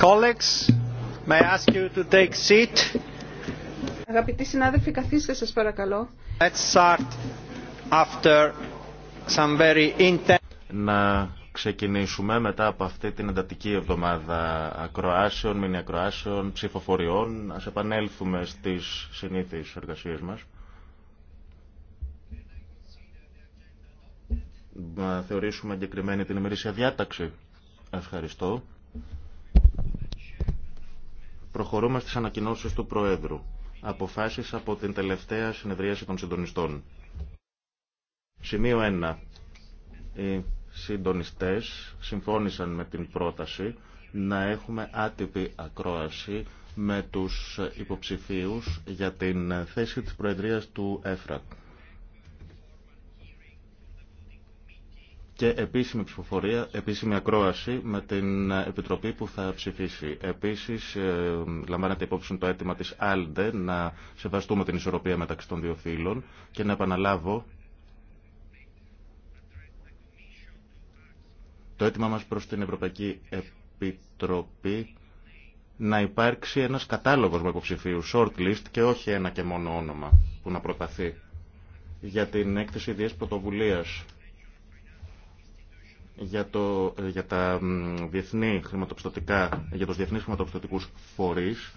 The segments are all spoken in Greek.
Colleagues, Αγαπητοί συνάδελφοι, καθίστε σας παρακαλώ. Να ξεκινήσουμε μετά από αυτή την εντατική εβδομάδα ακροάσεων, μηνιακροάσεων, ψηφοφοριών. Ας επανέλθουμε στις συνήθειες εργασίες μας. να θεωρήσουμε εγκεκριμένη την ημερήσια διάταξη. Ευχαριστώ. Προχωρούμε στις ανακοινώσεις του Προέδρου. Αποφάσεις από την τελευταία συνεδρίαση των συντονιστών. Σημείο 1. Οι συντονιστές συμφώνησαν με την πρόταση να έχουμε άτυπη ακρόαση με τους υποψηφίους για την θέση της Προεδρίας του ΕΦΡΑΚ. και επίσημη ψηφοφορία, επίσημη ακρόαση με την Επιτροπή που θα ψηφίσει. Επίσης, ε, λαμβάνεται υπόψη το αίτημα της Άλντε να σεβαστούμε την ισορροπία μεταξύ των δύο φύλων και να επαναλάβω το αίτημα μας προς την Ευρωπαϊκή Επιτροπή να υπάρξει ένας κατάλογος με υποψηφίου, shortlist και όχι ένα και μόνο όνομα που να προταθεί για την έκθεση ιδιαίτερης πρωτοβουλίας για, το, για, τα διεθνή χρηματοπιστωτικά, για τους διεθνείς χρηματοπιστωτικούς φορείς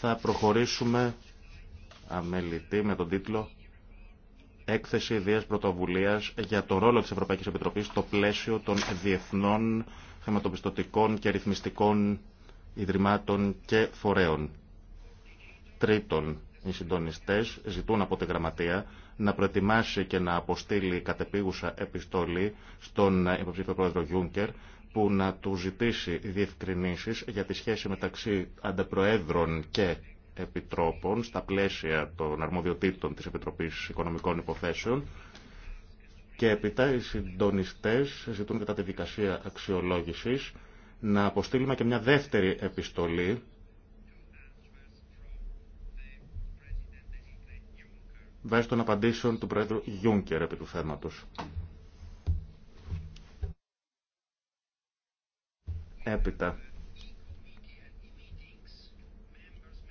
θα προχωρήσουμε αμελητή με τον τίτλο Έκθεση Ιδίας Πρωτοβουλίας για το ρόλο της Ευρωπαϊκής Επιτροπής στο πλαίσιο των διεθνών χρηματοπιστωτικών και ρυθμιστικών ιδρυμάτων και φορέων. Τρίτον, οι συντονιστές ζητούν από τη Γραμματεία να προετοιμάσει και να αποστείλει κατεπίγουσα επιστολή στον υποψήφιο πρόεδρο Γιούνκερ που να του ζητήσει διευκρινήσεις για τη σχέση μεταξύ αντεπροέδρων και επιτρόπων στα πλαίσια των αρμοδιοτήτων της Επιτροπής Οικονομικών Υποθέσεων και επίτα οι συντονιστές ζητούν κατά τη δικασία αξιολόγησης να αποστείλουμε και μια δεύτερη επιστολή βάσει των απαντήσεων του Πρόεδρου Γιούνκερ επί του θέματος. Έπειτα,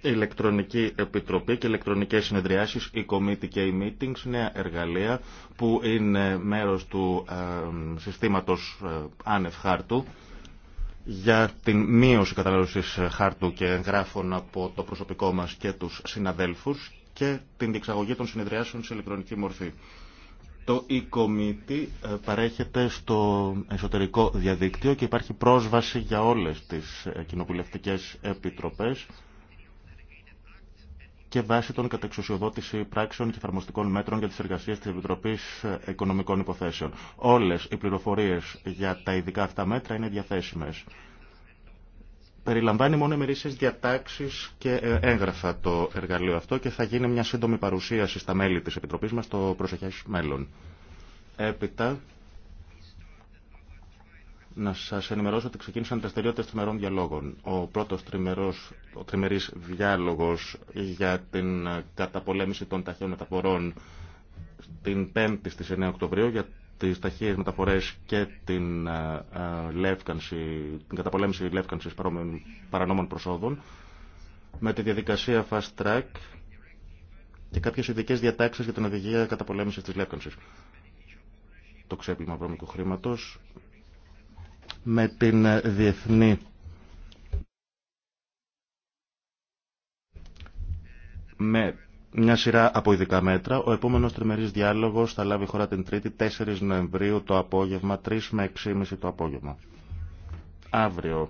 ηλεκτρονική επιτροπή και ηλεκτρονικές συνεδριάσεις, η committee και οι meetings, νέα εργαλεία που είναι μέρος του ε, συστήματος ε, άνευ χάρτου για την μείωση κατανάλωσης ε, χάρτου και εγγράφων από το προσωπικό μας και τους συναδέλφους και την διεξαγωγή των συνεδριάσεων σε ηλεκτρονική μορφή. Το e-committee ε, παρέχεται στο εσωτερικό διαδίκτυο και υπάρχει πρόσβαση για όλες τις ε, κοινοβουλευτικές επιτροπές και βάσει των κατεξουσιοδότηση πράξεων και εφαρμοστικών μέτρων για τις εργασίες της Επιτροπής ε, Οικονομικών Υποθέσεων. Όλες οι πληροφορίες για τα ειδικά αυτά μέτρα είναι διαθέσιμες περιλαμβάνει μόνο ημερήσει διατάξεις και ε, έγγραφα το εργαλείο αυτό και θα γίνει μια σύντομη παρουσίαση στα μέλη της Επιτροπής μας στο προσεχές μέλλον. Έπειτα, να σα ενημερώσω ότι ξεκίνησαν δραστηριότητες τριμερών διαλόγων. Ο πρώτος τριμερή ο τριμερής διάλογος για την ε, καταπολέμηση των ταχύων μεταφορών την 5η στι 9 Οκτωβρίου για τις ταχείες μεταφορές και την, ε, ε, λεύκανση, την καταπολέμηση λεύκανσης παρανόμων προσόδων με τη διαδικασία fast track και κάποιες ειδικές διατάξεις για την οδηγία καταπολέμησης της λεύκανσης. Το ξέπλυμα βρώμικου χρήματος με την ε, διεθνή με μια σειρά από ειδικά μέτρα. Ο επόμενο τριμερή διάλογο θα λάβει χώρα την Τρίτη, 4 Νοεμβρίου το απόγευμα, 3 με 6.30 το απόγευμα. Αύριο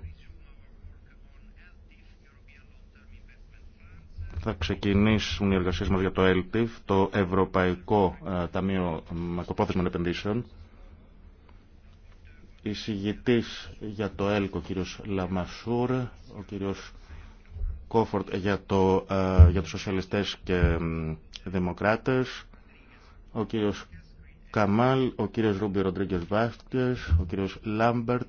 θα ξεκινήσουν οι εργασίε μα για το ΕΛΤΙΒ, το Ευρωπαϊκό ε, Ταμείο Μακροπρόθεσμων Επενδύσεων. Εισηγητή για το ΕΛΚ ο κ. Λαμασούρ, ο κύριος... Κόφορτ για, το, ε, για τους σοσιαλιστές και δημοκράτες, ο κύριος Καμάλ, ο κύριος Ρούμπι Ροντρίγκες Βάστιες, ο κύριος Λάμπερτ,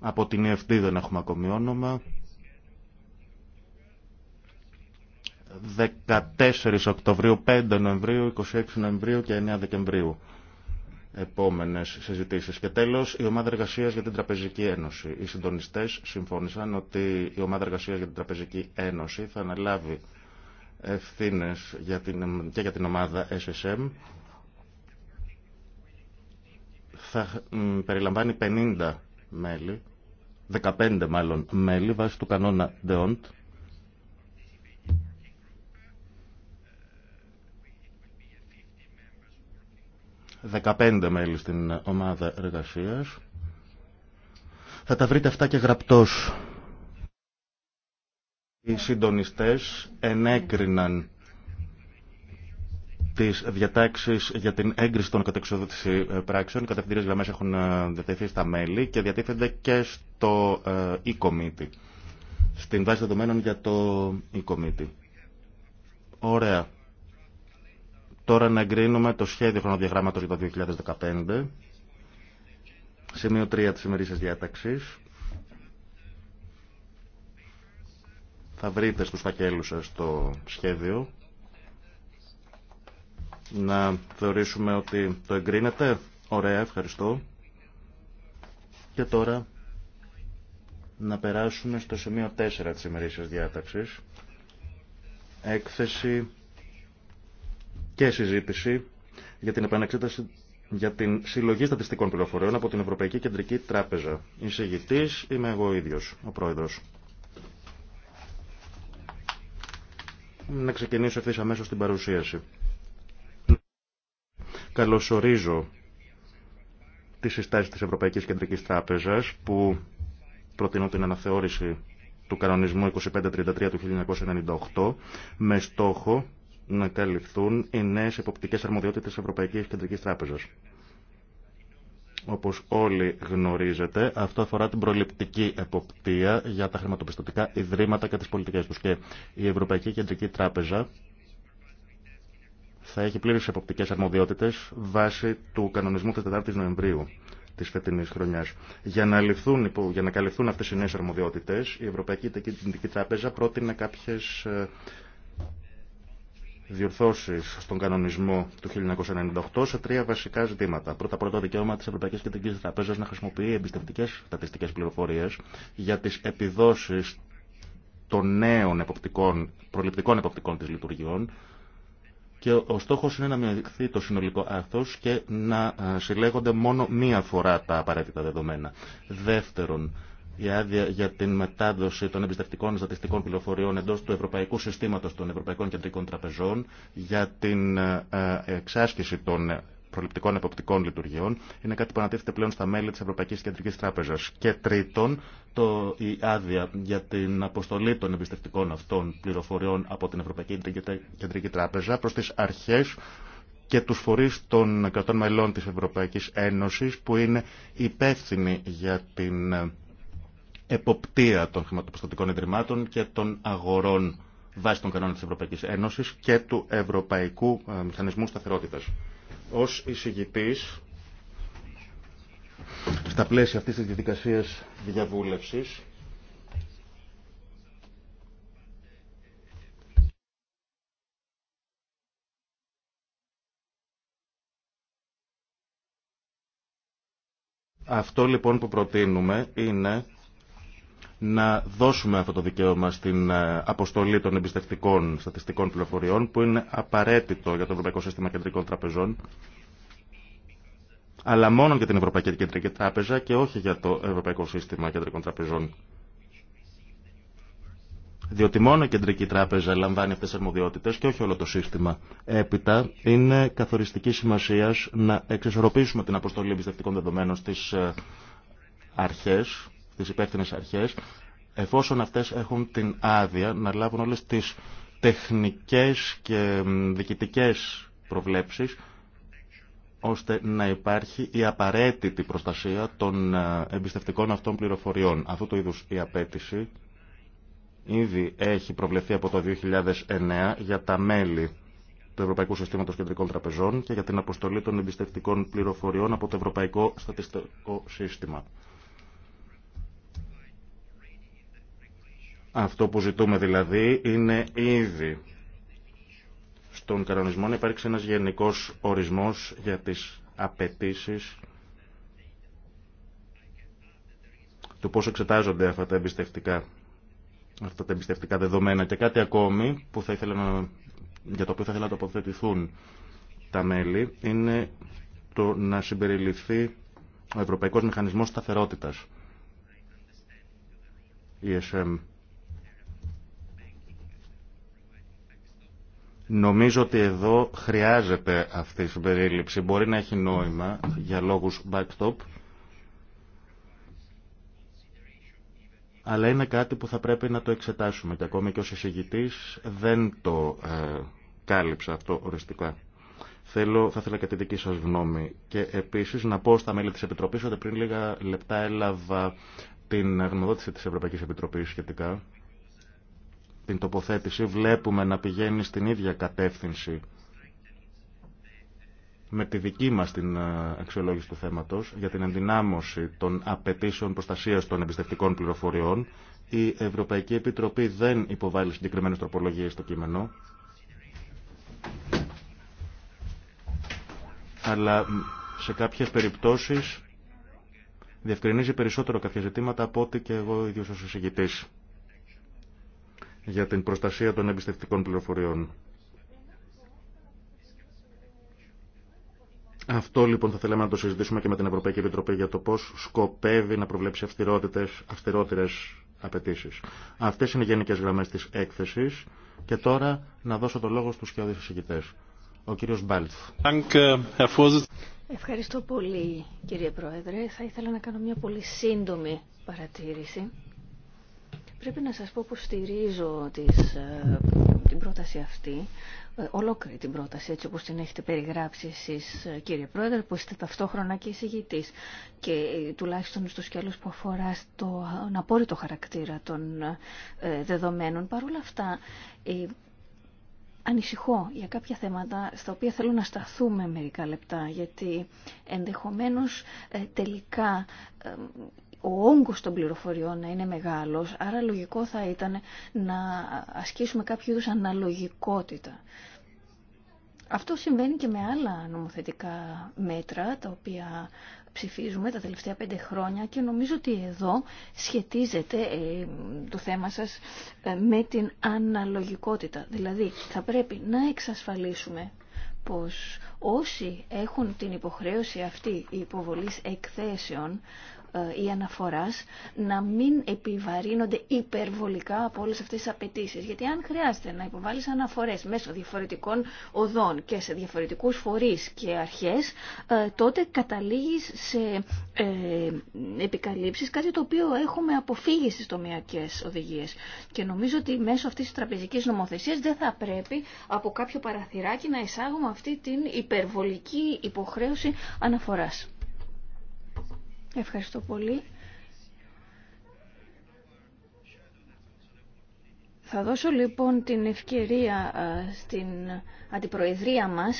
από την ΕΦΤ ΕΕ δεν έχουμε ακόμη όνομα, 14 Οκτωβρίου, 5 Νοεμβρίου, 26 Νοεμβρίου και 9 Δεκεμβρίου επόμενες συζητήσεις. Και τέλος, η ομάδα εργασίας για την Τραπεζική Ένωση. Οι συντονιστές συμφώνησαν ότι η ομάδα εργασίας για την Τραπεζική Ένωση θα αναλάβει ευθύνες για την, και για την ομάδα SSM θα περιλαμβάνει 50 μέλη, 15 μάλλον μέλη βάσει του κανόνα DEONT 15 μέλη στην ομάδα εργασία. Θα τα βρείτε αυτά και γραπτός. Οι συντονιστές ενέκριναν τις διατάξεις για την έγκριση των κατεξοδότηση ε, πράξεων. Οι κατευθυντήριες γραμμές έχουν ε, διατεθεί στα μέλη και διατίθενται και στο ε, e-committee. Στην βάση δεδομένων για το e-committee. Ωραία. Τώρα να εγκρίνουμε το σχέδιο χρονοδιαγράμματος για το 2015. Σημείο 3 της ημερήσιας διάταξης. Θα βρείτε στους φακέλους σας το σχέδιο. Να θεωρήσουμε ότι το εγκρίνεται. Ωραία, ευχαριστώ. Και τώρα να περάσουμε στο σημείο 4 της ημερήσιας διάταξης. Έκθεση και συζήτηση για την επανεξέταση για την συλλογή στατιστικών πληροφοριών από την Ευρωπαϊκή Κεντρική Τράπεζα. Εισηγητής είμαι εγώ ίδιος, ο πρόεδρος. Να ξεκινήσω ευθύ αμέσω την παρουσίαση. Καλωσορίζω τις συστάσει τη Ευρωπαϊκή Κεντρική Τράπεζα που προτείνω την αναθεώρηση του κανονισμού 2533 του 1998 με στόχο να καλυφθούν οι νέε εποπτικέ αρμοδιότητες της Ευρωπαϊκής Κεντρικής Τράπεζας. Όπως όλοι γνωρίζετε, αυτό αφορά την προληπτική εποπτεία για τα χρηματοπιστωτικά ιδρύματα και τι πολιτικέ του. Και η Ευρωπαϊκή Κεντρική Τράπεζα θα έχει πλήρε εποπτικέ αρμοδιότητε βάσει του κανονισμού τη 4 η Νοεμβρίου τη φετινής χρονιά. Για να, για να καλυφθούν αυτέ οι νέε αρμοδιότητε, η Ευρωπαϊκή Κεντρική Τράπεζα πρότεινε κάποιε. Ε, διορθώσεις στον κανονισμό του 1998 σε τρία βασικά ζητήματα. Πρώτα απ' όλα το δικαίωμα της Ευρωπαϊκής Κεντρικής Τραπέζας να χρησιμοποιεί εμπιστευτικές στατιστικές πληροφορίες για τις επιδόσεις των νέων εποπτικών, προληπτικών εποπτικών της λειτουργιών και ο στόχος είναι να μειωθεί το συνολικό άρθρο και να ε, συλλέγονται μόνο μία φορά τα απαραίτητα δεδομένα. Δεύτερον, η άδεια για την μετάδοση των εμπιστευτικών στατιστικών πληροφοριών εντός του Ευρωπαϊκού Συστήματος των Ευρωπαϊκών Κεντρικών Τραπεζών για την ε, εξάσκηση των προληπτικών εποπτικών λειτουργιών είναι κάτι που ανατίθεται πλέον στα μέλη της Ευρωπαϊκής Κεντρικής Τράπεζας. Και τρίτον, το, η άδεια για την αποστολή των εμπιστευτικών αυτών πληροφοριών από την Ευρωπαϊκή Κεντρική Τράπεζα προς τις αρχές και τους φορείς των κρατών μελών της Ευρωπαϊκής Ένωσης που είναι υπεύθυνοι για την ε, εποπτεία των χρηματοπιστωτικών ιδρυμάτων και των αγορών βάσει των κανόνων της Ευρωπαϊκής Ένωσης και του Ευρωπαϊκού ε, Μηχανισμού Σταθερότητας. Ως εισηγητής, στα πλαίσια αυτής της διαδικασίας διαβούλευσης, Αυτό λοιπόν που προτείνουμε είναι να δώσουμε αυτό το δικαίωμα στην ε, αποστολή των εμπιστευτικών στατιστικών πληροφοριών που είναι απαραίτητο για το Ευρωπαϊκό Σύστημα Κεντρικών Τραπεζών αλλά μόνο για την Ευρωπαϊκή Κεντρική Τράπεζα και όχι για το Ευρωπαϊκό Σύστημα Κεντρικών Τραπεζών. Διότι μόνο η Κεντρική Τράπεζα λαμβάνει αυτές τις αρμοδιότητες και όχι όλο το σύστημα. Έπειτα είναι καθοριστική σημασία να εξισορροπήσουμε την αποστολή εμπιστευτικών δεδομένων στις ε, αρχές τις υπεύθυνες αρχές, εφόσον αυτές έχουν την άδεια να λάβουν όλες τις τεχνικές και διοικητικές προβλέψεις, ώστε να υπάρχει η απαραίτητη προστασία των ε, εμπιστευτικών αυτών πληροφοριών. Αυτού του είδους η απέτηση ήδη έχει προβλεφθεί από το 2009 για τα μέλη του Ευρωπαϊκού Συστήματος Κεντρικών Τραπεζών και για την αποστολή των εμπιστευτικών πληροφοριών από το Ευρωπαϊκό Στατιστικό Σύστημα. Αυτό που ζητούμε δηλαδή είναι ήδη στον κανονισμό να υπάρξει ένας γενικός ορισμός για τις απαιτήσει του πώς εξετάζονται αυτά τα εμπιστευτικά, αυτά τα εμπιστευτικά δεδομένα και κάτι ακόμη που θα ήθελα για το οποίο θα ήθελα να τοποθετηθούν τα μέλη είναι το να συμπεριληφθεί ο Ευρωπαϊκός Μηχανισμός Σταθερότητας ESM Νομίζω ότι εδώ χρειάζεται αυτή η συμπερίληψη. Μπορεί να έχει νόημα για λόγους backstop, αλλά είναι κάτι που θα πρέπει να το εξετάσουμε και ακόμη και ως εισηγητής δεν το ε, κάλυψα αυτό οριστικά. Θέλω, θα ήθελα και τη δική σας γνώμη και επίσης να πω στα μέλη της Επιτροπής ότι πριν λίγα λεπτά έλαβα την αγνοδότηση της Ευρωπαϊκής Επιτροπής σχετικά την τοποθέτηση βλέπουμε να πηγαίνει στην ίδια κατεύθυνση με τη δική μας την ε, αξιολόγηση του θέματος για την ενδυνάμωση των απαιτήσεων προστασίας των εμπιστευτικών πληροφοριών. Η Ευρωπαϊκή Επιτροπή δεν υποβάλλει συγκεκριμένες τροπολογίες στο κείμενο. Αλλά σε κάποιες περιπτώσεις διευκρινίζει περισσότερο κάποια ζητήματα από ό,τι και εγώ ίδιος ως εισηγητής για την προστασία των εμπιστευτικών πληροφοριών. Αυτό λοιπόν θα θέλαμε να το συζητήσουμε και με την Ευρωπαϊκή Επιτροπή για το πώ σκοπεύει να προβλέψει αυστηρότερε απαιτήσει. Αυτέ είναι οι γενικέ γραμμέ τη έκθεση. Και τώρα να δώσω το λόγο στου κοιόδη εισηγητέ. Ο κύριο Μπάλτ. Ευχαριστώ πολύ κύριε Πρόεδρε. Θα ήθελα να κάνω μια πολύ σύντομη παρατήρηση. Πρέπει να σας πω που στηρίζω τις, ε, την πρόταση αυτή, ε, ολόκληρη την πρόταση έτσι όπως την έχετε περιγράψει εσείς ε, κύριε Πρόεδρε, που είστε ταυτόχρονα και εισηγητής και τουλάχιστον στο σκέλος που αφορά στον απόρριτο χαρακτήρα των δεδομένων. Παρ' όλα αυτά, ανησυχώ για κάποια θέματα στα οποία θέλω να σταθούμε μερικά λεπτά γιατί ενδεχομένως τελικά ο όγκος των πληροφοριών να είναι μεγάλος, άρα λογικό θα ήταν να ασκήσουμε κάποιο είδους αναλογικότητα. Αυτό συμβαίνει και με άλλα νομοθετικά μέτρα, τα οποία ψηφίζουμε τα τελευταία πέντε χρόνια και νομίζω ότι εδώ σχετίζεται ε, το θέμα σας ε, με την αναλογικότητα. Δηλαδή, θα πρέπει να εξασφαλίσουμε πως όσοι έχουν την υποχρέωση αυτή υποβολής εκθέσεων ή ε, αναφοράς να μην επιβαρύνονται υπερβολικά από όλες αυτές τις απαιτήσει. Γιατί αν χρειάζεται να υποβάλεις αναφορές μέσω διαφορετικών οδών και σε διαφορετικούς φορείς και αρχές, ε, τότε καταλήγεις σε ε, επικαλύψεις, κάτι το οποίο έχουμε αποφύγει στις τομιακές οδηγίες. Και νομίζω ότι μέσω αυτής της τραπεζικής νομοθεσίας δεν θα πρέπει από κάποιο παραθυράκι να εισάγουμε αυτή την υπερβολική υποχρέωση αναφοράς. Ευχαριστώ πολύ. Θα δώσω λοιπόν την ευκαιρία ε, στην αντιπροεδρία μας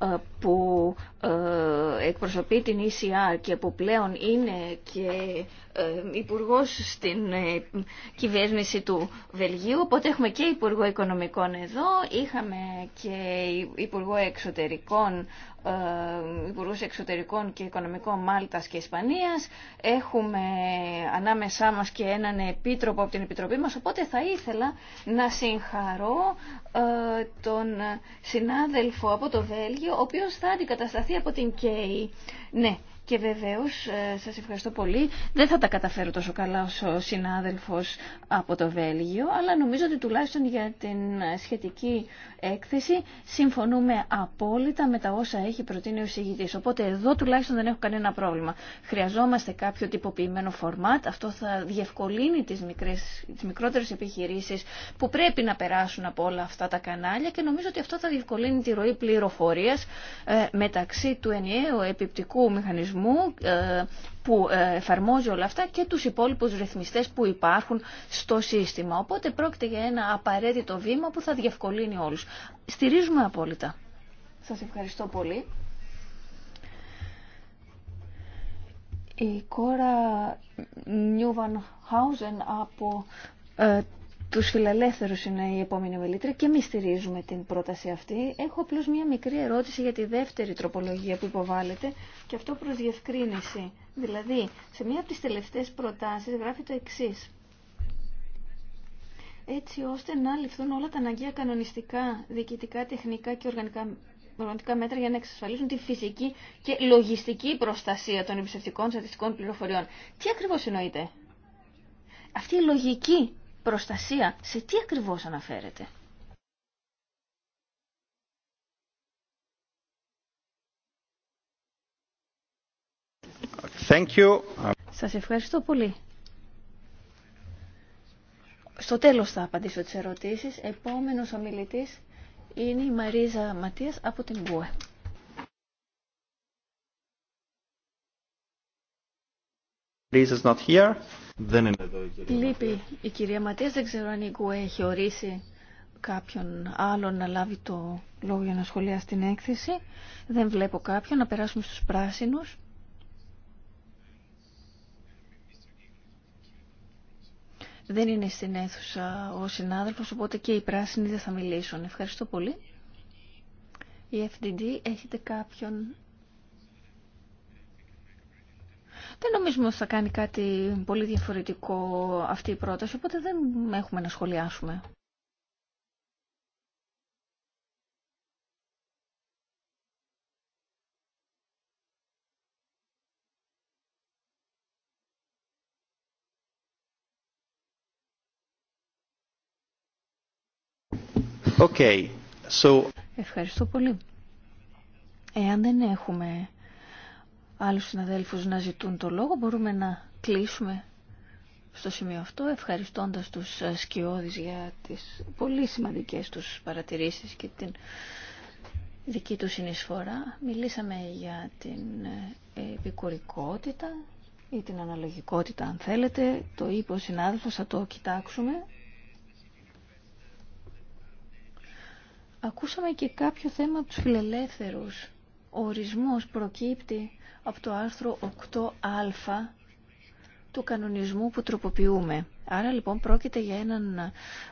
ε, που ε, εκπροσωπεί την ECR και που πλέον είναι και υπουργό στην κυβέρνηση του Βελγίου. Οπότε έχουμε και υπουργό οικονομικών εδώ, είχαμε και υπουργό εξωτερικών ε, Υπουργού Εξωτερικών και Οικονομικών Μάλτας και Ισπανίας. Έχουμε ανάμεσά μας και έναν επίτροπο από την Επιτροπή μας, οπότε θα ήθελα να συγχαρώ ε, τον συνάδελφο από το Βέλγιο, ο οποίος θα αντικατασταθεί από την ΚΕΙ. Ναι, και βεβαίως ε, σα ευχαριστώ πολύ. Δεν θα τα καταφέρω τόσο καλά ως ο συνάδελφο από το Βέλγιο, αλλά νομίζω ότι τουλάχιστον για την ε, σχετική έκθεση συμφωνούμε απόλυτα με τα όσα έχει προτείνει ο συγητής. Οπότε εδώ τουλάχιστον δεν έχω κανένα πρόβλημα. Χρειαζόμαστε κάποιο τυποποιημένο φορμάτ. Αυτό θα διευκολύνει τι μικρότερε επιχειρήσει που πρέπει να περάσουν από όλα αυτά τα κανάλια και νομίζω ότι αυτό θα διευκολύνει τη ροή πληροφορία ε, μεταξύ του ενιαίου επιπτικού μηχανισμού ε, που ε, εφαρμόζει όλα αυτά και τους υπόλοιπους ρυθμιστές που υπάρχουν στο σύστημα. Οπότε πρόκειται για ένα απαραίτητο βήμα που θα διευκολύνει όλους. Στηρίζουμε απόλυτα. Σας ευχαριστώ πολύ. Η κόρα Νιούβαν Χάουζεν από ε, του φιλελεύθερου είναι η επόμενη μελήτρια και εμεί στηρίζουμε την πρόταση αυτή. Έχω απλώ μία μικρή ερώτηση για τη δεύτερη τροπολογία που υποβάλλεται και αυτό προ διευκρίνηση. Δηλαδή, σε μία από τι τελευταίε προτάσει γράφει το εξή. Έτσι ώστε να ληφθούν όλα τα αναγκαία κανονιστικά, διοικητικά, τεχνικά και οργανικά οργανωτικά μέτρα για να εξασφαλίσουν τη φυσική και λογιστική προστασία των εμπιστευτικών στατιστικών πληροφοριών. Τι ακριβώ εννοείται. Αυτή η λογική προστασία. Σε τι ακριβώς αναφέρεται. Thank you. Σας ευχαριστώ πολύ. Στο τέλος θα απαντήσω τις ερωτήσεις. Επόμενος ομιλητής είναι η Μαρίζα Ματίας από την ΚΟΕ. is not here. Δεν είναι η κυρία Λείπει η κυρία Ματίας, δεν ξέρω αν η ΚΟΕ έχει ορίσει κάποιον άλλον να λάβει το λόγο για να σχολιάσει την έκθεση. Δεν βλέπω κάποιον, να περάσουμε στους πράσινους. Δεν είναι στην αίθουσα ο συνάδελφος, οπότε και οι πράσινοι δεν θα μιλήσουν. Ευχαριστώ πολύ. Η FDD, έχετε κάποιον Δεν νομίζουμε ότι θα κάνει κάτι πολύ διαφορετικό αυτή η πρόταση, οπότε δεν έχουμε να σχολιάσουμε. Ευχαριστώ πολύ. Εάν δεν έχουμε Άλλου συναδέλφους να ζητούν το λόγο. Μπορούμε να κλείσουμε στο σημείο αυτό, ευχαριστώντας τους ε, σκιώδεις για τις πολύ σημαντικές τους παρατηρήσεις και την δική του συνεισφορά. Μιλήσαμε για την ε, επικουρικότητα ή την αναλογικότητα αν θέλετε. Το είπε ο συνάδελφος, θα το κοιτάξουμε. Ακούσαμε και κάποιο θέμα από τους φιλελεύθερους ο ορισμός προκύπτει από το άρθρο 8α του κανονισμού που τροποποιούμε. Άρα λοιπόν πρόκειται για έναν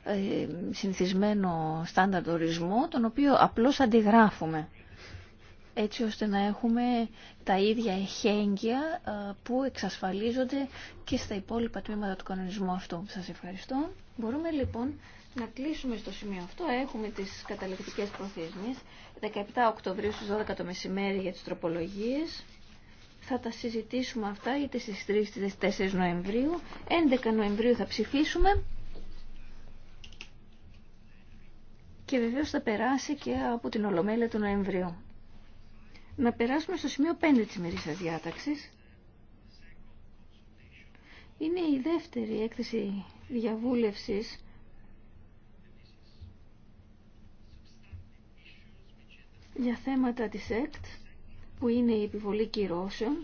ε, συνηθισμένο στάνταρτ ορισμό, τον οποίο απλώς αντιγράφουμε έτσι ώστε να έχουμε τα ίδια εχέγγυα ε, που εξασφαλίζονται και στα υπόλοιπα τμήματα του κανονισμού αυτού. Σας ευχαριστώ. Μπορούμε λοιπόν να κλείσουμε στο σημείο αυτό. Έχουμε τις καταληκτικές προθεσμίες 17 Οκτωβρίου στις 12 το μεσημέρι για τις τροπολογίες. Θα τα συζητήσουμε αυτά είτε στις 3 είτε στις 4 Νοεμβρίου. 11 Νοεμβρίου θα ψηφίσουμε. Και βεβαίως θα περάσει και από την Ολομέλεια του Νοεμβρίου. Να περάσουμε στο σημείο 5 της μερίσας διάταξης. Είναι η δεύτερη έκθεση διαβούλευσης για θέματα της ΕΚΤ που είναι η επιβολή κυρώσεων.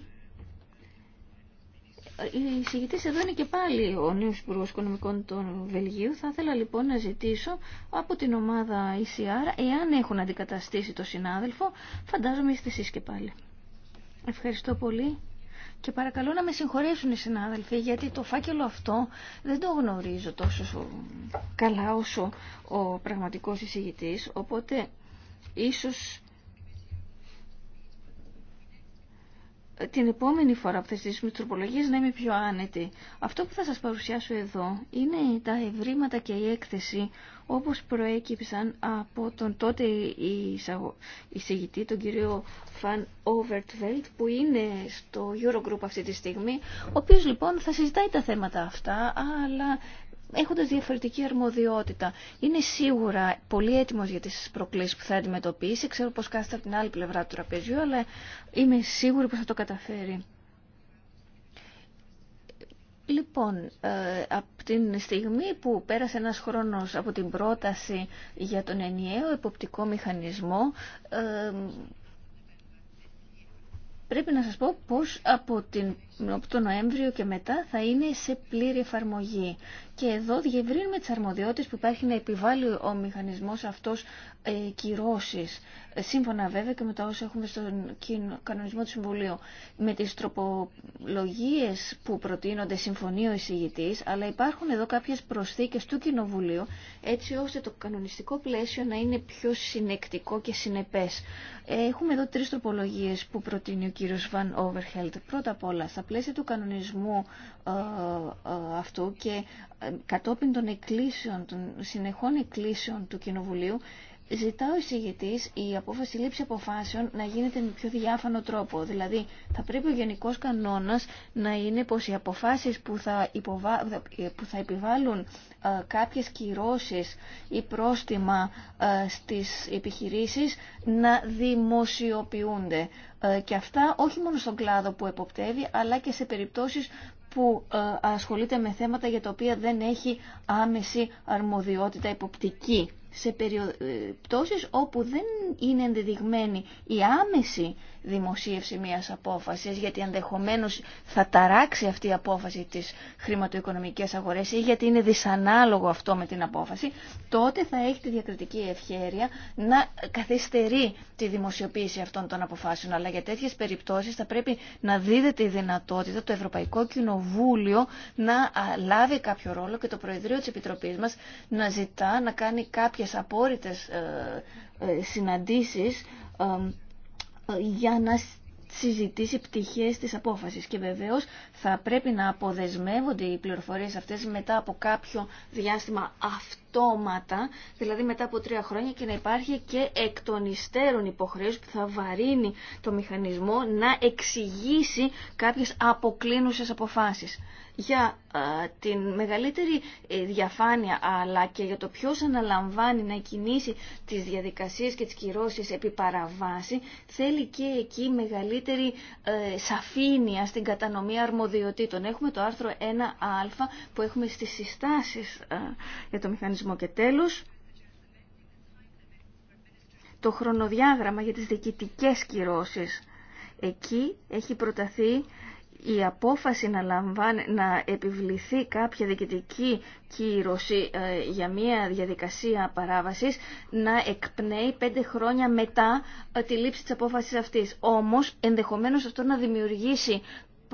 Η εισηγητή εδώ είναι και πάλι ο νέο Υπουργό Οικονομικών των Βελγίου. Θα ήθελα λοιπόν να ζητήσω από την ομάδα ECR, εάν έχουν αντικαταστήσει το συνάδελφο, φαντάζομαι είστε εσεί και πάλι. Ευχαριστώ πολύ. Και παρακαλώ να με συγχωρέσουν οι συνάδελφοι, γιατί το φάκελο αυτό δεν το γνωρίζω τόσο καλά όσο ο πραγματικός εισηγητής, οπότε Ίσως την επόμενη φορά που θα συζητήσουμε τις τροπολογίες να είμαι πιο άνετη. Αυτό που θα σας παρουσιάσω εδώ είναι τα ευρήματα και η έκθεση όπως προέκυψαν από τον τότε εισηγητή, τον κύριο Φαν Overtveld, που είναι στο Eurogroup αυτή τη στιγμή, ο οποίος λοιπόν θα συζητάει τα θέματα αυτά, αλλά έχοντας διαφορετική αρμοδιότητα. Είναι σίγουρα πολύ έτοιμος για τις προκλήσεις που θα αντιμετωπίσει. Ξέρω πως κάθεται από την άλλη πλευρά του τραπεζιού, αλλά είμαι σίγουρη πως θα το καταφέρει. Λοιπόν, ε, από την στιγμή που πέρασε ένας χρόνος από την πρόταση για τον ενιαίο εποπτικό μηχανισμό, ε, πρέπει να σας πω πως από την από το Νοέμβριο και μετά θα είναι σε πλήρη εφαρμογή. Και εδώ διευρύνουμε τις αρμοδιότητες που υπάρχει να επιβάλλει ο μηχανισμός αυτός ε, κυρώσεις. Ε, σύμφωνα βέβαια και με τα όσα έχουμε στον κανονισμό του Συμβουλίου. Με τις τροπολογίες που προτείνονται συμφωνεί ο εισηγητής, αλλά υπάρχουν εδώ κάποιες προσθήκες του Κοινοβουλίου, έτσι ώστε το κανονιστικό πλαίσιο να είναι πιο συνεκτικό και συνεπές. Ε, έχουμε εδώ τρεις τροπολογίες που προτείνει ο κύριος Βαν Overheld. Πρώτα απ' όλα, πλαίσια του κανονισμού ε, ε, αυτού και ε, κατόπιν των εκκλήσεων, των συνεχών εκκλήσεων του Κοινοβουλίου Ζητά ο εισηγητή η απόφαση λήψη αποφάσεων να γίνεται με πιο διάφανο τρόπο. Δηλαδή, θα πρέπει ο γενικό κανόνα να είναι πω οι αποφάσει που, θα που θα επιβάλλουν ε, κάποιε κυρώσει ή πρόστιμα ε, στι επιχειρήσει να δημοσιοποιούνται. Ε, και αυτά όχι μόνο στον κλάδο που εποπτεύει, αλλά και σε περιπτώσεις που ε, ασχολείται με θέματα για τα οποία δεν έχει άμεση αρμοδιότητα υποπτική σε ε, πτώσει όπου δεν είναι ενδεδειγμένη η άμεση δημοσίευση μιας απόφασης γιατί ενδεχομένως θα ταράξει αυτή η απόφαση της χρηματοοικονομικής αγορές ή γιατί είναι δυσανάλογο αυτό με την απόφαση, τότε θα έχει τη διακριτική ευχέρεια να καθυστερεί τη δημοσιοποίηση αυτών των αποφάσεων. Αλλά για τέτοιες περιπτώσεις θα πρέπει να δίδεται η δυνατότητα το Ευρωπαϊκό Κοινοβούλιο να λάβει κάποιο ρόλο και το Προεδρείο της Επιτροπής μας να ζητά να κάνει κάποιες απόρριτες ε, ε, συναντήσεις ε, για να συζητήσει πτυχές της απόφασης και βεβαίως θα πρέπει να αποδεσμεύονται οι πληροφορίες αυτές μετά από κάποιο διάστημα αυτό δηλαδή μετά από τρία χρόνια και να υπάρχει και εκ των υστέρων υποχρέωση που θα βαρύνει το μηχανισμό να εξηγήσει κάποιες αποκλίνουσες αποφάσεις. Για την μεγαλύτερη ε, διαφάνεια αλλά και για το ποιος αναλαμβάνει να κινήσει τις διαδικασίες και τις κυρώσεις επί παραβάση θέλει και εκεί μεγαλύτερη ε, σαφήνεια στην κατανομή αρμοδιοτήτων. Έχουμε το άρθρο 1α που έχουμε στις συστάσεις ε, για το μηχανισμό το χρονοδιάγραμμα για τις διοικητικές κυρώσεις. Εκεί έχει προταθεί η απόφαση να, λαμβάνει, να επιβληθεί κάποια διοικητική κύρωση ε, για μια διαδικασία παράβασης να εκπνέει πέντε χρόνια μετά ε, τη λήψη της απόφασης αυτής. Όμως, ενδεχομένως αυτό να δημιουργήσει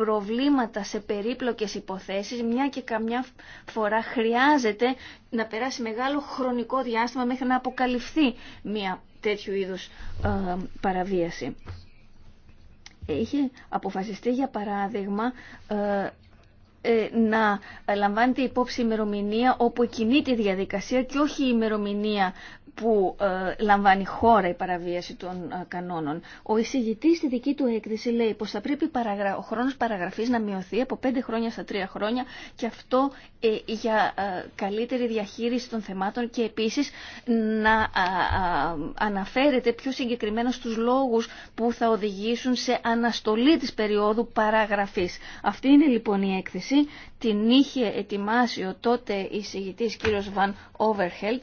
προβλήματα σε περίπλοκες υποθέσεις, μια και καμιά φορά χρειάζεται να περάσει μεγάλο χρονικό διάστημα μέχρι να αποκαλυφθεί μια τέτοιου είδους ε, παραβίαση. Είχε αποφασιστεί, για παράδειγμα, ε, ε, να λαμβάνεται υπόψη η ημερομηνία όπου κινείται η διαδικασία και όχι η ημερομηνία που ε, λαμβάνει χώρα η παραβίαση των ε, κανόνων. Ο εισηγητής στη δική του έκθεση λέει πως θα πρέπει ο χρόνος παραγραφής να μειωθεί από πέντε χρόνια στα τρία χρόνια και αυτό ε, για καλύτερη διαχείριση των θεμάτων και επίσης να αναφέρεται πιο συγκεκριμένα στους λόγους που θα οδηγήσουν σε αναστολή της περίοδου παραγραφής. Αυτή είναι λοιπόν η έκθεση. Την είχε ετοιμάσει ο τότε εισηγητής κύριο Βαν Overheld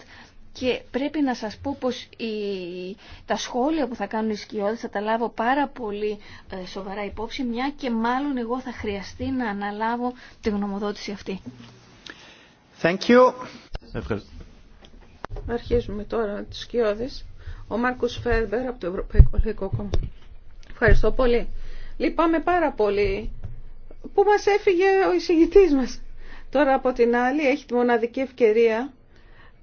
και πρέπει να σας πω πως τα σχόλια που θα κάνουν οι σκιώδες θα τα λάβω πάρα πολύ ε, σοβαρά υπόψη, μια και μάλλον εγώ θα χρειαστεί να αναλάβω τη γνωμοδότηση αυτή. Thank you. Ευχαριστώ. Αρχίζουμε τώρα τις σκιώδες. Ο Μάρκος Φέρμπερ από το Ευρωπαϊκό Λαϊκό Κόμμα. Ευχαριστώ πολύ. Λυπάμαι πάρα πολύ που μας έφυγε ο εισηγητής μας. Τώρα από την άλλη έχει τη μοναδική ευκαιρία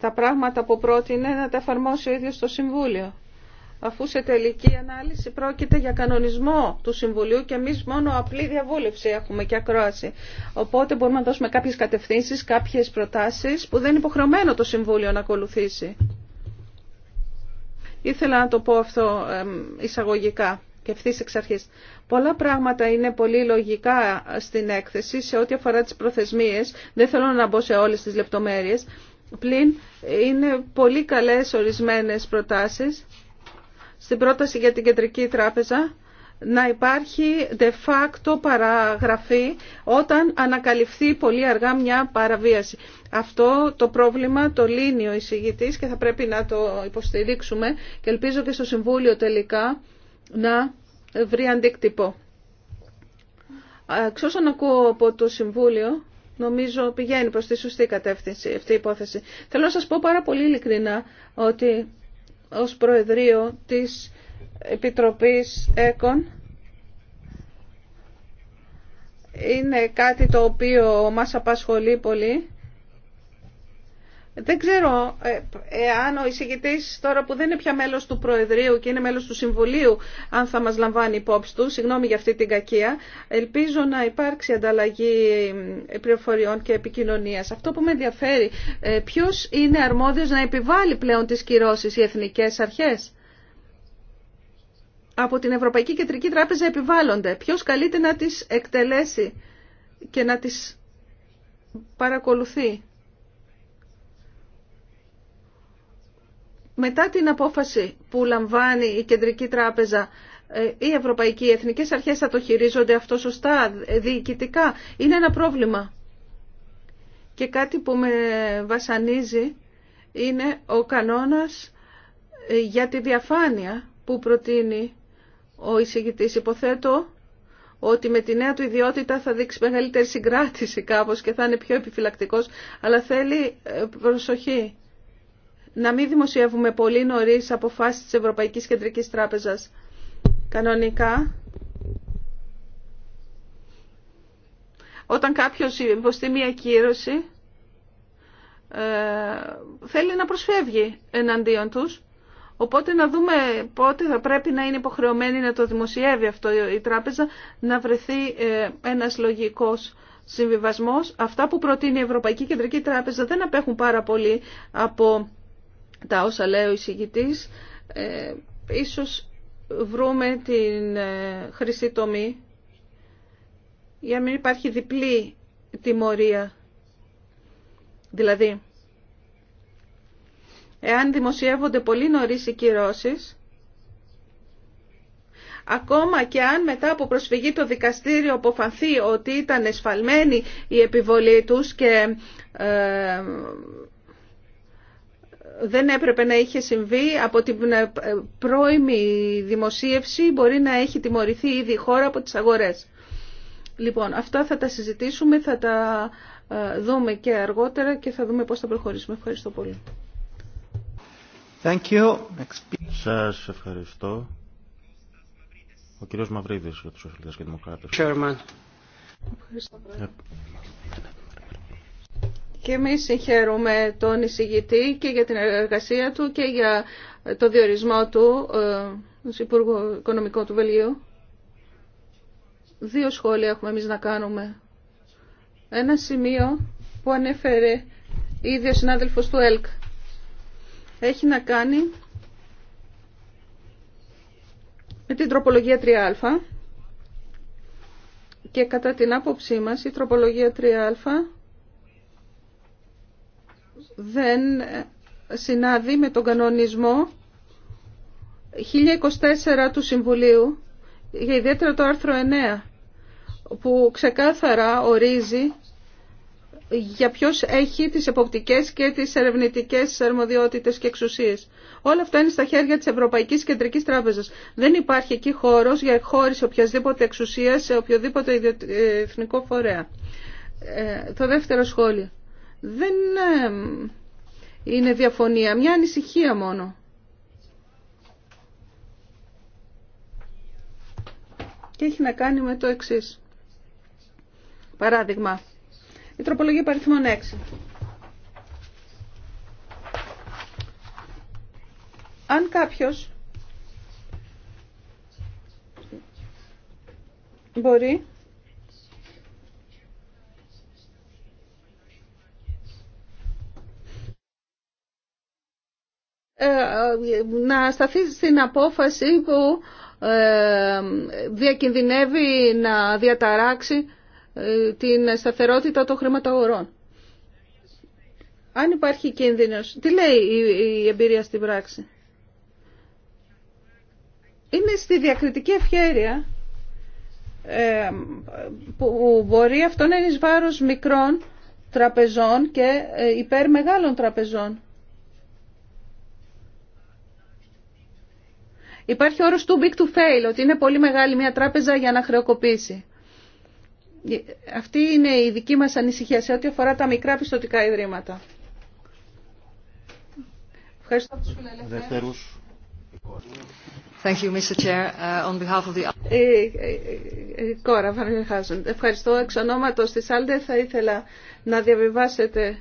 τα πράγματα που πρότεινε να τα εφαρμόσει ο ίδιος το Συμβούλιο. Αφού σε τελική ανάλυση πρόκειται για κανονισμό του Συμβουλίου και εμεί μόνο απλή διαβούλευση έχουμε και ακρόαση. Οπότε μπορούμε να δώσουμε κάποιες κατευθύνσεις, κάποιες προτάσεις που δεν είναι υποχρεωμένο το Συμβούλιο να ακολουθήσει. Ήθελα να το πω αυτό εισαγωγικά και ευθύ εξ αρχή. Πολλά πράγματα είναι πολύ λογικά στην έκθεση σε ό,τι αφορά τι προθεσμίε. Δεν θέλω να μπω σε όλε τι λεπτομέρειε πλην είναι πολύ καλές ορισμένες προτάσεις. Στην πρόταση για την Κεντρική Τράπεζα να υπάρχει de facto παραγραφή όταν ανακαλυφθεί πολύ αργά μια παραβίαση. Αυτό το πρόβλημα το λύνει ο εισηγητής και θα πρέπει να το υποστηρίξουμε και ελπίζω και στο Συμβούλιο τελικά να βρει αντίκτυπο. Εξ όσων ακούω από το Συμβούλιο, νομίζω πηγαίνει προς τη σωστή κατεύθυνση αυτή η υπόθεση. Θέλω να σας πω πάρα πολύ ειλικρινά ότι ως Προεδρείο της Επιτροπής ΕΚΟΝ είναι κάτι το οποίο μας απασχολεί πολύ δεν ξέρω αν ε, ο εισηγητή τώρα που δεν είναι πια μέλο του Προεδρείου και είναι μέλο του Συμβουλίου αν θα μας λαμβάνει υπόψη του, συγγνώμη για αυτή την κακία, ελπίζω να υπάρξει ανταλλαγή ε, πληροφοριών και επικοινωνία. Αυτό που με ενδιαφέρει, ε, ποιος είναι αρμόδιος να επιβάλλει πλέον τις κυρώσει οι εθνικές αρχές. Από την Ευρωπαϊκή Κεντρική Τράπεζα επιβάλλονται. ποιο καλείται να τι εκτελέσει και να τι παρακολουθεί. μετά την απόφαση που λαμβάνει η Κεντρική Τράπεζα οι ε, Ευρωπαϊκοί οι Εθνικές Αρχές θα το χειρίζονται αυτό σωστά, ε, διοικητικά. Είναι ένα πρόβλημα. Και κάτι που με βασανίζει είναι ο κανόνας ε, για τη διαφάνεια που προτείνει ο εισηγητής. Υποθέτω ότι με τη νέα του ιδιότητα θα δείξει μεγαλύτερη συγκράτηση κάπως και θα είναι πιο επιφυλακτικός, αλλά θέλει προσοχή να μην δημοσιεύουμε πολύ νωρί αποφάσεις τη Ευρωπαϊκής Κεντρικής Τράπεζας. Κανονικά, όταν κάποιο υποστεί μια κύρωση, ε, θέλει να προσφεύγει εναντίον του. Οπότε να δούμε πότε θα πρέπει να είναι υποχρεωμένη να το δημοσιεύει αυτό η τράπεζα, να βρεθεί ε, ένας λογικός συμβιβασμός. Αυτά που προτείνει η Ευρωπαϊκή Κεντρική Τράπεζα δεν απέχουν πάρα πολύ από τα όσα λέει ο εισηγητής, ε, ίσως βρούμε την ε, χρυσή τομή για να μην υπάρχει διπλή τιμωρία. Δηλαδή, εάν δημοσιεύονται πολύ νωρίς οι κυρώσεις, ακόμα και αν μετά από προσφυγή το δικαστήριο αποφανθεί ότι ήταν εσφαλμένη η επιβολή τους και ε, δεν έπρεπε να είχε συμβεί από την ε, πρώιμη δημοσίευση μπορεί να έχει τιμωρηθεί ήδη η χώρα από τις αγορές. Λοιπόν, αυτά θα τα συζητήσουμε, θα τα ε, δούμε και αργότερα και θα δούμε πώς θα προχωρήσουμε. Ευχαριστώ πολύ. Thank you. ευχαριστώ. Ο κύριος Μαυρίδης για τους Σοσιαλιστές και Δημοκράτες. Chairman. Και εμεί συγχαίρουμε τον εισηγητή και για την εργασία του και για το διορισμό του ε, ως Υπουργό Οικονομικό του Βελγίου. Δύο σχόλια έχουμε εμείς να κάνουμε. Ένα σημείο που ανέφερε ήδη ο συνάδελφος του ΕΛΚ έχει να κάνει με την τροπολογία 3α και κατά την άποψή μας η τροπολογία 3α δεν συνάδει με τον κανονισμό 1024 του Συμβουλίου για ιδιαίτερα το άρθρο 9 που ξεκάθαρα ορίζει για ποιος έχει τις εποπτικές και τις ερευνητικές αρμοδιότητες και εξουσίες. Όλα αυτά είναι στα χέρια της Ευρωπαϊκής Κεντρικής Τράπεζας. Δεν υπάρχει εκεί χώρος για χώρις οποιασδήποτε εξουσία σε οποιοδήποτε εθνικό φορέα. Ε, το δεύτερο σχόλιο δεν είναι διαφωνία, μια ανησυχία μόνο. Και έχει να κάνει με το εξή. Παράδειγμα, η τροπολογία παριθμών 6. Αν κάποιος μπορεί Ε, να σταθεί στην απόφαση που ε, διακινδυνεύει να διαταράξει ε, την σταθερότητα των χρηματογορών. Αν υπάρχει κίνδυνος, τι λέει η εμπειρία στην πράξη. Είναι στη διακριτική ευχέρεια που μπορεί αυτό να είναι εις βάρος μικρών τραπεζών και υπέρ μεγάλων τραπεζών. Υπάρχει όρος too big to fail, ότι είναι πολύ μεγάλη μια τράπεζα για να χρεοκοπήσει. Αυτή είναι η δική μας ανησυχία σε ό,τι αφορά τα μικρά πιστοτικά ιδρύματα. Ευχαριστώ τους φιλελευθέρους. Uh, ε, ε, ε, Ευχαριστώ. Εξ ονόματος της Άλντε θα ήθελα να διαβιβάσετε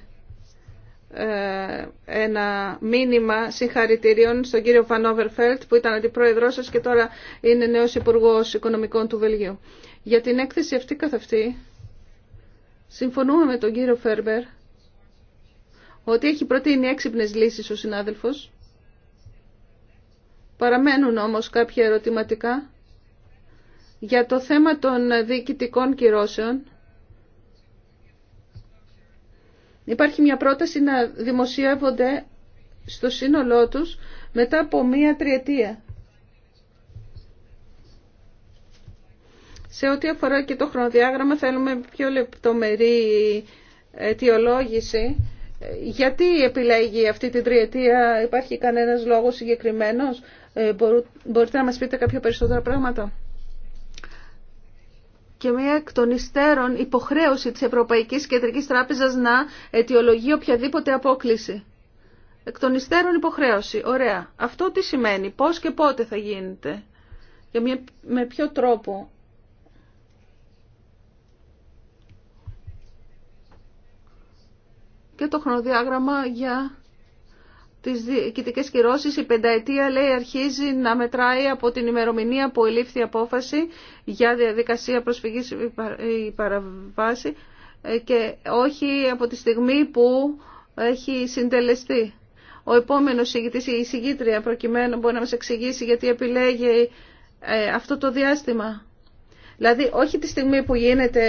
ε, ένα μήνυμα συγχαρητηρίων στον κύριο Φανόβερφελτ που ήταν αντιπρόεδρό σα και τώρα είναι νέος Υπουργό Οικονομικών του Βελγίου. Για την έκθεση αυτή καθ' αυτή συμφωνούμε με τον κύριο Φέρμπερ ότι έχει προτείνει έξυπνε λύσει ο συνάδελφο, Παραμένουν όμως κάποια ερωτηματικά για το θέμα των διοικητικών κυρώσεων Υπάρχει μια πρόταση να δημοσιεύονται στο σύνολό τους μετά από μία τριετία. Σε ό,τι αφορά και το χρονοδιάγραμμα θέλουμε πιο λεπτομερή αιτιολόγηση. Γιατί επιλέγει αυτή την τριετία, υπάρχει κανένας λόγος συγκεκριμένος, ε, μπορείτε να μας πείτε κάποια περισσότερα πράγματα και μια εκ των υστέρων υποχρέωση της Ευρωπαϊκής Κεντρικής Τράπεζας να αιτιολογεί οποιαδήποτε απόκληση. Εκ των υστέρων υποχρέωση. Ωραία. Αυτό τι σημαίνει, πώς και πότε θα γίνεται και με ποιο τρόπο. Και το χρονοδιάγραμμα για τις διοικητικές κυρώσεις η πενταετία λέει αρχίζει να μετράει από την ημερομηνία που ελήφθη η απόφαση για διαδικασία προσφυγής ή παραβάση ε, και όχι από τη στιγμή που έχει συντελεστεί. Ο επόμενος ηγητής, η συγκήτρια προκειμένου η συγκητρια προκειμενου μπορει να μας εξηγήσει γιατί επιλέγει ε, αυτό το διάστημα. Δηλαδή όχι τη στιγμή που γίνεται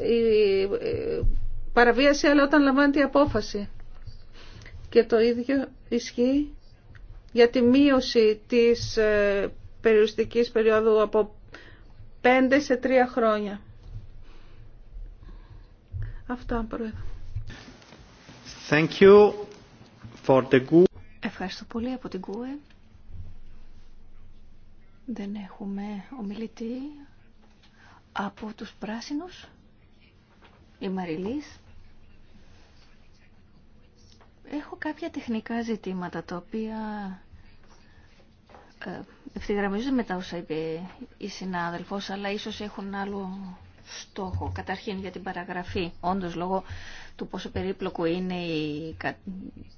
ε, η παραβίαση αλλά όταν λαμβάνεται η απόφαση. Και το ίδιο ισχύει για τη μείωση της ε, περιοριστικής περίοδου από 5 σε 3 χρόνια. Αυτά, Πρόεδρε. Thank you for the e. Ευχαριστώ πολύ από την ΚΟΕ. E. Δεν έχουμε ομιλητή από τους πράσινους. Η Μαριλής. Έχω κάποια τεχνικά ζητήματα τα οποία ε, ευθυγραμμίζονται μετά όσα είπε η συνάδελφος αλλά ίσως έχουν άλλο στόχο. Καταρχήν για την παραγραφή. Όντως λόγω του πόσο περίπλοκο είναι οι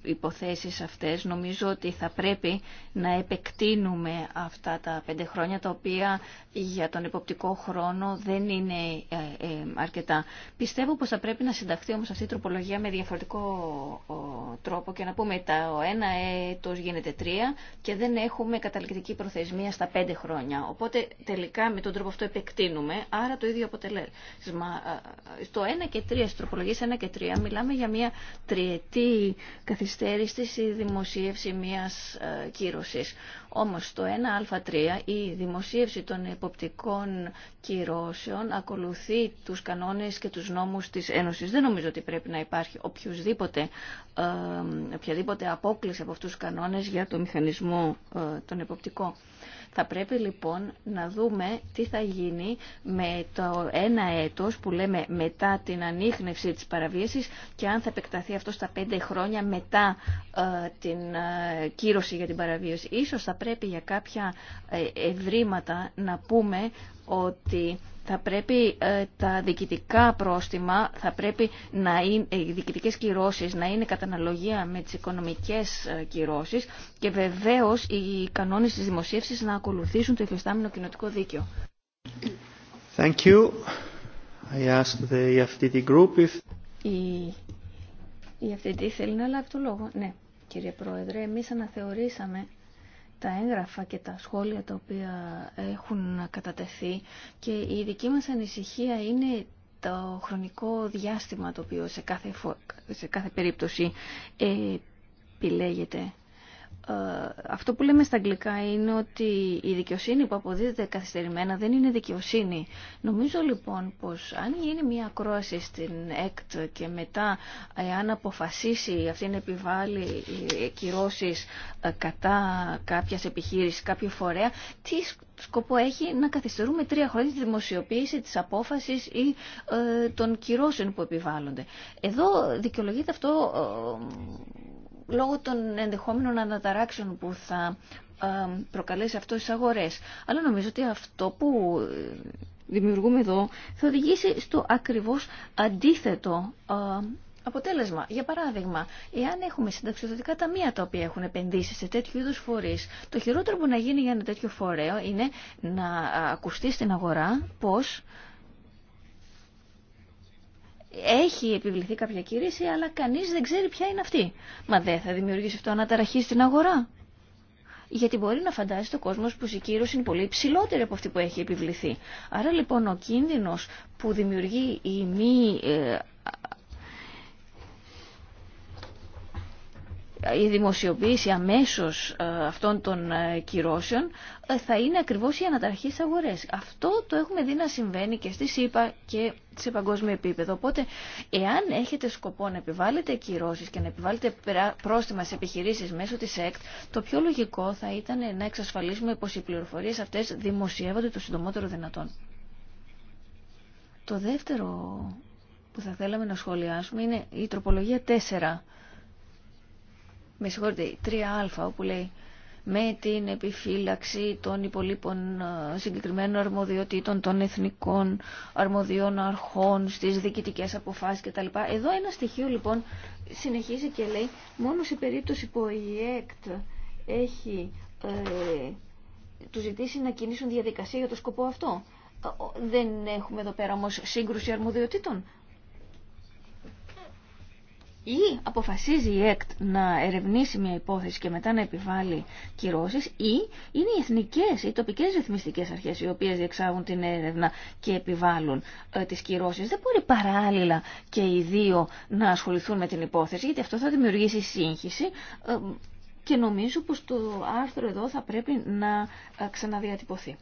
υποθέσεις αυτές. Νομίζω ότι θα πρέπει να επεκτείνουμε αυτά τα πέντε χρόνια, τα οποία για τον υποπτικό χρόνο δεν είναι ε, ε, αρκετά. Πιστεύω πως θα πρέπει να συνταχθεί όμως αυτή η τροπολογία με διαφορετικό τρόπο και να πούμε τα ο ένα έτος γίνεται τρία και δεν έχουμε καταληκτική προθεσμία στα πέντε χρόνια. Οπότε τελικά με τον τρόπο αυτό επεκτείνουμε, άρα το ίδιο αποτελέσμα. Στο ένα και 3, στις τροπολογίες 1 και 3 ιστορία. Μιλάμε για μια τριετή καθυστέρηση στη δημοσίευση μιας ε, κύρωσης. Όμως το 1α3 η δημοσίευση των εποπτικών κυρώσεων ακολουθεί τους κανόνες και τους νόμους της Ένωσης. Δεν νομίζω ότι πρέπει να υπάρχει οποιοδήποτε, ε, οποιαδήποτε απόκληση από αυτούς τους κανόνες για το μηχανισμό ε, των εποπτικών. Θα πρέπει λοιπόν να δούμε τι θα γίνει με το ένα έτος που λέμε μετά την ανείχνευση της παραβίασης και αν θα επεκταθεί αυτό στα πέντε χρόνια μετά ε, την ε, κύρωση για την παραβίαση. Ίσως θα πρέπει για κάποια ε, ευρήματα να πούμε ότι θα πρέπει ε, τα διοικητικά πρόστιμα, θα πρέπει να είναι, οι διοικητικές κυρώσεις να είναι καταναλογία με τις οικονομικές ε, κυρώσεις και βεβαίως οι κανόνες της δημοσίευσης να ακολουθήσουν το υφιστάμενο κοινοτικό δίκαιο. Thank you. I asked the e FTT group if... Η, η e FTT θέλει να λάβει το λόγο. Ναι, κύριε Πρόεδρε, εμείς αναθεωρήσαμε τα έγγραφα και τα σχόλια τα οποία έχουν κατατεθεί και η δική μας ανησυχία είναι το χρονικό διάστημα το οποίο σε κάθε, σε κάθε περίπτωση επιλέγεται. Ε, αυτό που λέμε στα αγγλικά είναι ότι η δικαιοσύνη που αποδίδεται καθυστερημένα δεν είναι δικαιοσύνη. Νομίζω λοιπόν πως αν γίνει μια ακρόαση στην ΕΚΤ και μετά ε, αν αποφασίσει αυτή να επιβάλλει ε, κυρώσεις κατά κάποιας επιχείρησης, κάποιο φορέα, τι σκοπό έχει να καθυστερούμε τρία χρόνια τη δημοσιοποίηση της απόφασης ή των κυρώσεων που επιβάλλονται. Εδώ δικαιολογείται αυτό λόγω των ενδεχόμενων αναταράξεων που θα ε, προκαλέσει αυτό στις αγορές. Αλλά νομίζω ότι αυτό που ε, δημιουργούμε εδώ θα οδηγήσει στο ακριβώς αντίθετο ε, αποτέλεσμα. Για παράδειγμα, εάν έχουμε συνταξιδοτικά ταμεία τα οποία έχουν επενδύσει σε τέτοιου είδους φορείς, το χειρότερο που να γίνει για ένα τέτοιο φορέο είναι να ακουστεί στην αγορά πως έχει επιβληθεί κάποια κήρυξη, αλλά κανείς δεν ξέρει ποια είναι αυτή. Μα δεν θα δημιουργήσει αυτό αναταραχή στην αγορά. Γιατί μπορεί να φαντάζει το κόσμος που η κύρωση είναι πολύ υψηλότερη από αυτή που έχει επιβληθεί. Άρα λοιπόν ο κίνδυνος που δημιουργεί η μη. Ε, η δημοσιοποίηση αμέσως ε, αυτών των ε, κυρώσεων θα είναι ακριβώς οι αναταρχείς αγορές. Αυτό το έχουμε δει να συμβαίνει και στη ΣΥΠΑ και σε παγκόσμιο επίπεδο. Οπότε, εάν έχετε σκοπό να επιβάλλετε κυρώσει και να επιβάλλετε πρόστιμα σε επιχειρήσει μέσω τη ΕΚΤ, το πιο λογικό θα ήταν να εξασφαλίσουμε πω οι πληροφορίε αυτέ δημοσιεύονται το συντομότερο δυνατόν. Το δεύτερο που θα θέλαμε να σχολιάσουμε είναι η τροπολογία 4. Με συγχωρείτε, 3α, όπου λέει με την επιφύλαξη των υπολείπων ε, συγκεκριμένων αρμοδιοτήτων των εθνικών αρμοδιών αρχών στις διοικητικές αποφάσεις κτλ. Εδώ ένα στοιχείο λοιπόν συνεχίζει και λέει μόνο σε περίπτωση που η ΕΚΤ έχει ε, του ζητήσει να κινήσουν διαδικασία για το σκοπό αυτό. Ε, δεν έχουμε εδώ πέρα όμως σύγκρουση αρμοδιοτήτων ή αποφασίζει η ΕΚΤ να ερευνήσει μια υπόθεση και μετά να επιβάλλει κυρώσεις ή είναι οι εθνικές, οι τοπικές ρυθμιστικές αρχές οι οποίες διεξάγουν την έρευνα και επιβάλλουν ε, τις κυρώσεις. Δεν μπορεί παράλληλα και οι δύο να ασχοληθούν με την υπόθεση γιατί αυτό θα δημιουργήσει σύγχυση ε, και νομίζω πως το άρθρο εδώ θα πρέπει να ε, ξαναδιατυπωθεί.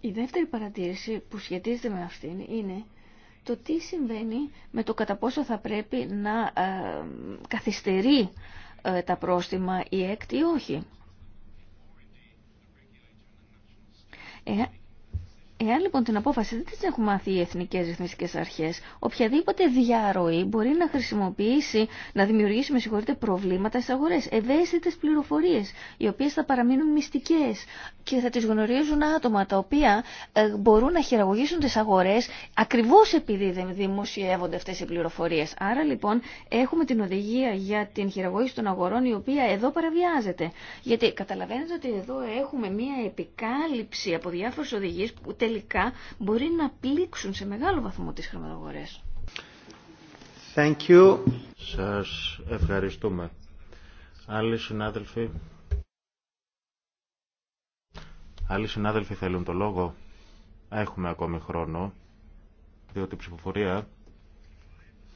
Η δεύτερη παρατήρηση που σχετίζεται με αυτήν είναι το τι συμβαίνει με το κατά πόσο θα πρέπει να ε, καθυστερεί ε, τα πρόστιμα η ΕΚΤ ή όχι. Ε, Εάν λοιπόν την απόφαση δεν την έχουν μάθει οι εθνικές ρυθμιστικές αρχές, οποιαδήποτε διαρροή μπορεί να χρησιμοποιήσει, να δημιουργήσει με συγχωρείτε προβλήματα στι αγορές, ευαίσθητες πληροφορίες, οι οποίες θα παραμείνουν μυστικές και θα τις γνωρίζουν άτομα τα οποία ε, μπορούν να χειραγωγήσουν τις αγορές ακριβώς επειδή δεν δημοσιεύονται αυτές οι πληροφορίες. Άρα λοιπόν έχουμε την οδηγία για την χειραγώγηση των αγορών η οποία εδώ παραβιάζεται. Γιατί καταλαβαίνετε ότι εδώ έχουμε μία επικάλυψη από διάφορες οδηγίες που τελικά μπορεί να πλήξουν σε μεγάλο βαθμό τις χρηματογορές. Thank you. Σας ευχαριστούμε. Άλλοι συνάδελφοι. Άλλοι συνάδελφοι θέλουν το λόγο. Έχουμε ακόμη χρόνο, διότι η ψηφοφορία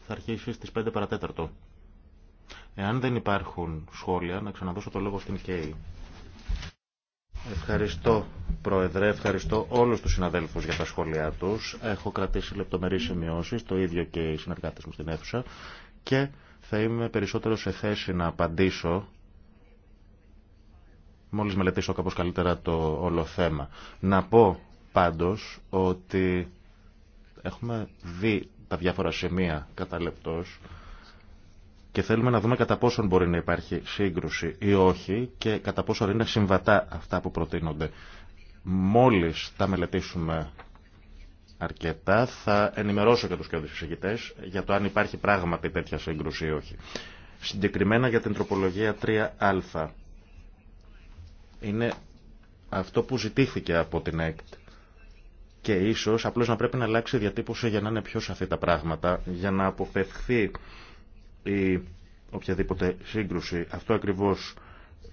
θα αρχίσει στις 5 παρατέταρτο. Εάν δεν υπάρχουν σχόλια, να ξαναδώσω το λόγο στην ΚΕΙ. Ευχαριστώ, Πρόεδρε. Ευχαριστώ όλους τους συναδέλφους για τα σχόλιά τους. Έχω κρατήσει λεπτομερείς σημειώσεις, το ίδιο και οι συνεργάτες μου στην αίθουσα και θα είμαι περισσότερο σε θέση να απαντήσω μόλις μελετήσω κάπω καλύτερα το όλο θέμα. Να πω πάντως ότι έχουμε δει τα διάφορα σημεία κατά και θέλουμε να δούμε κατά πόσον μπορεί να υπάρχει σύγκρουση ή όχι και κατά πόσον είναι συμβατά αυτά που προτείνονται. Μόλις τα μελετήσουμε αρκετά θα ενημερώσω και τους και εισηγητές για το αν υπάρχει πράγματι τέτοια σύγκρουση ή όχι. Συγκεκριμένα για την τροπολογία 3α. Είναι αυτό που ζητήθηκε από την ΕΚΤ και ίσως απλώς να πρέπει να αλλάξει διατύπωση για να είναι πιο σαφή τα πράγματα, για να αποφευχθεί ή οποιαδήποτε σύγκρουση. Αυτό ακριβώς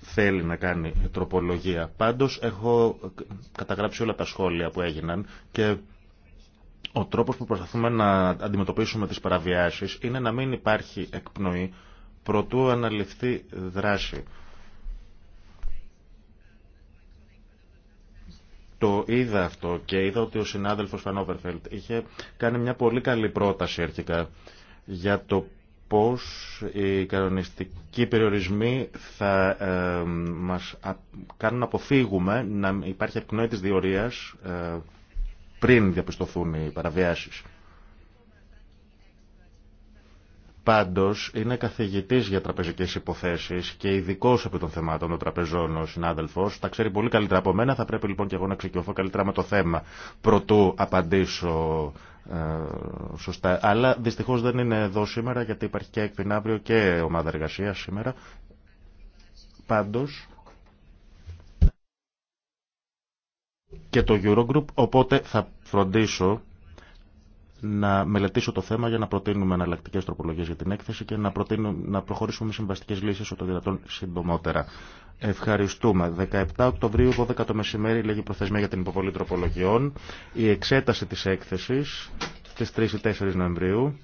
θέλει να κάνει τροπολογία. Πάντως έχω καταγράψει όλα τα σχόλια που έγιναν και ο τρόπος που προσπαθούμε να αντιμετωπίσουμε τις παραβιάσεις είναι να μην υπάρχει εκπνοή προτού αναλυφθεί δράση. Το είδα αυτό και είδα ότι ο συνάδελφος Φανόβερφελτ είχε κάνει μια πολύ καλή πρόταση αρχικά για το πώς οι κανονιστικοί περιορισμοί θα ε, μας κάνουν να αποφύγουμε να υπάρχει ακνοή της διορίας ε, πριν διαπιστωθούν οι παραβιάσεις. Πάντως είναι καθηγητής για τραπεζικές υποθέσεις και ειδικό από των θεμάτων των τραπεζών ο συνάδελφος. Τα ξέρει πολύ καλύτερα από μένα, θα πρέπει λοιπόν και εγώ να ξεκινήσω καλύτερα με το θέμα. Προτού απαντήσω ε, σωστά. Αλλά δυστυχώς δεν είναι εδώ σήμερα γιατί υπάρχει και έκπιν αύριο και ομάδα εργασία σήμερα. Πάντως και το Eurogroup, οπότε θα φροντίσω να μελετήσω το θέμα για να προτείνουμε εναλλακτικέ τροπολογίε για την έκθεση και να, να προχωρήσουμε με συμβαστικέ λύσει όσο το δυνατόν συντομότερα. Ευχαριστούμε. 17 Οκτωβρίου, 12 το μεσημέρι, λέγει προθεσμία για την υποβολή τροπολογιών. Η εξέταση τη έκθεση στι 3 ή 4 Νοεμβρίου.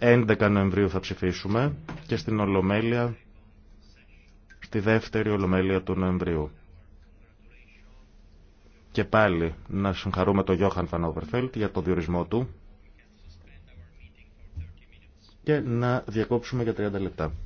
11 Νοεμβρίου θα ψηφίσουμε και στην Ολομέλεια, στη δεύτερη Ολομέλεια του Νοεμβρίου. Και πάλι να συγχαρούμε τον Γιώχαν Φανόβερφελτ για το διορισμό του και να διακόψουμε για 30 λεπτά.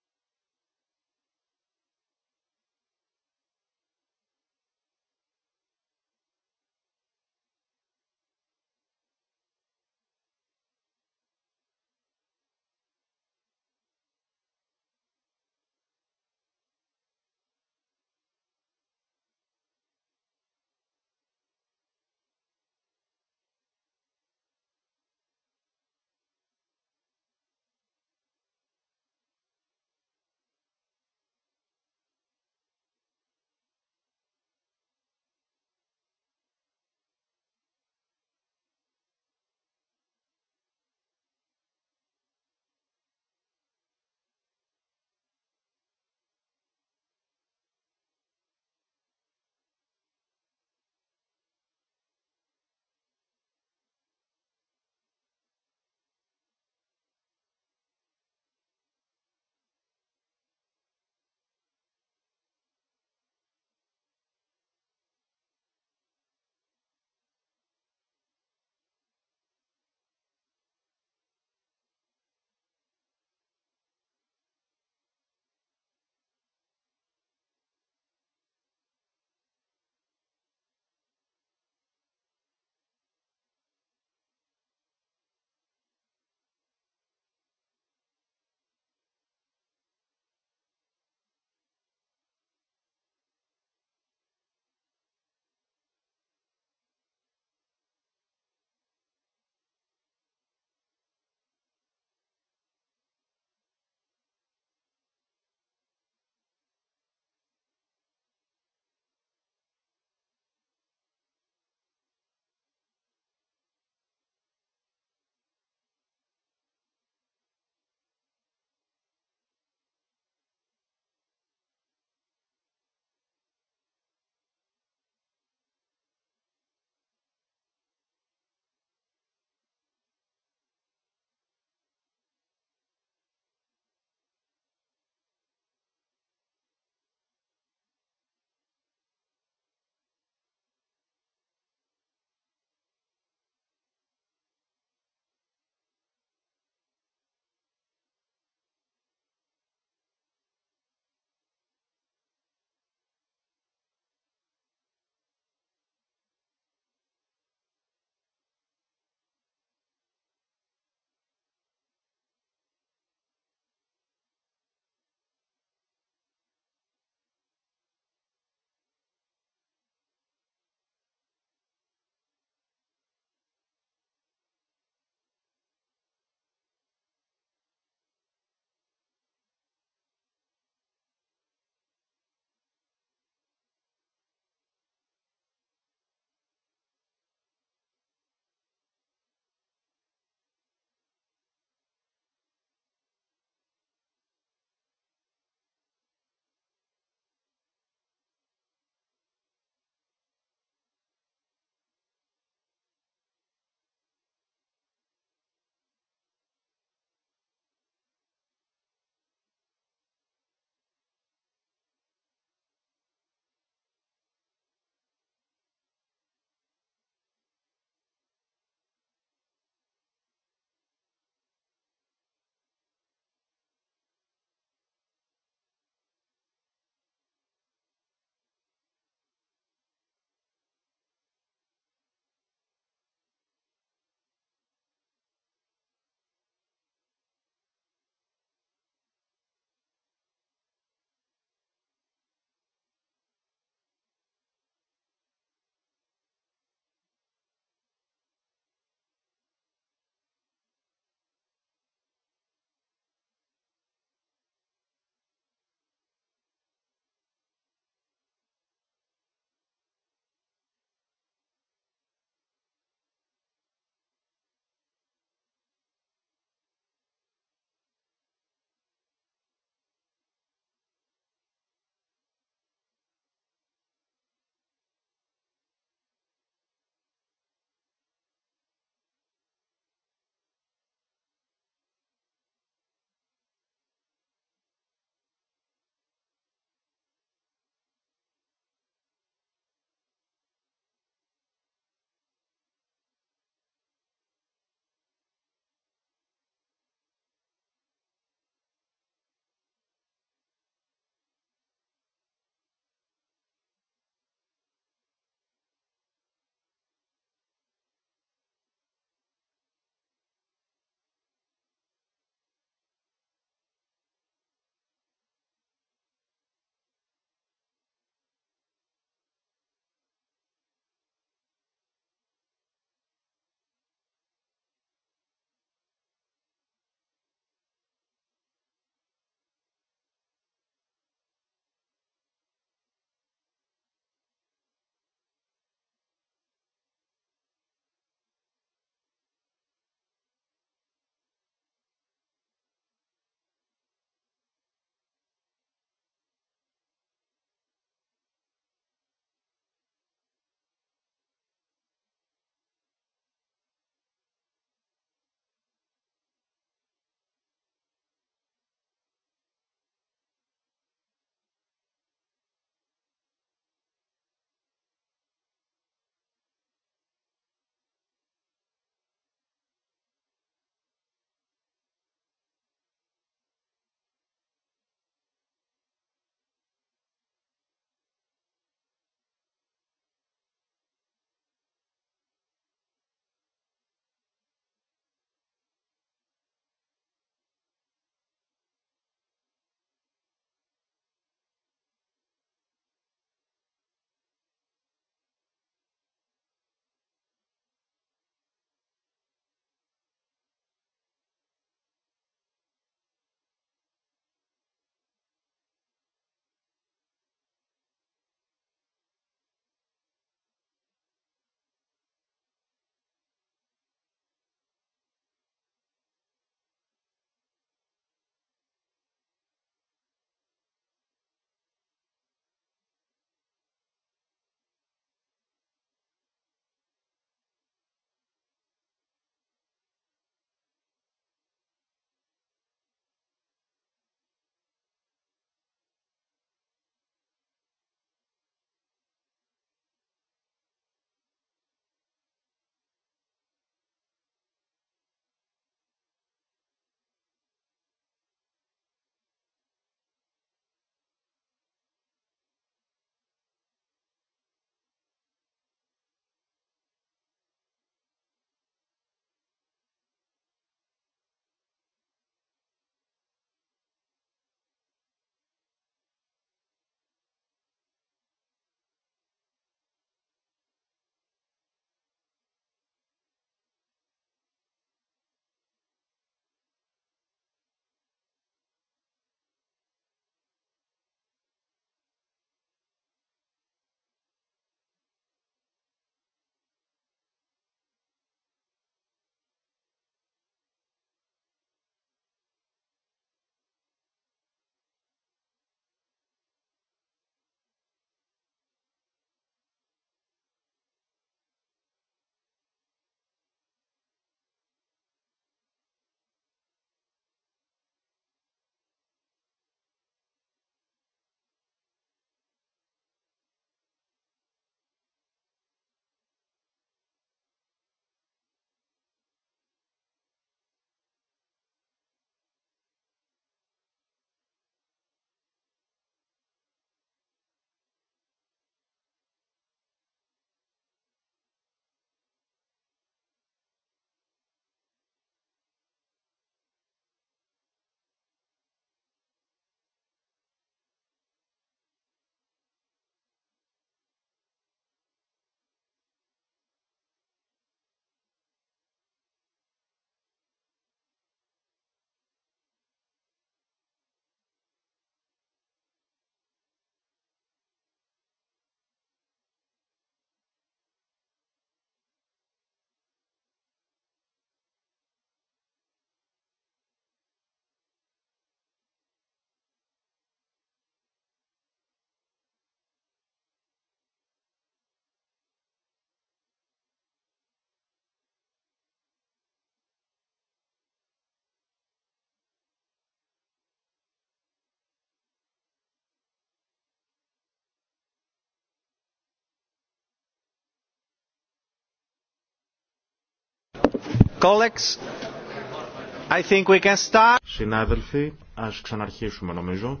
Συνάδελφοι, ας ξαναρχίσουμε νομίζω.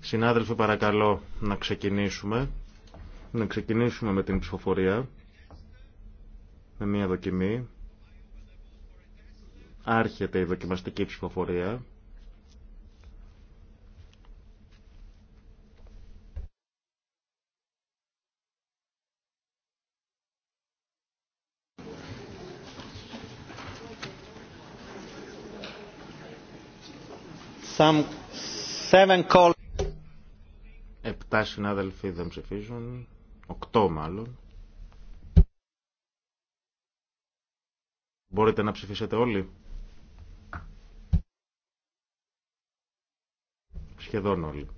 Συνάδελφοι, παρακαλώ να ξεκινήσουμε. Να ξεκινήσουμε με την ψηφοφορία. Με μία δοκιμή. Άρχεται η δοκιμαστική ψηφοφορία. Επτά συνάδελφοι δεν ψηφίζουν, οκτώ μάλλον. Μπορείτε να ψηφίσετε όλοι. Σχεδόν όλοι.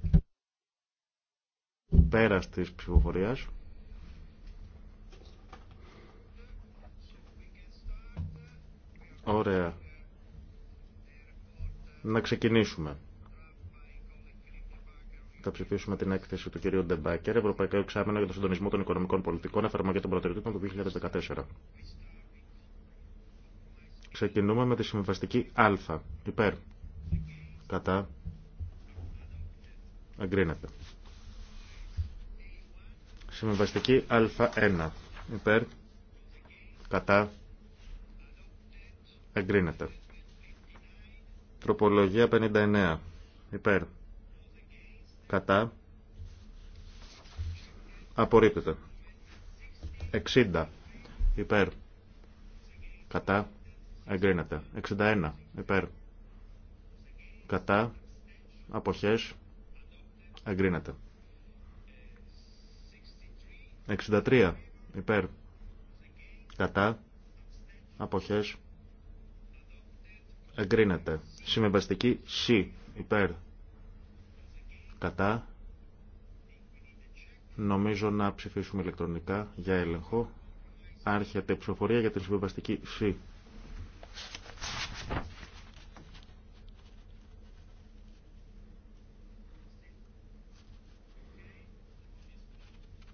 Πέρα της ψηφοφορίας. Ωραία να ξεκινήσουμε. Θα ψηφίσουμε την έκθεση του κυρίου Ντεμπάκερ, Ευρωπαϊκό Εξάμεινο για τον Συντονισμό των Οικονομικών Πολιτικών, εφαρμογή των προτεραιοτήτων του 2014. Ξεκινούμε με τη συμβαστική Α. Υπέρ. Κατά. Αγκρίνεται. Συμβαστική Α1. Υπέρ. Κατά. Εγκρίνεται. Τροπολογία 59. Υπέρ. Κατά. Απορρίπτεται. 60. Υπέρ. Κατά. Εγκρίνεται. 61. Υπέρ. Κατά. Αποχές. Εγκρίνεται. 63. Υπέρ. Κατά. Αποχές. Εγκρίνεται. Συμβαστική C Υπέρ. Κατά. Νομίζω να ψηφίσουμε ηλεκτρονικά για έλεγχο. Άρχεται ψηφοφορία για την συμβιβαστική C.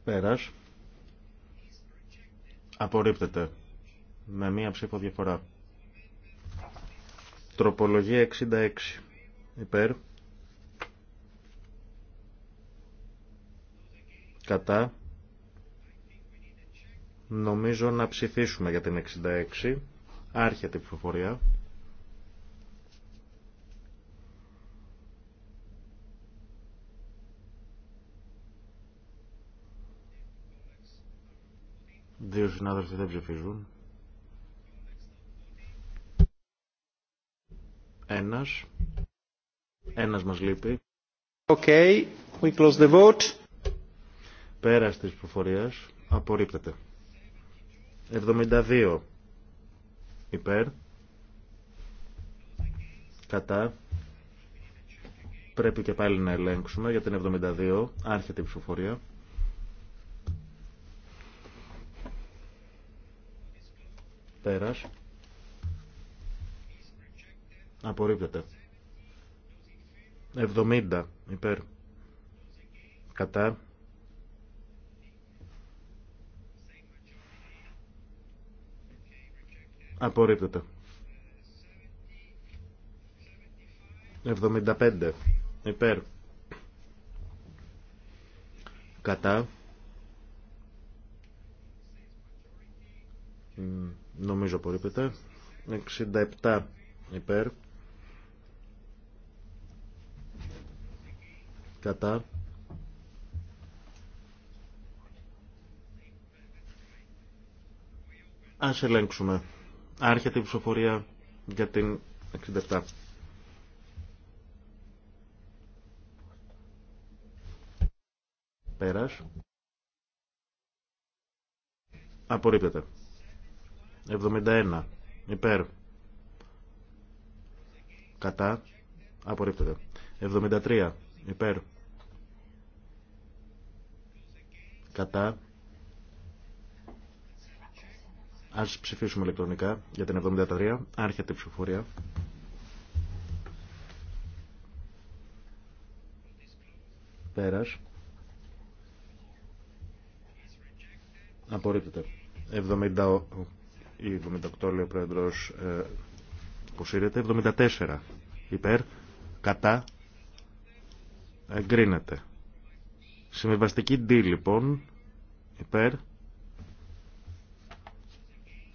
Πέρας. Απορρίπτεται. Με μία ψήφο διαφορά. Τροπολογία 66. Υπέρ. Κατά. Νομίζω να ψηφίσουμε για την 66. Άρχεται η ψηφοφορία. Δύο συνάδελφοι δεν ψηφίζουν. Ένας. Ένας μας λείπει. Okay, we close the vote. Πέρας της προφορίας απορρίπτεται. 72 υπέρ. Κατά. Πρέπει και πάλι να ελέγξουμε για την 72. Άρχεται η ψηφοφορία. Πέρας. Απορρίπτεται. 70 υπέρ. Κατά. Απορρίπτεται. 75 υπέρ. Κατά. Νομίζω απορρίπτεται. 67 υπέρ. κατά Ας ελέγξουμε. Άρχεται η ψηφοφορία για την 67. Πέρας. Απορρίπτεται. 71. Υπέρ. Κατά. Απορρίπτεται. 73. Υπέρ. κατά Ας ψηφίσουμε ηλεκτρονικά για την 73. Άρχεται η ψηφοφορία. Πέρας. Απορρίπτεται. 70... Η 78 λέει ο πρόεδρος ε, 74 υπέρ. Κατά. Εγκρίνεται. Συμβιβαστική D λοιπόν, υπέρ,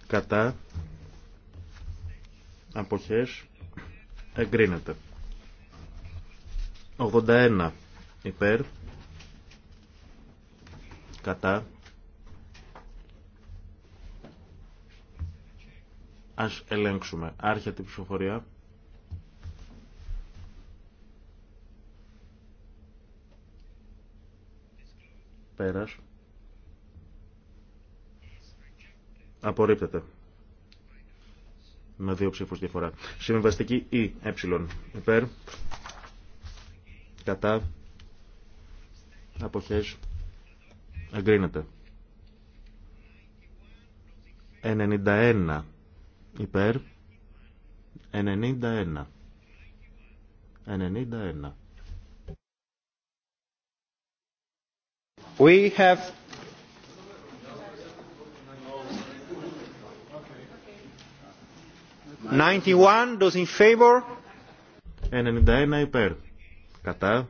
κατά, αποχές, εγκρίνεται. 81 υπέρ, κατά, ας ελέγξουμε. Άρχεται η ψηφοφορία. Πέρας. Απορρίπτεται. Με δύο ψήφους διαφορά. Συμβαστική ή ε. Υπέρ. Κατά. αποχέ. Εγκρίνεται. 91. Υπέρ. 91. 91. we have 91 υπέρ κατά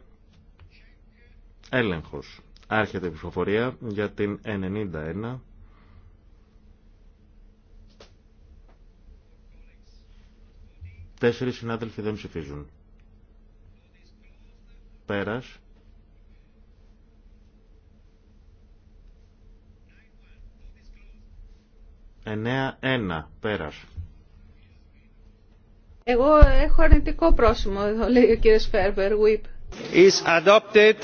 έλεγχος άρχεται η ψηφοφορία για την 91 Τέσσερις συνάδελφοι δεν ψηφίζουν. Πέρας. 9-1 πέρας. Εγώ έχω αρνητικό πρόσημο εδώ, λέει ο κύριος Φέρβερ. whip. Is adopted.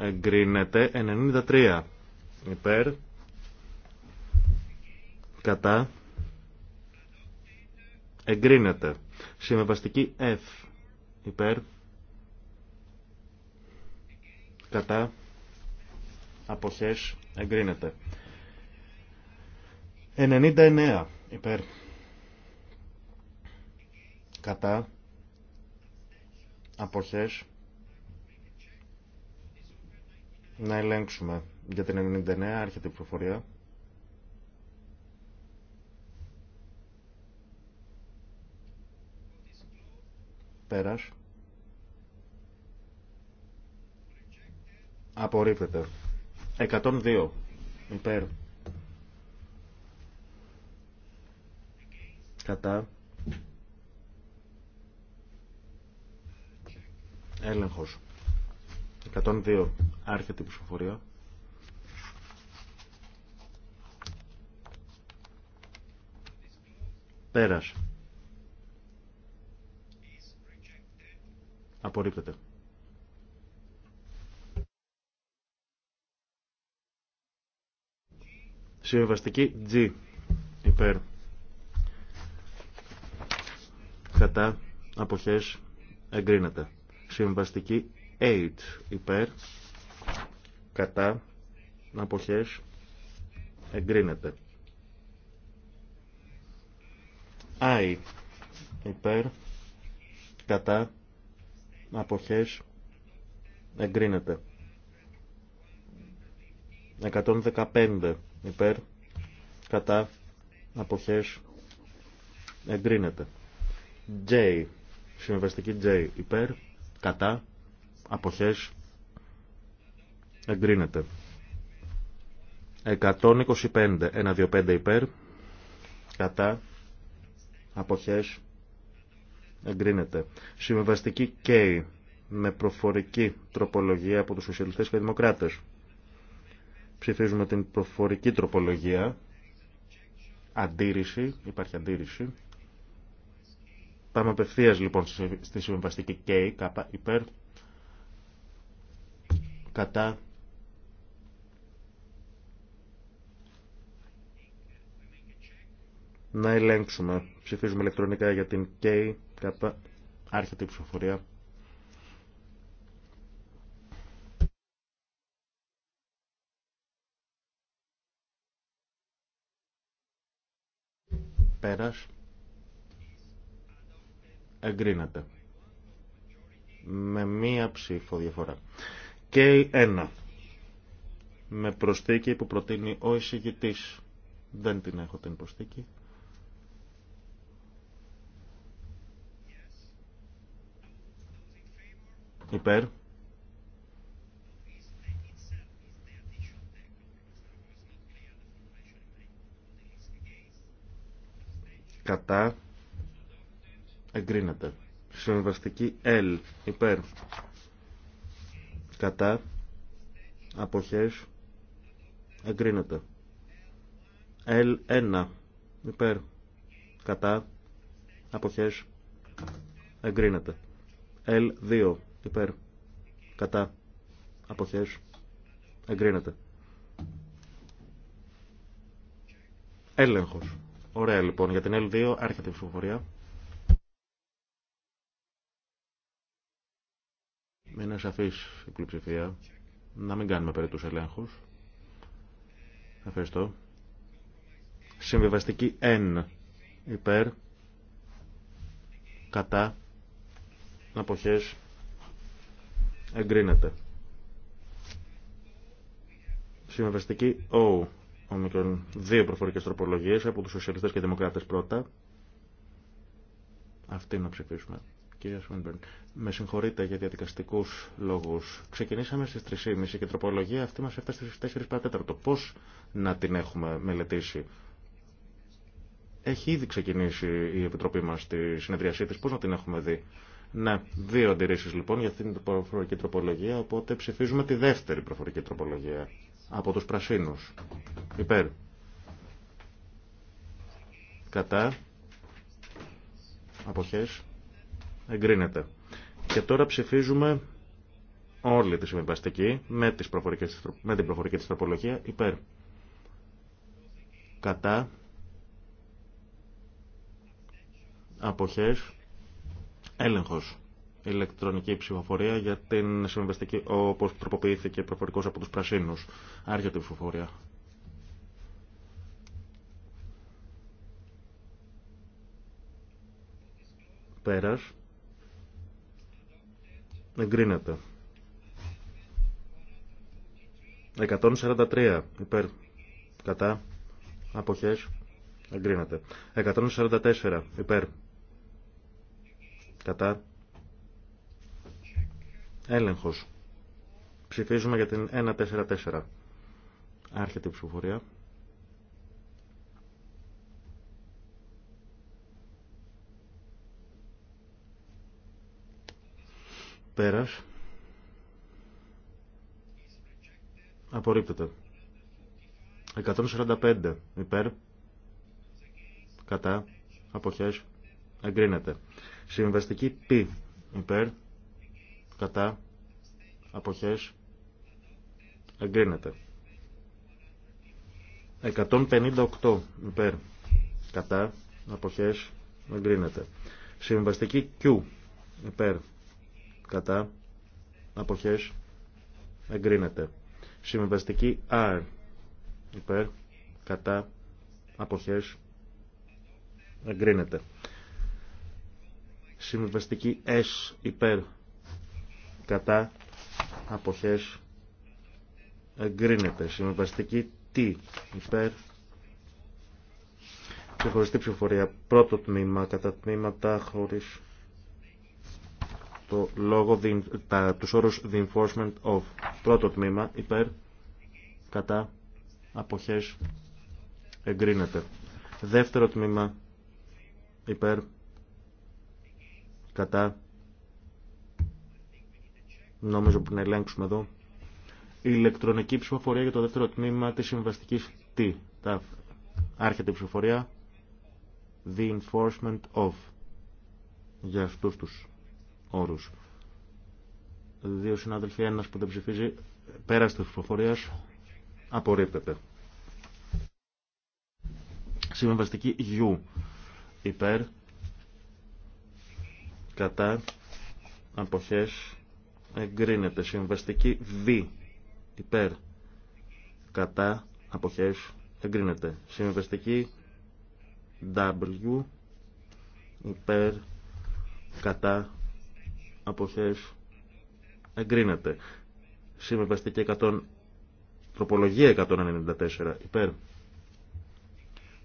Εγκρίνεται 93 υπέρ κατά εγκρίνεται συμβαστική F υπέρ κατά αποχές εγκρίνεται 99 υπέρ κατά αποχές να ελέγξουμε για την 99 άρχεται η προφορία πέρας απορρίπτεται 102 υπέρ κατά έλεγχος 102 άρχεται η ψηφοφορία πέρας απορρίπτεται Συμβαστική G υπέρ κατά αποχές εγκρίνεται. Συμβαστική 8 υπέρ κατά αποχές εγκρίνεται. I υπέρ κατά αποχές εγκρίνεται. 115 υπέρ κατά αποχές εγκρίνεται. J. Συμβαστική J. Υπέρ, κατά, αποχές, εγκρίνεται. 125, υπέρ, υπέρ, κατά, αποχές, εγκρίνεται. Συμβαστική K με προφορική τροπολογία από τους σοσιαλιστές και δημοκράτες. Ψηφίζουμε την προφορική τροπολογία. Αντίρρηση, υπάρχει αντίρρηση. Πάμε απευθεία λοιπόν στη συμβαστική K, κάπα υπέρ, κατά. Να ελέγξουμε. Ψηφίζουμε ηλεκτρονικά για την K, κάπα, άρχεται η ψηφοφορία. Πέρας εγκρίνεται με μία ψήφο διαφορά. Και 1. Με προστίκη που προτείνει ο εισηγητής. Δεν την έχω την προστίκη. Υπέρ. Κατά εγκρίνεται. Συμβαστική L υπέρ κατά αποχές εγκρίνεται. L1 υπέρ κατά αποχές εγκρίνεται. L2 υπέρ κατά αποχές εγκρίνεται. Έλεγχος. Ωραία λοιπόν για την L2 άρχεται η ψηφοφορία. είναι σαφής η πλειοψηφία να μην κάνουμε τους ελέγχους. Ευχαριστώ. Συμβιβαστική N υπέρ κατά αποχές εγκρίνεται. Συμβιβαστική O ομικρον δύο προφορικές τροπολογίες από τους σοσιαλιστές και δημοκράτες πρώτα. Αυτή να ψηφίσουμε. Κυρία Σουμπερν, με συγχωρείτε για διαδικαστικού λόγου. Ξεκινήσαμε στι 3.30 και η τροπολογία αυτή μα έφτασε στι 4 παρατέταρτο. Πώ να την έχουμε μελετήσει. Έχει ήδη ξεκινήσει η Επιτροπή μα τη συνεδριασή τη. Πώ να την έχουμε δει. Ναι, δύο αντιρρήσει λοιπόν για αυτήν την προφορική τροπολογία. Οπότε ψηφίζουμε τη δεύτερη προφορική τροπολογία από του πρασίνου. Υπέρ. Κατά. Αποχές. Εγκρίνεται. Και τώρα ψηφίζουμε όλη τη συμβιβαστική με, τις προφορικές, με την προφορική της τροπολογία υπέρ. Κατά. Αποχές. Έλεγχος. Ηλεκτρονική ψηφοφορία για την συμβιβαστική όπως τροποποιήθηκε προφορικός από τους πρασίνους. Άρχεται η ψηφοφορία. Πέρας εγκρίνεται. 143 υπέρ κατά αποχές εγκρίνεται. 144 υπέρ κατά έλεγχος. Ψηφίζουμε για την 144. Άρχεται η ψηφοφορία. Πέρας. Απορρίπτεται. 145 υπέρ. Κατά. Αποχές. Εγκρίνεται. Συμβαστική π υπέρ. Κατά. Αποχές. Εγκρίνεται. 158 υπέρ. Κατά. Αποχές. Εγκρίνεται. Συμβαστική Q υπέρ κατά αποχές εγκρίνεται. Συμβαστική R υπέρ κατά αποχές εγκρίνεται. Συμβαστική S υπέρ κατά αποχές εγκρίνεται. Συμβαστική T υπέρ ξεχωριστή ψηφοφορία. Πρώτο τμήμα κατά τμήματα χωρίς το λόγο, τα, τους όρους The Enforcement of. Πρώτο τμήμα, υπέρ, κατά, αποχές, εγκρίνεται. Δεύτερο τμήμα, υπέρ, κατά, νομίζω που να ελέγξουμε εδώ, η ηλεκτρονική ψηφοφορία για το δεύτερο τμήμα της συμβαστικής T. Τα, άρχεται η ψηφοφορία, The Enforcement of, για αυτούς τους όρους. Δύο συνάδελφοι, ένας που δεν ψηφίζει, πέρα τη ψηφοφορία, απορρίπτεται. Συμβαστική U. Υπέρ, κατά, αποχές, εγκρίνεται. Συμβαστική Β. Υπέρ, κατά, αποχές, εγκρίνεται. Συμβαστική W. Υπέρ, κατά, αποχές εγκρίνεται. Συμβεβαστική 100, τροπολογία 194 υπέρ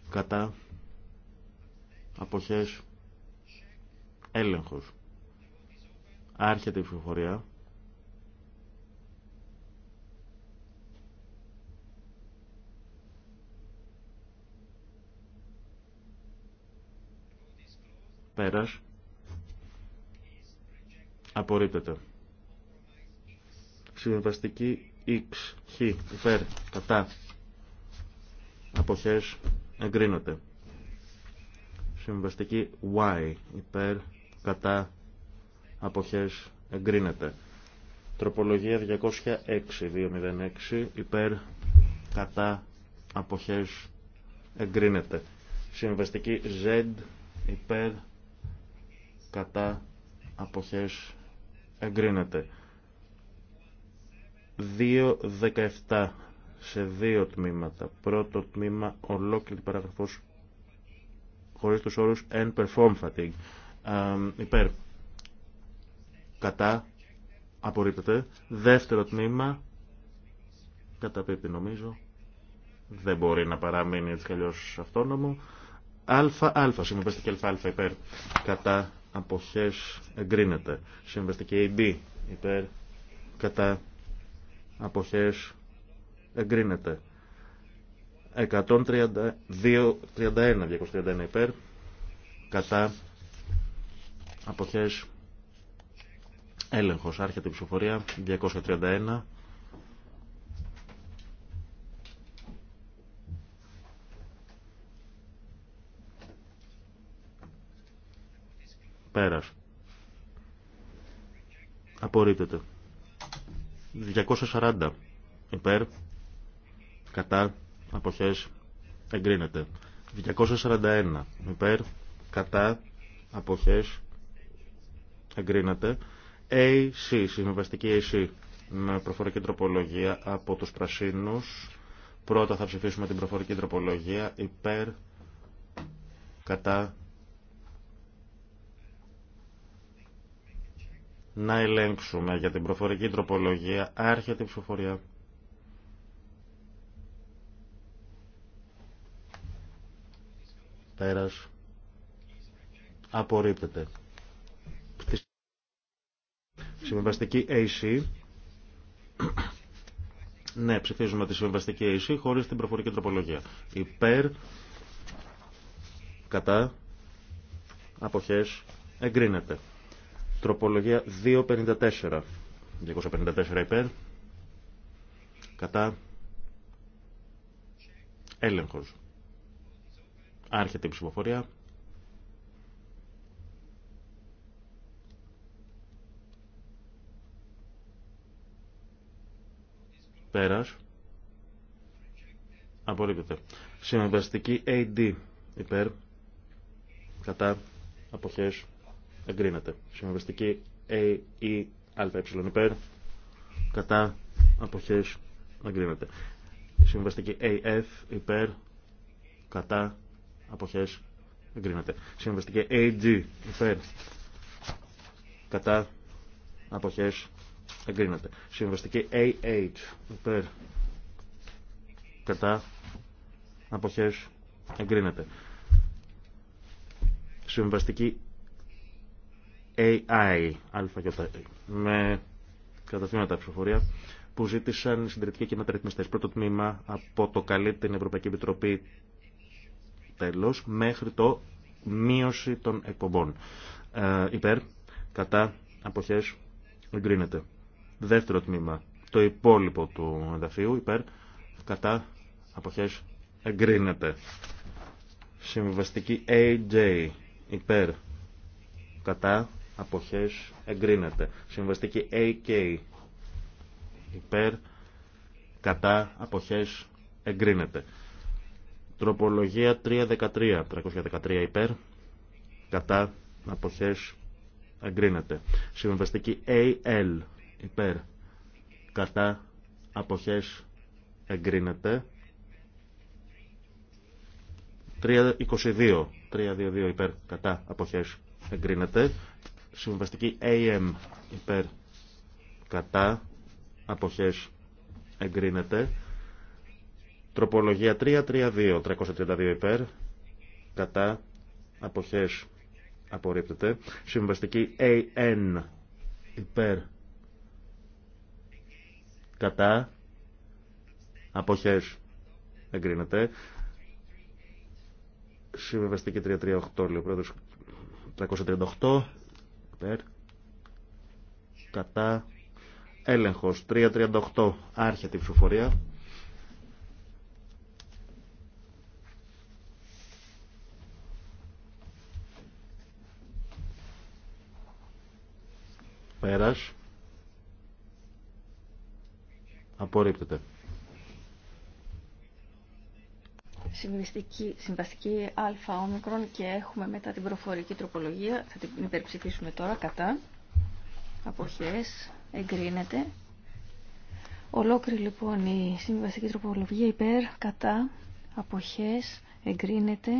κατά αποχές έλεγχος. Άρχεται η ψηφοφορία. Πέρας. Απορρίπτεται. Συμβαστική X, υπέρ, κατά. Αποχές εγκρίνονται. Συμβαστική Y, υπέρ, κατά. Αποχές εγκρίνεται. Τροπολογία 206, 206, υπέρ, κατά, αποχές, εγκρίνεται. Συμβαστική Z, υπέρ, κατά, αποχές, εγκρίνεται. 2.17 σε δύο τμήματα. Πρώτο τμήμα ολόκληρη παραγραφός χωρίς τους όρους εν perform fatigue. Ε, υπέρ. Κατά. Απορρίπτεται. Δεύτερο τμήμα. Καταπίπτει νομίζω. Δεν μπορεί να παραμείνει έτσι αλλιώς αυτόνομο. Α, α, και α, α, υπέρ. Κατά αποχές εγκρίνεται. Συμβαστική AB υπέρ κατά αποχές εγκρίνεται. 132, 231 υπέρ κατά αποχές έλεγχος. Άρχεται η ψηφοφορία 231 Πέρας. Απορρίπτεται. 240 υπέρ. Κατά. Αποχές. Εγκρίνεται. 241 υπέρ. Κατά. Αποχές. Εγκρίνεται. AC. Συμβαστική AC. Με προφορική τροπολογία από τους πρασίνους. Πρώτα θα ψηφίσουμε την προφορική τροπολογία υπέρ. Κατά να ελέγξουμε για την προφορική τροπολογία άρχεται η ψηφοφορία. Πέρας. Απορρίπτεται. Συμβαστική AC. Ναι, ψηφίζουμε τη συμβαστική AC χωρίς την προφορική τροπολογία. Υπέρ, κατά, αποχές, εγκρίνεται. Τροπολογία 254. 254 υπέρ. Κατά. Έλεγχος. Άρχεται η ψηφοφορία. Πέρας. Απορρίπτεται. Συμβαστική AD υπέρ. Κατά. Αποχές εγκρίνεται. Συμβαστική A, E, ΑΕ υπέρ, κατά, αποχές, εγκρίνεται. Συμβαστική AF υπέρ, κατά, αποχές, εγκρίνεται. Συμβαστική G, υπέρ, κατά, αποχές, εγκρίνεται. Συμβαστική AH υπέρ, κατά, αποχές, εγκρίνεται. Συμβαστική AI, με τα ψηφοφορία που ζήτησαν οι συντηρητικοί και μεταρρυθμιστές. Πρώτο τμήμα από το καλύπτει την Ευρωπαϊκή Επιτροπή τέλος μέχρι το μείωση των εκπομπών. Ε, υπέρ, κατά, αποχές, εγκρίνεται. Δεύτερο τμήμα, το υπόλοιπο του εδαφείου υπέρ, κατά, αποχές, εγκρίνεται. Συμβαστική AJ, υπέρ, κατά, αποχές εγκρίνεται. Συμβαστική AK υπέρ κατά αποχές εγκρίνεται. Τροπολογία 313, 313 υπέρ κατά αποχές εγκρίνεται. Συμβαστική AL υπέρ κατά αποχές εγκρίνεται. 322, 322 υπέρ κατά αποχές εγκρίνεται. Συμβαστική AM υπέρ κατά αποχές εγκρίνεται. Τροπολογία Τροπολογία 332 υπέρ κατά αποχές απορρίπτεται. Συμβαστική AN υπέρ κατά αποχές εγκρίνεται. Συμβαστική 338 λέει ο 338 υπέρ κατά έλεγχος 3.38 άρχεται η ψηφοφορία πέρας απορρίπτεται συμβαστική, αλφα όμικρον... και έχουμε μετά την προφορική τροπολογία. Θα την υπερψηφίσουμε τώρα κατά. Αποχές. Εγκρίνεται. Ολόκληρη λοιπόν η συμβαστική τροπολογία υπέρ, κατά, αποχές, εγκρίνεται.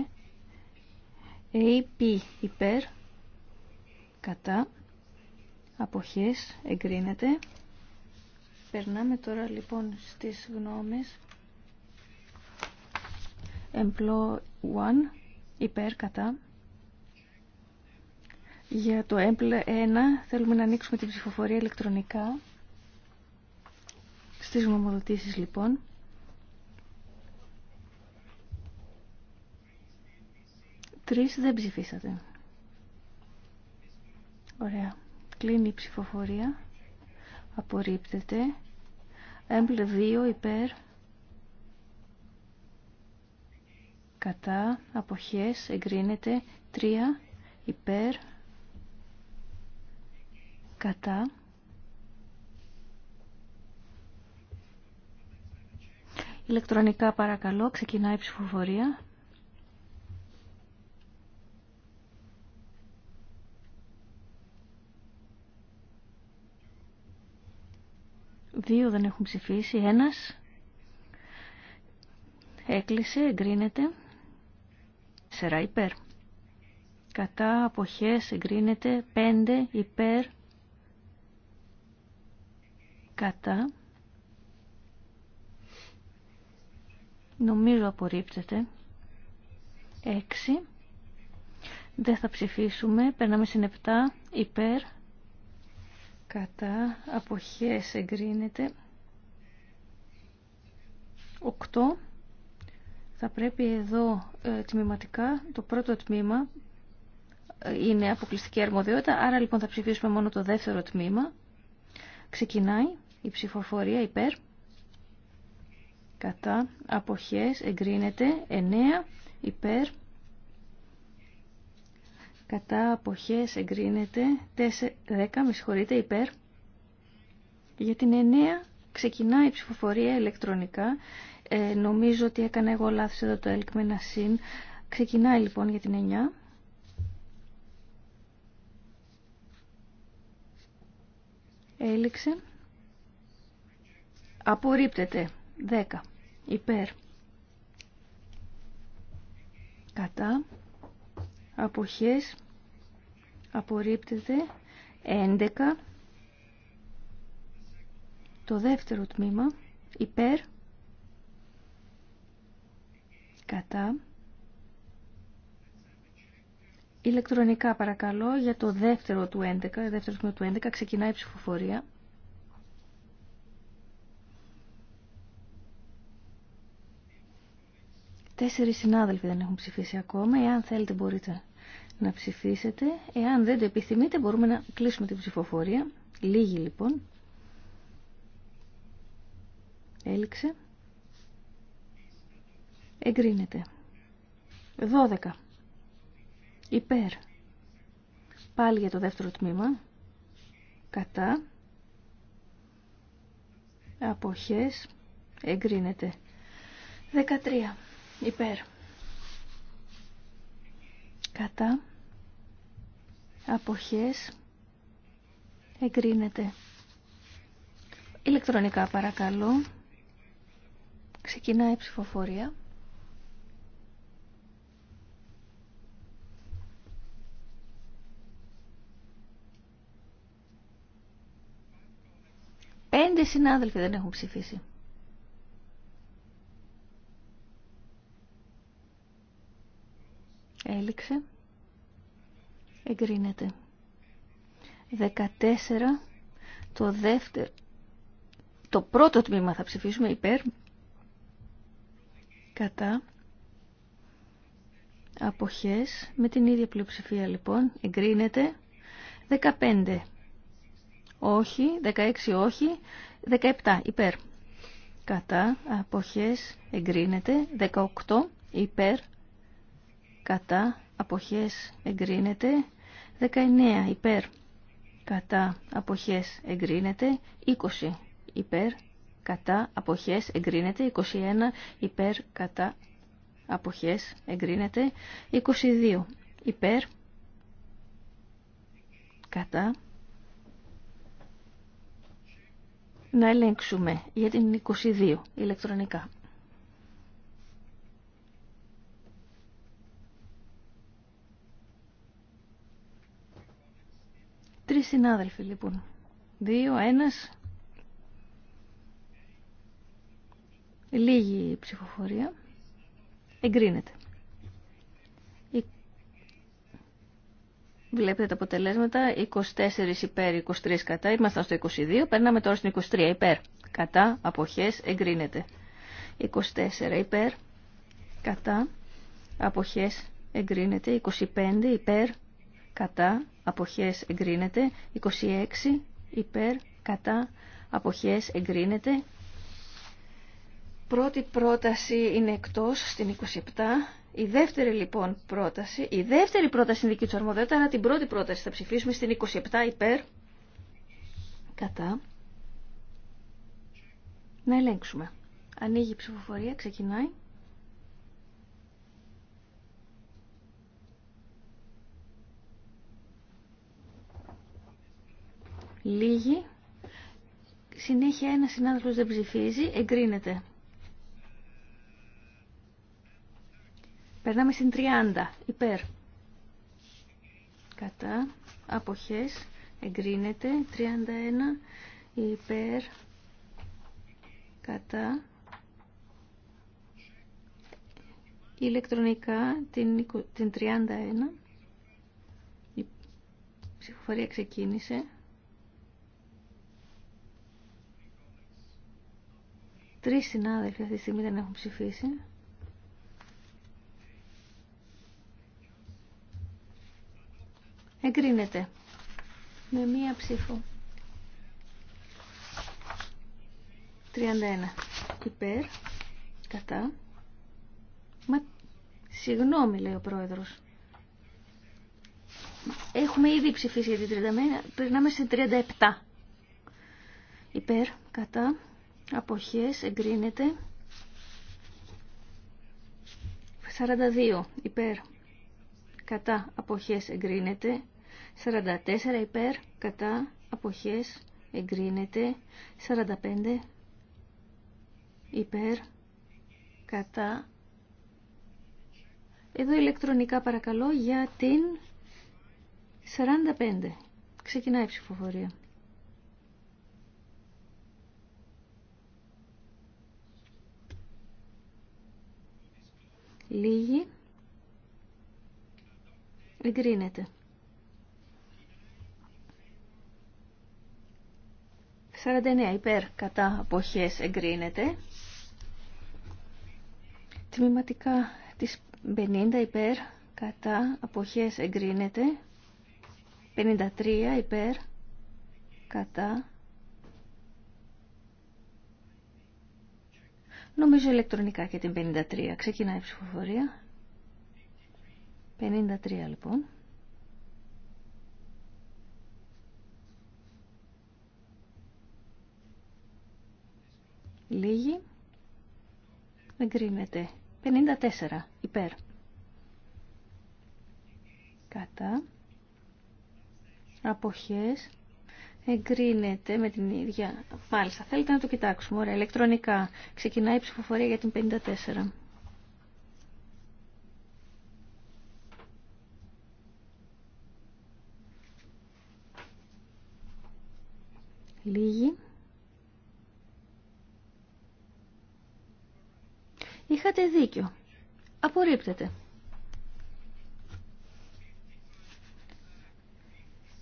AP ε, υπέρ, κατά, αποχές, εγκρίνεται. Περνάμε τώρα λοιπόν στις γνώμες Εμπλό 1 υπέρ κατά. Για το εμπλό 1 θέλουμε να ανοίξουμε την ψηφοφορία ηλεκτρονικά. Στις γνωμοδοτήσεις λοιπόν. Τρεις δεν ψηφίσατε. Ωραία. Κλείνει η ψηφοφορία. Απορρίπτεται. Εμπλό 2 υπέρ κατά αποχές εγκρίνεται 3 υπέρ κατά ηλεκτρονικά παρακαλώ ξεκινάει η ψηφοφορία Δύο δεν έχουν ψηφίσει, ένας έκλεισε, εγκρίνεται. 4 υπέρ. Κατά αποχές εγκρίνεται 5 υπέρ. Κατά. Νομίζω απορρίπτεται. 6. Δεν θα ψηφίσουμε. Περνάμε στην 7 υπέρ. Κατά αποχές εγκρίνεται 8 θα πρέπει εδώ ε, τμήματικά το πρώτο τμήμα ε, είναι αποκλειστική αρμοδιότητα, άρα λοιπόν θα ψηφίσουμε μόνο το δεύτερο τμήμα. Ξεκινάει η ψηφοφορία υπέρ. Κατά αποχές εγκρίνεται 9 υπέρ. Κατά αποχές εγκρίνεται 4, 10, με συγχωρείτε, υπέρ. Για την 9 ξεκινάει η ψηφοφορία ηλεκτρονικά ε, νομίζω ότι έκανα εγώ λάθος εδώ το ΕΛΚ με ένα συν. Ξεκινάει λοιπόν για την 9. Έληξε. Απορρίπτεται. 10. Υπέρ. Κατά. Αποχές. Απορρίπτεται. 11. Το δεύτερο τμήμα. Υπέρ κατά. Ηλεκτρονικά παρακαλώ για το δεύτερο του 11, δεύτερο του 11 ξεκινάει η ψηφοφορία. Τέσσερις συνάδελφοι δεν έχουν ψηφίσει ακόμα. Εάν θέλετε μπορείτε να ψηφίσετε. Εάν δεν το επιθυμείτε μπορούμε να κλείσουμε την ψηφοφορία. Λίγοι λοιπόν. Έληξε. Εγκρίνεται. 12. Υπέρ. Πάλι για το δεύτερο τμήμα. Κατά. Αποχές. Εγκρίνεται. 13. Υπέρ. Κατά. Αποχές. Εγκρίνεται. Ηλεκτρονικά παρακαλώ. Ξεκινάει η ψηφοφορία. Πέντε συνάδελφοι δεν έχουν ψηφίσει. Έληξε. Εγκρίνεται. 14. Το δεύτερο. Το πρώτο τμήμα θα ψηφίσουμε υπέρ. Κατά. Αποχές. Με την ίδια πλειοψηφία λοιπόν. Εγκρίνεται. 15 όχι, 16 όχι, 17 υπέρ. Κατά αποχές εγκρίνεται, 18 υπέρ. Κατά αποχές εγκρίνεται, 19 υπέρ. Κατά αποχές εγκρίνεται, 20 υπέρ. Κατά αποχές εγκρίνεται, 21 υπέρ. Κατά αποχές εγκρίνεται, 22 υπέρ. Κατά να ελέγξουμε για την 22 ηλεκτρονικά. Τρεις συνάδελφοι λοιπόν. Δύο, ένας. Λίγη ψηφοφορία. Εγκρίνεται. Βλέπετε τα αποτελέσματα. 24 υπέρ, 23 κατά. Ήμασταν στο 22. Περνάμε τώρα στην 23 υπέρ. Κατά. Αποχές. Εγκρίνεται. 24 υπέρ. Κατά. Αποχές. Εγκρίνεται. 25 υπέρ. Κατά. Αποχές. Εγκρίνεται. 26 υπέρ. Κατά. Αποχές. Εγκρίνεται πρώτη πρόταση είναι εκτός στην 27. Η δεύτερη λοιπόν πρόταση, η δεύτερη πρόταση είναι δική του αρμοδιότητα, αλλά την πρώτη πρόταση θα ψηφίσουμε στην 27 υπέρ. Κατά. Να ελέγξουμε. Ανοίγει η ψηφοφορία, ξεκινάει. Λίγη. Συνέχεια ένα συνάδελφος δεν ψηφίζει, εγκρίνεται. Περνάμε στην 30. Υπέρ. Κατά. Αποχές. Εγκρίνεται. 31. Υπέρ. Κατά. Ηλεκτρονικά την 31. Η ψηφοφορία ξεκίνησε. Τρεις συνάδελφοι αυτή τη στιγμή δεν έχουν ψηφίσει. Εγκρίνεται. Με μία ψήφο. 31. Υπέρ. Κατά. Μα... Συγγνώμη, λέει ο πρόεδρος. Έχουμε ήδη ψηφίσει για την 31. Περνάμε στην 37. Υπέρ. Κατά. Αποχές. Εγκρίνεται. 42. Υπέρ κατά αποχές εγκρίνεται, 44 υπέρ κατά αποχές εγκρίνεται, 45 υπέρ κατά εδώ ηλεκτρονικά παρακαλώ για την 45. Ξεκινάει η ψηφοφορία. Λίγη. Εγκρίνεται. 49 υπέρ κατά αποχές εγκρίνεται. Τμήματικά της 50 υπέρ κατά αποχές εγκρίνεται. 53 υπέρ κατά. Νομίζω ηλεκτρονικά και την 53. Ξεκινάει η ψηφοφορία. 53 λοιπόν. Λίγη. Εγκρίνεται. 54 υπέρ. Κατά. Αποχές. Εγκρίνεται με την ίδια. Μάλιστα, θέλετε να το κοιτάξουμε. Ωραία, ηλεκτρονικά. Ξεκινάει η ψηφοφορία για την 54. λίγη. Είχατε δίκιο. Απορρίπτεται.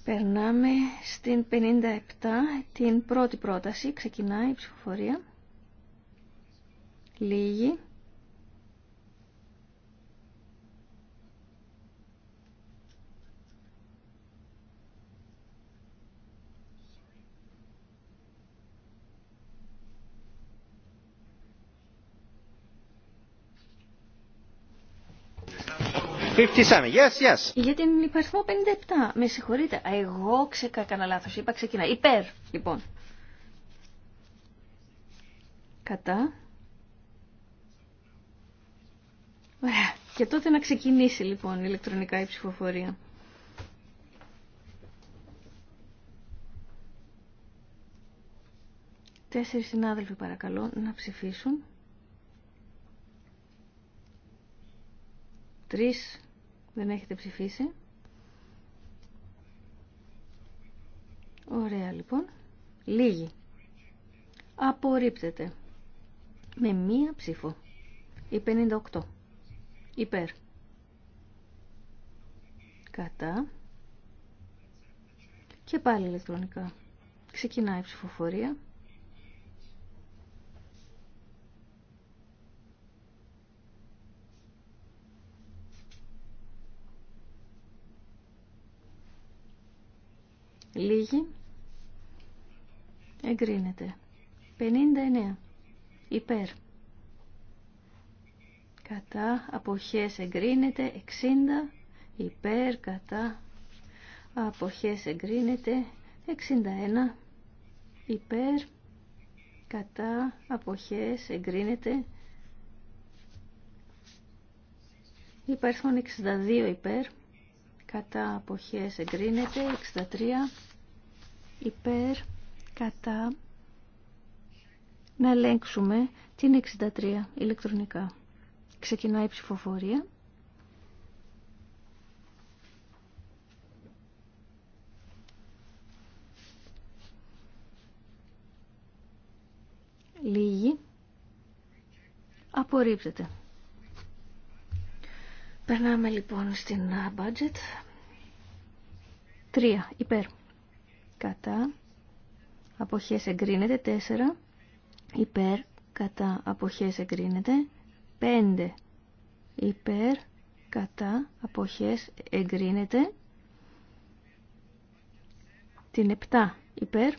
Περνάμε στην 57, την πρώτη πρόταση. Ξεκινάει η ψηφοφορία. Λίγη. 57. Yes, yes. Για την υπαριθμό 57. Με συγχωρείτε. Εγώ ξεκα... λάθος. Είπα ξεκινά. Υπέρ, λοιπόν. Κατά. Ωραία. Και τότε να ξεκινήσει λοιπόν η ηλεκτρονικά η ψηφοφορία. Τέσσερις συνάδελφοι παρακαλώ να ψηφίσουν. Τρεις δεν έχετε ψηφίσει. Ωραία λοιπόν. Λίγοι. Απορρίπτεται. Με μία ψήφο. Η 58. Υπέρ. Κατά. Και πάλι ηλεκτρονικά. Ξεκινάει η ψηφοφορία. Λίγη. Εγκρίνεται. 59. Υπέρ. Κατά αποχές εγκρίνεται. 60. Υπέρ. Κατά αποχές εγκρίνεται. 61. Υπέρ. Κατά αποχές εγκρίνεται. Υπάρχουν 62 υπέρ κατά αποχές εγκρίνεται 63 υπέρ κατά να ελέγξουμε την 63 ηλεκτρονικά ξεκινάει η ψηφοφορία λίγη απορρίπτεται Περνάμε λοιπόν στην budget. Τρία Υπέρ. Κατά. Αποχές εγκρίνεται. Τέσσερα Υπέρ. Κατά. Αποχές εγκρίνεται. Πέντε Υπέρ. Κατά. Αποχές εγκρίνεται. Την επτά Υπέρ.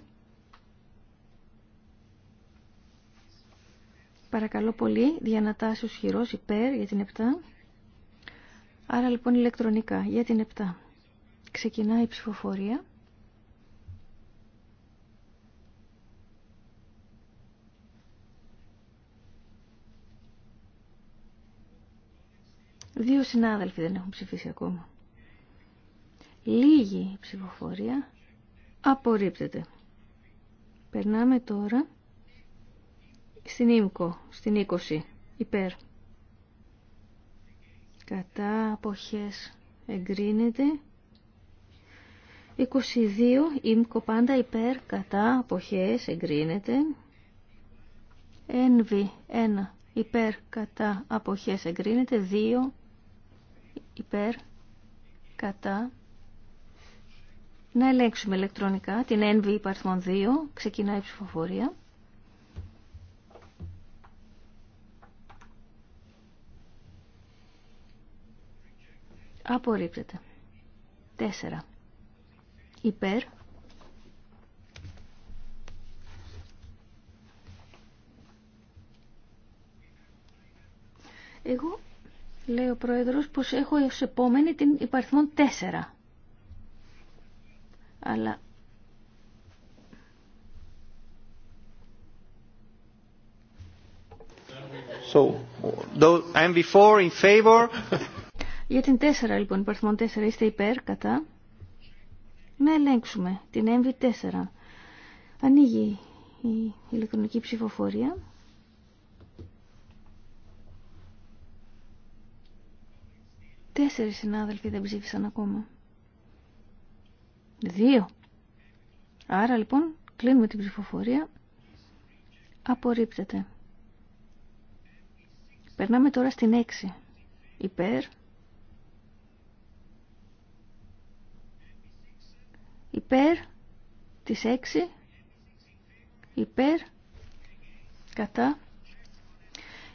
Παρακαλώ πολύ. Διανατάσεις χειρός υπέρ για την επτά. Άρα λοιπόν ηλεκτρονικά για την 7. Ξεκινάει η ψηφοφορία. Δύο συνάδελφοι δεν έχουν ψηφίσει ακόμα. Λίγη ψηφοφορία απορρίπτεται. Περνάμε τώρα στην ΙΜΚΟ, στην 20, υπέρ κατά αποχές εγκρίνεται 22 ήμκο πάντα υπέρ κατά αποχές εγκρίνεται ΕΝΒΙ 1 υπέρ κατά αποχές εγκρίνεται 2 υπέρ κατά να ελέγξουμε ηλεκτρονικά την ΕΝΒΙ υπαρθμών 2 ξεκινάει η ψηφοφορία Απορρίπτεται. 4. Υπέρ. Εγώ, λέει ο Πρόεδρος, πως έχω ως επόμενη την υπαριθμόν 4. Αλλά... So, MV4 in favor, για την 4 λοιπόν, υπαρθμόν 4, είστε υπέρ, κατά. Να ελέγξουμε την MV4. Ανοίγει η ηλεκτρονική ψηφοφορία. Τέσσερις συνάδελφοι δεν ψήφισαν ακόμα. Δύο. Άρα λοιπόν κλείνουμε την ψηφοφορία. Απορρίπτεται. Περνάμε τώρα στην 6. Υπέρ, υπέρ της 6 υπέρ κατά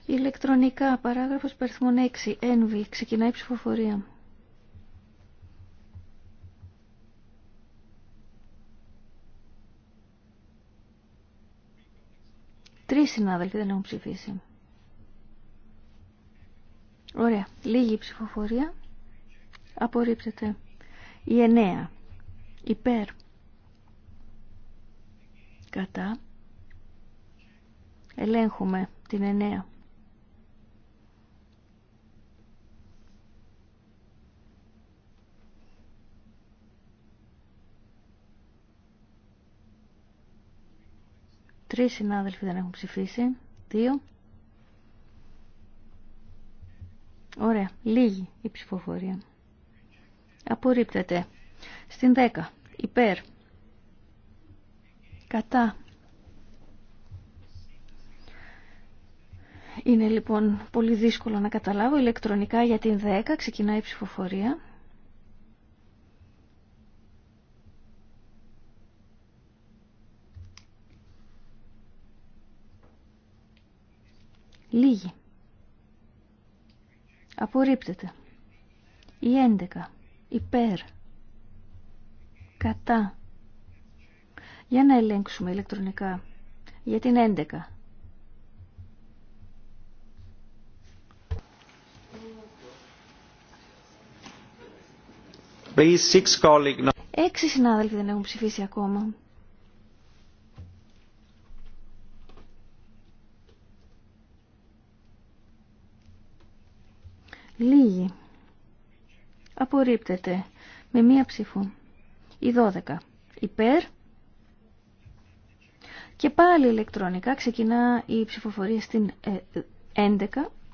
ηλεκτρονικά παράγραφος περιθμών 6 ένβη ξεκινάει η ψηφοφορία Τρεις συνάδελφοι δεν έχουν ψηφίσει. Ωραία. Λίγη ψηφοφορία. Απορρίπτεται. Η εννέα υπέρ κατά ελέγχουμε την εννέα Τρεις συνάδελφοι δεν έχουν ψηφίσει. Δύο. Ωραία. Λίγη η ψηφοφορία. Απορρίπτεται. Στην 10. Υπέρ. Κατά. Είναι λοιπόν πολύ δύσκολο να καταλάβω ηλεκτρονικά για την 10. Ξεκινάει η ψηφοφορία. Λίγη. Απορρίπτεται. Η 11. Υπέρ. Κατά. Για να ελέγξουμε ηλεκτρονικά. Για την 11. Έξι συνάδελφοι δεν έχουν ψηφίσει ακόμα. Λίγοι. Απορρίπτεται. Με μία ψήφο. Η 12. Υπέρ. Και πάλι ηλεκτρονικά ξεκινά η ψηφοφορία στην 11. Ε,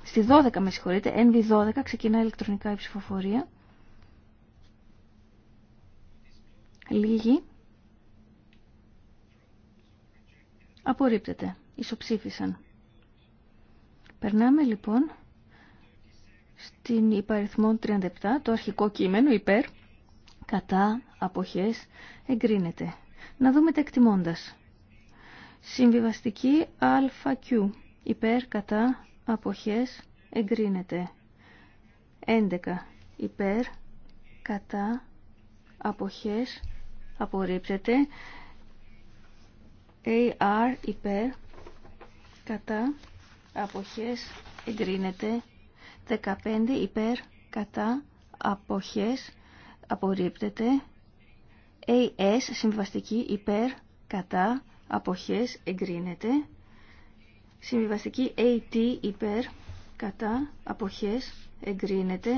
Στη 12 με συγχωρείτε, NV12 ξεκινά ηλεκτρονικά η ψηφοφορία. Λίγη. Απορρίπτεται. Ισοψήφισαν. Περνάμε λοιπόν στην υπαριθμό 37, το αρχικό κείμενο υπέρ κατά, αποχές, εγκρίνεται. Να δούμε τα εκτιμώντας. Συμβιβαστική ΑQ, υπέρ, κατά, αποχές, εγκρίνεται. 11. Υπέρ, κατά, αποχές, απορρίπτεται. AR, ε υπέρ, κατά, αποχές, εγκρίνεται. 15. Υπέρ, κατά, αποχές, απορρίπτεται. AS συμβιβαστική υπέρ κατά αποχές εγκρίνεται. Συμβιβαστική AT υπέρ κατά αποχές εγκρίνεται.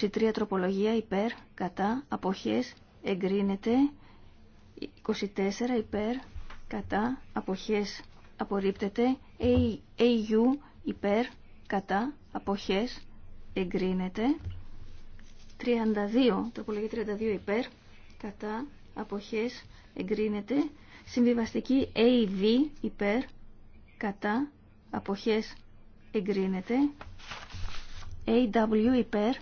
23 τροπολογία υπέρ κατά αποχές εγκρίνεται. 24 υπέρ κατά αποχές απορρίπτεται. AU υπέρ κατά αποχές εγκρίνεται. 32, απολογή 32 υπέρ, κατά, αποχές, εγκρίνεται. Συμβιβαστική AV υπέρ, κατά, αποχές, εγκρίνεται. AW υπέρ,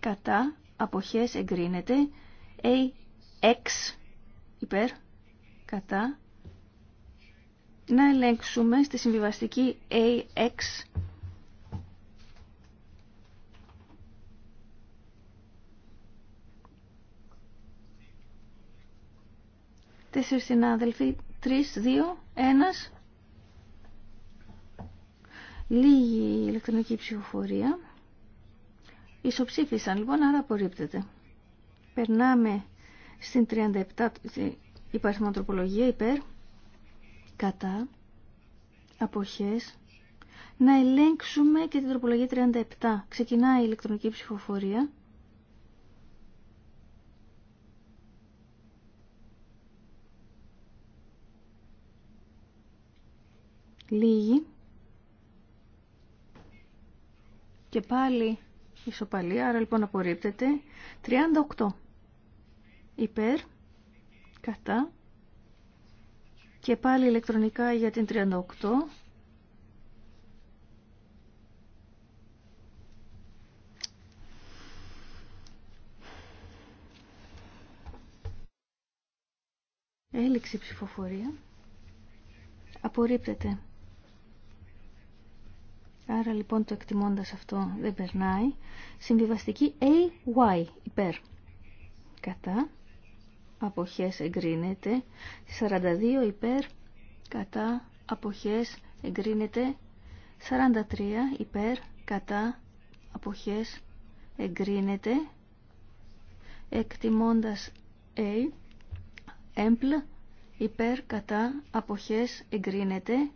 κατά, αποχές, εγκρίνεται. AX υπέρ, κατά. Να ελέγξουμε στη συμβιβαστική AX Τέσσερις συνάδελφοι. Τρεις, δύο, ένας. Λίγη ηλεκτρονική ψηφοφορία. Ισοψήφισαν λοιπόν, άρα απορρίπτεται. Περνάμε στην 37 ε, υπαριθμό τροπολογία υπέρ. Κατά. Αποχές. Να ελέγξουμε και την τροπολογία 37. Ξεκινάει η ηλεκτρονική ψηφοφορία. Λίγη. Και πάλι ισοπαλία, άρα λοιπόν απορρίπτεται. 38. Υπέρ. Κατά. Και πάλι ηλεκτρονικά για την 38. Έληξη ψηφοφορία. Απορρίπτεται. Άρα λοιπόν το εκτιμώντας αυτό δεν περνάει. Συμβιβαστική AY υπέρ. Κατά. Αποχές εγκρίνεται. 42 υπέρ. Κατά. Αποχές εγκρίνεται. 43 υπέρ. Κατά. Αποχές εγκρίνεται. Εκτιμώντας A. Έμπλ. Υπέρ. Κατά. Αποχές εγκρίνεται.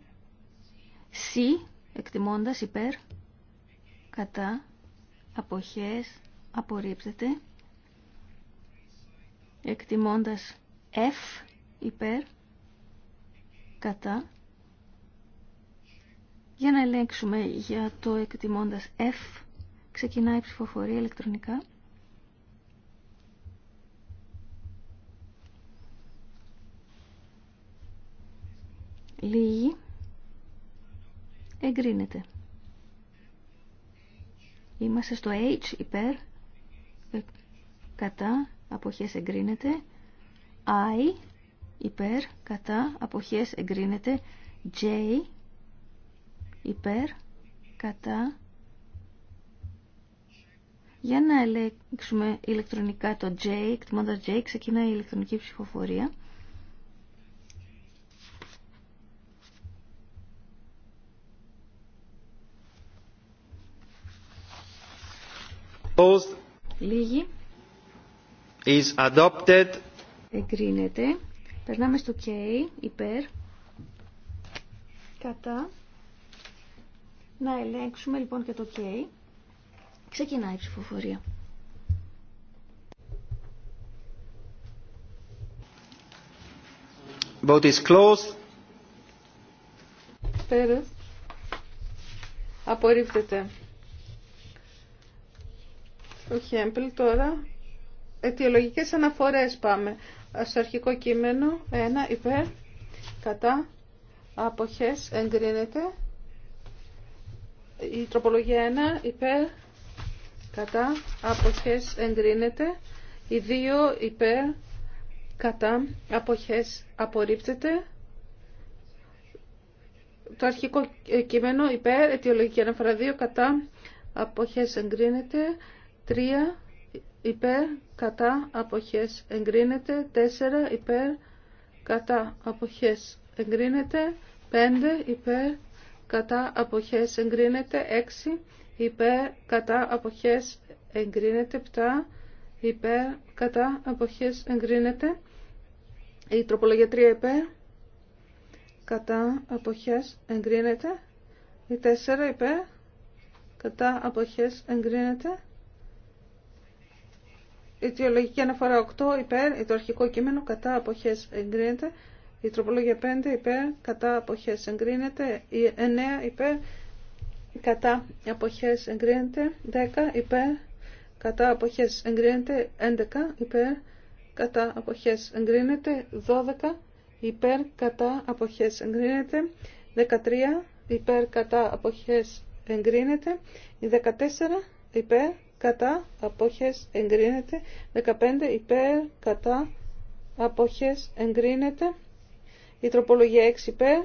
C Εκτιμώντας υπέρ, κατά, αποχές, απορρίπτεται. Εκτιμώντας F υπέρ, κατά. Για να ελέγξουμε για το εκτιμώντας F, ξεκινάει η ψηφοφορία ηλεκτρονικά. Λίγη εγκρίνεται. Είμαστε στο H υπέρ, ε, κατά, αποχές εγκρίνεται. I υπέρ, κατά, αποχές εγκρίνεται. J υπέρ, κατά. Για να ελέγξουμε ηλεκτρονικά το J, εκτιμώντας J, ξεκινάει η ηλεκτρονική ψηφοφορία. Closed. Λίγη. Is adopted. Εγκρίνεται. Περνάμε στο K, υπέρ. Κατά. Να ελέγξουμε λοιπόν και το K. Ξεκινάει η ψηφοφορία. Vote is closed. Πέρα. Απορρίπτεται. Χέμπλ τώρα. Αιτιολογικές αναφορές πάμε. Στο αρχικό κείμενο, ένα υπέρ, κατά, αποχές, εγκρίνεται. Η τροπολογία 1, υπέρ, κατά, αποχές, εγκρίνεται. Η 2, υπέρ, κατά, αποχές, απορρίπτεται. Το αρχικό κείμενο, υπέρ, αιτιολογική αναφορά 2, κατά, αποχές, εγκρίνεται. 3 υπέρ κατά αποχές εγκρίνεται 4 υπέρ κατά αποχές εγκρίνεται 5 υπέρ κατά αποχές εγκρίνεται 6 υπέρ κατά αποχές εγκρίνεται 7 υπέρ κατά αποχές εγκρίνεται η τροπολογία 3 υπέρ κατά αποχές εγκρίνεται η 4 υπέρ κατά αποχές εγκρίνεται η Αιτιολογική αναφορά 8 υπέρ, ε, το αρχικό κείμενο κατά απόχέ εγκρίνεται. Η τροπολογία 5 υπέρ, κατά αποχές εγκρίνεται. Η 9 υπέρ, κατά απόχέ εγκρίνεται. 10 υπέρ, κατά απόχέ εγκρίνεται. 11 υπέρ, κατά απόχέ εγκρίνεται. 12 υπέρ, κατά αποχές εγκρίνεται. 13 υπέρ, κατά αποχές εγκρίνεται. Η 14 υπέρ, κατά απόχες εγκρίνεται 15 υπέρ κατά απόχες εγκρίνεται η τροπολογία 6 υπέρ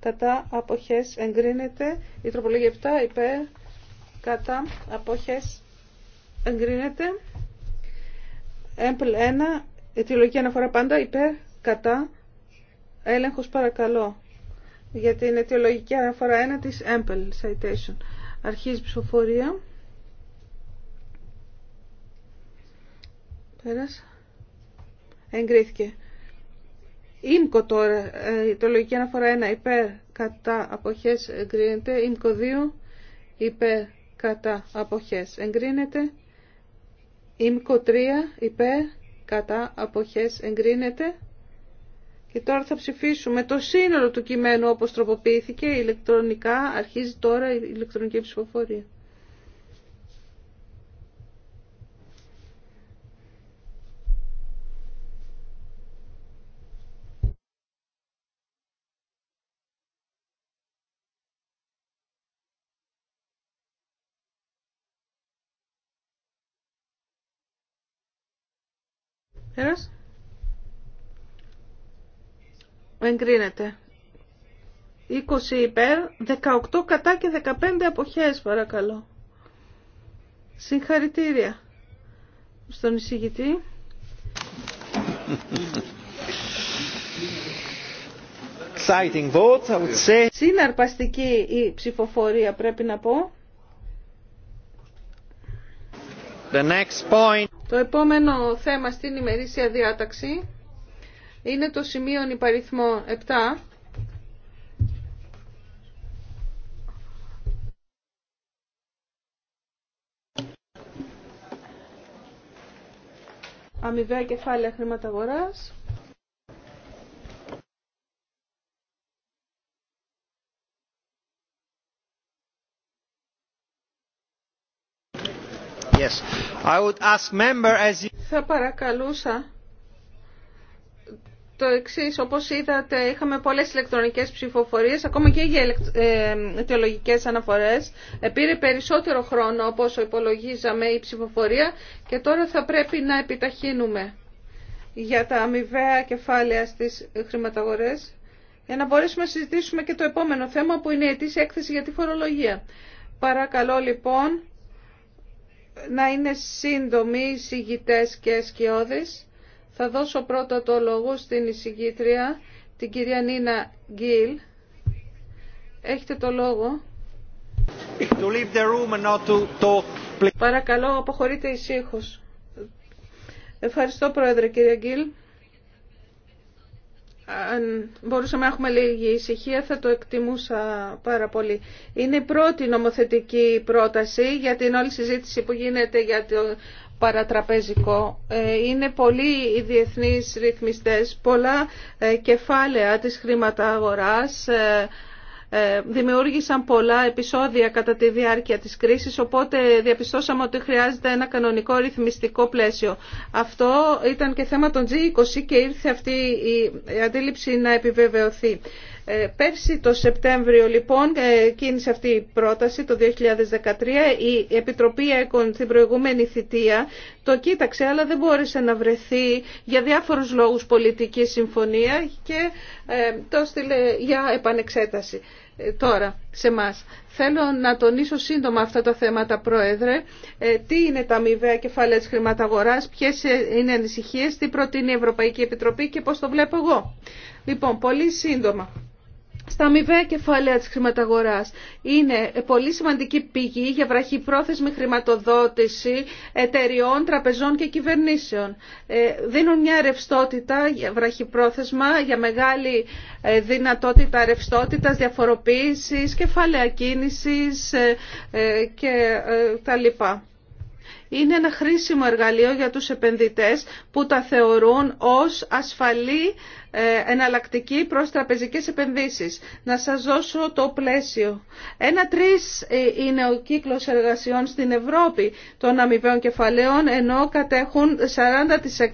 κατά απόχες εγκρίνεται η τροπολογία 7 υπέρ κατά απόχες εγκρίνεται έμπλ 1 η αναφορά πάντα υπέρ κατά έλεγχος παρακαλώ για την αιτιολογική αναφορά 1 της Ample Citation. Αρχίζει ψηφοφορία. Πέρας. Εγκρίθηκε. Ήμκο τώρα, ε, το λογική αναφορά 1, υπέρ, κατά, αποχές, εγκρίνεται. Ήμκο 2, υπέρ, κατά, αποχές, εγκρίνεται. Ήμκο 3, υπέρ, κατά, αποχές, εγκρίνεται. Και τώρα θα ψηφίσουμε το σύνολο του κειμένου όπως τροποποιήθηκε ηλεκτρονικά. Αρχίζει τώρα η ηλεκτρονική ψηφοφορία. Πέρας. Εγκρίνεται. 20 υπέρ, 18 κατά και 15 αποχές παρακαλώ. Συγχαρητήρια στον εισηγητή. Exciting I would say. Συναρπαστική η ψηφοφορία πρέπει να πω. The next point. Το επόμενο θέμα στην ημερήσια διάταξη είναι το σημείο υπαριθμό 7. Αμοιβαία κεφάλαια χρηματαγοράς. Θα παρακαλούσα το εξή. Όπω είδατε, είχαμε πολλέ ηλεκτρονικέ ψηφοφορίε, ακόμα και για ε, αιτιολογικέ αναφορέ. Επήρε περισσότερο χρόνο από υπολογίζαμε η ψηφοφορία και τώρα θα πρέπει να επιταχύνουμε για τα αμοιβαία κεφάλαια στι χρηματαγορέ για να μπορέσουμε να συζητήσουμε και το επόμενο θέμα που είναι η αιτήση έκθεση για τη φορολογία. Παρακαλώ λοιπόν να είναι σύντομοι οι και σκιώδεις. Θα δώσω πρώτα το λόγο στην εισηγήτρια, την κυρία Νίνα Γκίλ. Έχετε το λόγο. To leave the room and not to talk. Παρακαλώ, αποχωρείτε ησύχως. Ευχαριστώ, Πρόεδρε, κυρία Γκίλ αν μπορούσαμε να έχουμε λίγη ησυχία θα το εκτιμούσα πάρα πολύ. Είναι η πρώτη νομοθετική πρόταση για την όλη συζήτηση που γίνεται για το παρατραπεζικό. Ε, είναι πολλοί οι διεθνείς ρυθμιστές, πολλά ε, κεφάλαια της χρήματα αγοράς, ε, ε, δημιούργησαν πολλά επεισόδια κατά τη διάρκεια της κρίσης, οπότε διαπιστώσαμε ότι χρειάζεται ένα κανονικό ρυθμιστικό πλαίσιο. Αυτό ήταν και θέμα των G20 και ήρθε αυτή η αντίληψη να επιβεβαιωθεί. Ε, πέρσι το Σεπτέμβριο λοιπόν ε, κίνησε αυτή η πρόταση το 2013. Η Επιτροπή ΕΚΟΝ την προηγούμενη θητεία το κοίταξε αλλά δεν μπόρεσε να βρεθεί για διάφορους λόγους πολιτική συμφωνία και ε, το στείλε για επανεξέταση τώρα σε εμά. Θέλω να τονίσω σύντομα αυτά τα θέματα, Πρόεδρε. τι είναι τα αμοιβαία κεφάλαια της χρηματαγοράς, ποιες είναι ανησυχίες, τι προτείνει η Ευρωπαϊκή Επιτροπή και πώς το βλέπω εγώ. Λοιπόν, πολύ σύντομα στα αμοιβαία κεφάλαια της χρηματαγοράς. Είναι ε, πολύ σημαντική πηγή για βραχυπρόθεσμη χρηματοδότηση εταιριών, τραπεζών και κυβερνήσεων. Ε, δίνουν μια ρευστότητα για βραχυπρόθεσμα για μεγάλη ε, δυνατότητα ρευστότητας, διαφοροποίησης, κεφάλαια κίνησης και τα λοιπά. Είναι ένα χρήσιμο εργαλείο για τους επενδυτές που τα θεωρούν ως ασφαλή ε, εναλλακτική προς τραπεζικές επενδύσεις. Να σας δώσω το πλαίσιο. Ένα τρεις ε, είναι ο κύκλος εργασιών στην Ευρώπη των αμοιβαίων κεφαλαίων, ενώ κατέχουν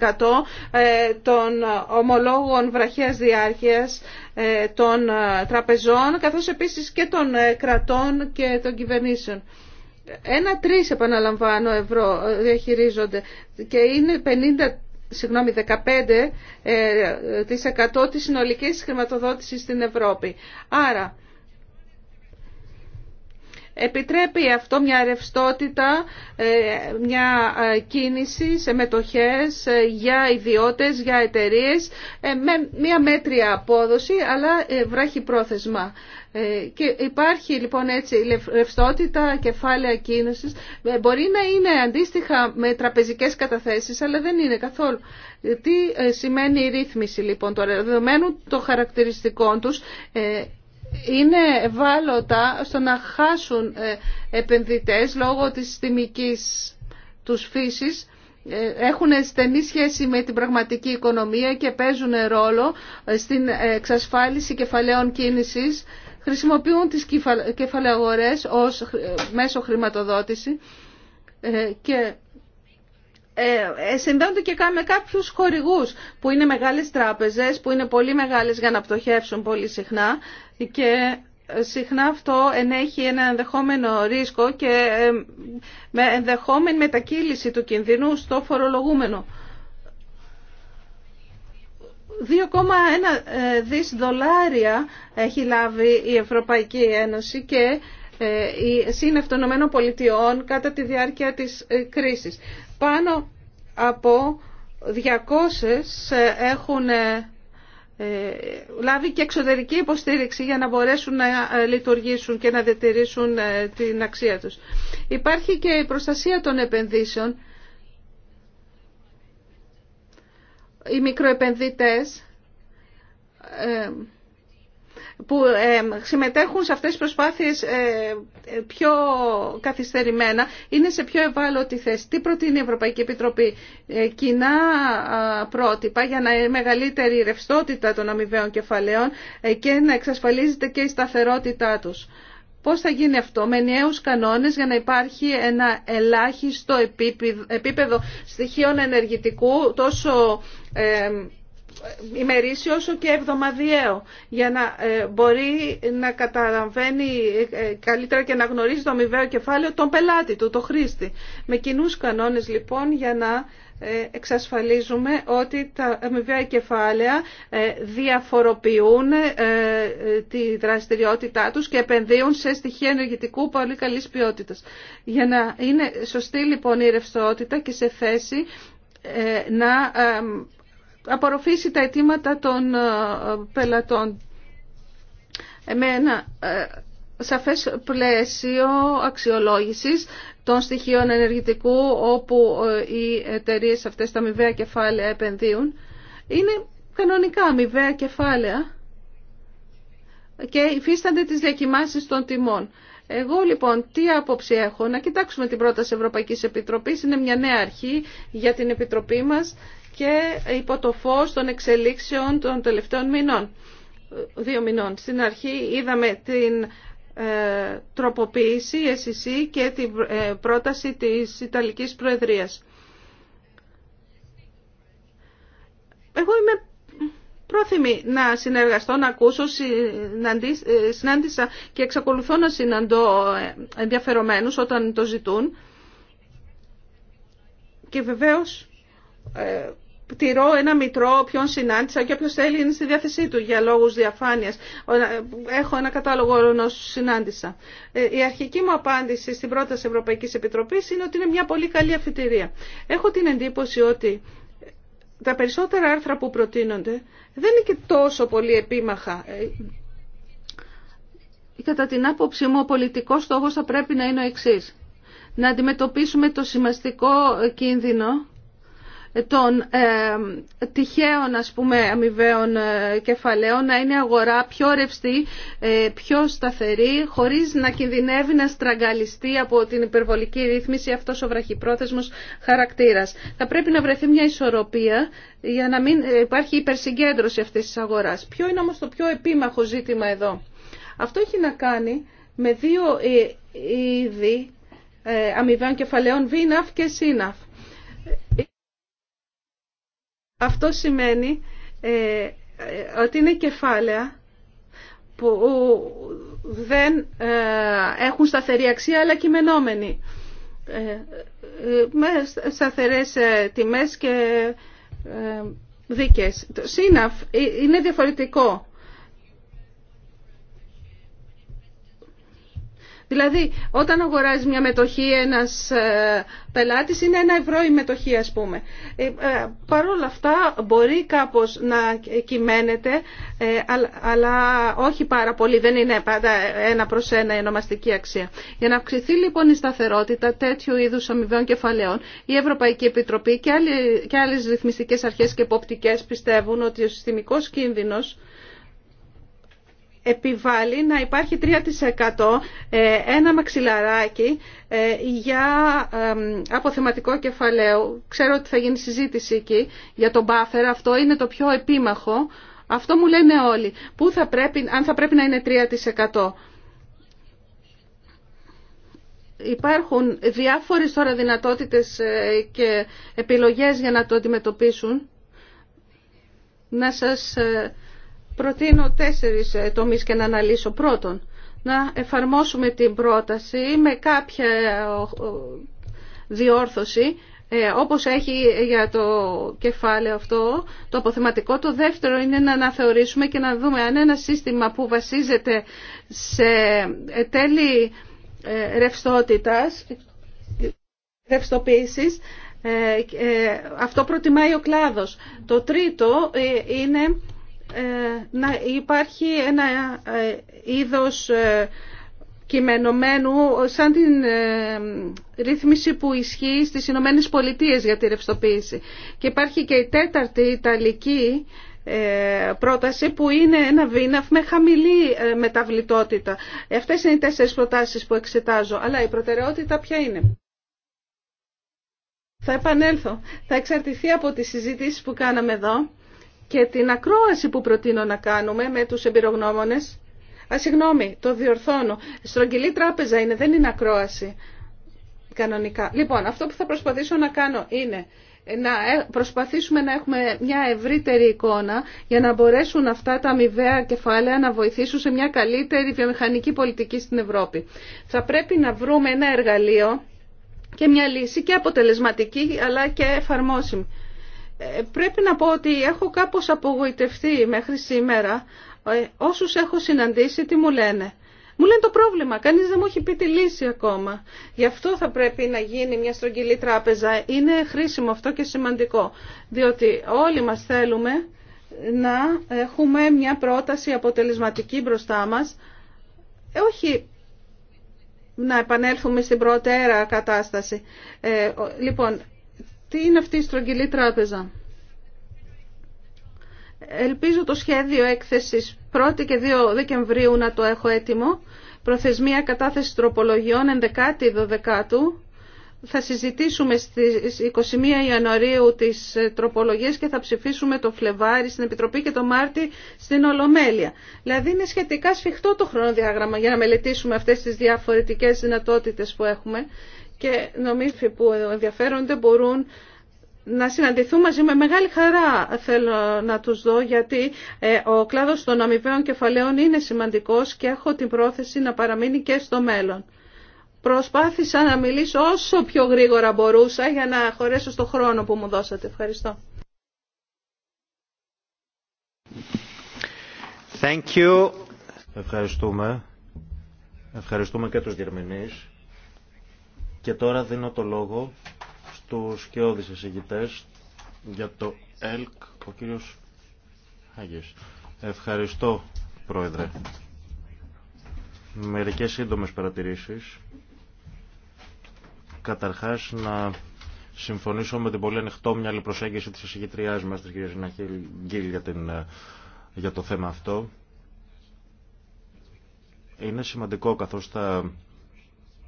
40% ε, των ομολόγων βραχίας διάρκειας των τραπεζών, καθώς επίσης και των κρατών και των κυβερνήσεων. Ένα τρεις επαναλαμβάνω ευρώ διαχειρίζονται και είναι 50 συγγνώμη, 15% ε, της συνολικής χρηματοδότησης στην Ευρώπη. Άρα, επιτρέπει αυτό μια ρευστότητα, ε, μια ε, κίνηση σε μετοχές για ιδιώτες, για εταιρείες, με μια μέτρια απόδοση, αλλά βράχει πρόθεσμα. Ε, και υπάρχει λοιπόν έτσι ρευστότητα, κεφάλαια κίνησης. Ε, μπορεί να είναι αντίστοιχα με τραπεζικές καταθέσεις, αλλά δεν είναι καθόλου. Ε, τι σημαίνει η ρύθμιση λοιπόν τώρα, δεδομένου των χαρακτηριστικών τους, είναι ευάλωτα στο να χάσουν επενδυτές λόγω της συστημικής τους φύσης έχουν στενή σχέση με την πραγματική οικονομία και παίζουν ρόλο στην εξασφάλιση κεφαλαίων κίνησης χρησιμοποιούν τις κεφαλαγορές ως μέσο χρηματοδότηση ε, και ε, ε, συνδέονται και με κάποιους χορηγούς που είναι μεγάλες τράπεζες, που είναι πολύ μεγάλες για να πτωχεύσουν πολύ συχνά και συχνά αυτό ενέχει ένα ενδεχόμενο ρίσκο και με ενδεχόμενη μετακύληση του κινδυνού στο φορολογούμενο. 2,1 ε, δις δολάρια έχει λάβει η Ευρωπαϊκή Ένωση και ε, η σύνευ των Πολιτειών κατά τη διάρκεια της ε, κρίσης. Πάνω από 200 έχουν λάβει και εξωτερική υποστήριξη για να μπορέσουν να λειτουργήσουν και να διατηρήσουν την αξία τους. Υπάρχει και η προστασία των επενδύσεων οι μικροεπενδυτές ε, που ε, συμμετέχουν σε αυτές τις προσπάθειες ε, πιο καθυστερημένα είναι σε πιο ευάλωτη θέση. Τι προτείνει η Ευρωπαϊκή Επιτροπή. Κοινά πρότυπα για να είναι μεγαλύτερη ρευστότητα των αμοιβαίων κεφαλαίων και να εξασφαλίζεται και η σταθερότητά τους. Πώς θα γίνει αυτό με νέους κανόνες για να υπάρχει ένα ελάχιστο επίπεδο στοιχείων ενεργητικού τόσο ημερήσιο όσο και εβδομαδιαίο για να ε, μπορεί να καταλαβαίνει ε, καλύτερα και να γνωρίζει το αμοιβαίο κεφάλαιο τον πελάτη του, το χρήστη. Με κοινούς κανόνες λοιπόν για να ε, εξασφαλίζουμε ότι τα αμοιβαία κεφάλαια ε, διαφοροποιούν ε, τη δραστηριότητά τους και επενδύουν σε στοιχεία ενεργητικού πολύ καλής ποιότητας. Για να είναι σωστή λοιπόν η ρευστότητα και σε θέση να απορροφήσει τα αιτήματα των πελατών. εμένα σαφές πλαίσιο αξιολόγησης των στοιχείων ενεργητικού όπου ε, οι εταιρείε αυτές τα αμοιβαία κεφάλαια επενδύουν. Είναι κανονικά αμοιβαία κεφάλαια και υφίστανται τις διακοιμάσεις των τιμών. Εγώ λοιπόν τι άποψη έχω, να κοιτάξουμε την πρόταση Ευρωπαϊκής Επιτροπής, είναι μια νέα αρχή για την Επιτροπή μας και υπό το φως των εξελίξεων των τελευταίων μηνών. Δύο μηνών. Στην αρχή είδαμε την ε, τροποποίηση, SEC και την ε, πρόταση της Ιταλικής Προεδρίας. Εγώ είμαι πρόθυμη να συνεργαστώ, να ακούσω, ε, συνάντησα και εξακολουθώ να συναντώ ενδιαφερομένους όταν το ζητούν. Και βεβαίως τηρώ ένα μητρό όποιον συνάντησα και όποιος θέλει είναι στη διάθεσή του για λόγους διαφάνειας. Έχω ένα κατάλογο όλων όσους συνάντησα. Ε, η αρχική μου απάντηση στην πρόταση Ευρωπαϊκή Επιτροπή είναι ότι είναι μια πολύ καλή αφιτηρία. Έχω την εντύπωση ότι τα περισσότερα άρθρα που προτείνονται δεν είναι και τόσο πολύ επίμαχα. Ε, κατά την άποψή μου, ο πολιτικός στόχος θα πρέπει να είναι ο εξής. Να αντιμετωπίσουμε το σημαστικό κίνδυνο των ε, τυχαίων ας πούμε αμοιβαίων ε, κεφαλαίων να είναι αγορά πιο ρευστή, ε, πιο σταθερή χωρίς να κινδυνεύει να στραγγαλιστεί από την υπερβολική ρύθμιση αυτός ο βραχυπρόθεσμος χαρακτήρας. Θα πρέπει να βρεθεί μια ισορροπία για να μην ε, υπάρχει υπερσυγκέντρωση αυτής της αγοράς. Ποιο είναι όμως το πιο επίμαχο ζήτημα εδώ. Αυτό έχει να κάνει με δύο ε, είδη αμοιβαίων κεφαλαίων, ΒΙΝΑΦ και ΣΥΝΑΦ. Αυτό σημαίνει ε, ε, ότι είναι κεφάλαια που δεν ε, έχουν σταθερή αξία αλλά κειμενόμενοι με σταθερές τιμές και δίκες. Το ΣΥΝΑΦ είναι διαφορετικό Δηλαδή, όταν αγοράζει μια μετοχή ένας ε, πελάτη είναι ένα ευρώ η μετοχή, ας πούμε. Ε, ε, Παρ' όλα αυτά, μπορεί κάπως να κυμαίνεται, αλλά όχι πάρα πολύ. Δεν είναι πάντα ένα προ ένα η ονομαστική αξία. Για να αυξηθεί, λοιπόν, η σταθερότητα τέτοιου είδους αμοιβαίων κεφαλαίων, η Ευρωπαϊκή Επιτροπή και άλλες ρυθμιστικέ αρχέ και εποπτικές πιστεύουν ότι ο συστημικό κίνδυνο επιβάλλει να υπάρχει 3% ε, ένα μαξιλαράκι ε, για αποθεματικό κεφαλαίο. Ξέρω ότι θα γίνει συζήτηση εκεί για τον buffer. Αυτό είναι το πιο επίμαχο. Αυτό μου λένε όλοι. Πού θα πρέπει, αν θα πρέπει να είναι 3%. Υπάρχουν διάφορες τώρα δυνατότητες ε, και επιλογές για να το αντιμετωπίσουν. Να σας Προτείνω τέσσερις ε, τομείς και να αναλύσω. Πρώτον, να εφαρμόσουμε την πρόταση με κάποια διόρθωση ε, όπως έχει για το κεφάλαιο αυτό το αποθεματικό. Το δεύτερο είναι να αναθεωρήσουμε και να δούμε αν ένα σύστημα που βασίζεται σε ε, τέλη ρευστότητας, ρευστοποίησης, αυτό προτιμάει ο κλάδος. Το τρίτο είναι ε, να υπάρχει ένα ε, είδος ε, κειμενομένου σαν την ρύθμιση που ισχύει στις Ηνωμένε Πολιτείες για τη ρευστοποίηση. Και υπάρχει και η τέταρτη Ιταλική πρόταση που είναι ένα βίναφ με χαμηλή μεταβλητότητα. Αυτές είναι οι τέσσερις προτάσεις που εξετάζω. Αλλά η προτεραιότητα ποια είναι. Θα επανέλθω. Θα εξαρτηθεί από τις συζητήσεις που κάναμε εδώ και την ακρόαση που προτείνω να κάνουμε με τους εμπειρογνώμονες. Α, συγγνώμη, το διορθώνω. Στρογγυλή τράπεζα είναι, δεν είναι ακρόαση κανονικά. Λοιπόν, αυτό που θα προσπαθήσω να κάνω είναι να ε, προσπαθήσουμε να έχουμε μια ευρύτερη εικόνα για να μπορέσουν αυτά τα αμοιβαία κεφάλαια να βοηθήσουν σε μια καλύτερη βιομηχανική πολιτική στην Ευρώπη. Θα πρέπει να βρούμε ένα εργαλείο και μια λύση και αποτελεσματική αλλά και εφαρμόσιμη. Ε, πρέπει να πω ότι έχω κάπως απογοητευτεί μέχρι σήμερα ε, όσους έχω συναντήσει τι μου λένε. Μου λένε το πρόβλημα, κανείς δεν μου έχει πει τη λύση ακόμα. Γι' αυτό θα πρέπει να γίνει μια στρογγυλή τράπεζα. Είναι χρήσιμο αυτό και σημαντικό, διότι όλοι μας θέλουμε να έχουμε μια πρόταση αποτελεσματική μπροστά μας, ε, όχι να επανέλθουμε στην προτέρα κατάσταση. λοιπόν, τι είναι αυτή η στρογγυλή τράπεζα. Ελπίζω το σχέδιο έκθεσης 1η και 2 Δεκεμβρίου να το έχω έτοιμο. Προθεσμία κατάθεση τροπολογιών 11η 12η. Θα συζητήσουμε στις 21 Ιανουαρίου τις ε, τροπολογίες και θα ψηφίσουμε το Φλεβάρι στην Επιτροπή και το Μάρτι στην Ολομέλεια. Δηλαδή είναι σχετικά σφιχτό το χρονοδιάγραμμα για να μελετήσουμε αυτές τις διαφορετικές δυνατότητες που έχουμε και νομίζω που ενδιαφέρονται μπορούν να συναντηθούν μαζί με μεγάλη χαρά θέλω να τους δω γιατί ε, ο κλάδος των αμοιβαίων κεφαλαίων είναι σημαντικός και έχω την πρόθεση να παραμείνει και στο μέλλον. Προσπάθησα να μιλήσω όσο πιο γρήγορα μπορούσα για να χωρέσω στο χρόνο που μου δώσατε. Ευχαριστώ. Thank you. Ευχαριστούμε. Ευχαριστούμε και τους Γερμανείς. Και τώρα δίνω το λόγο στους σκεώδεις εισηγητές για το ΕΛΚ, ο κύριος Άγιος. Ευχαριστώ, Πρόεδρε. Μερικές σύντομες παρατηρήσεις. Καταρχάς, να συμφωνήσω με την πολύ ανοιχτόμυαλη προσέγγιση της εισηγητριάς μας, της κυρίας Ναχίλ Γκίλ, για, την, για το θέμα αυτό. Είναι σημαντικό καθώς τα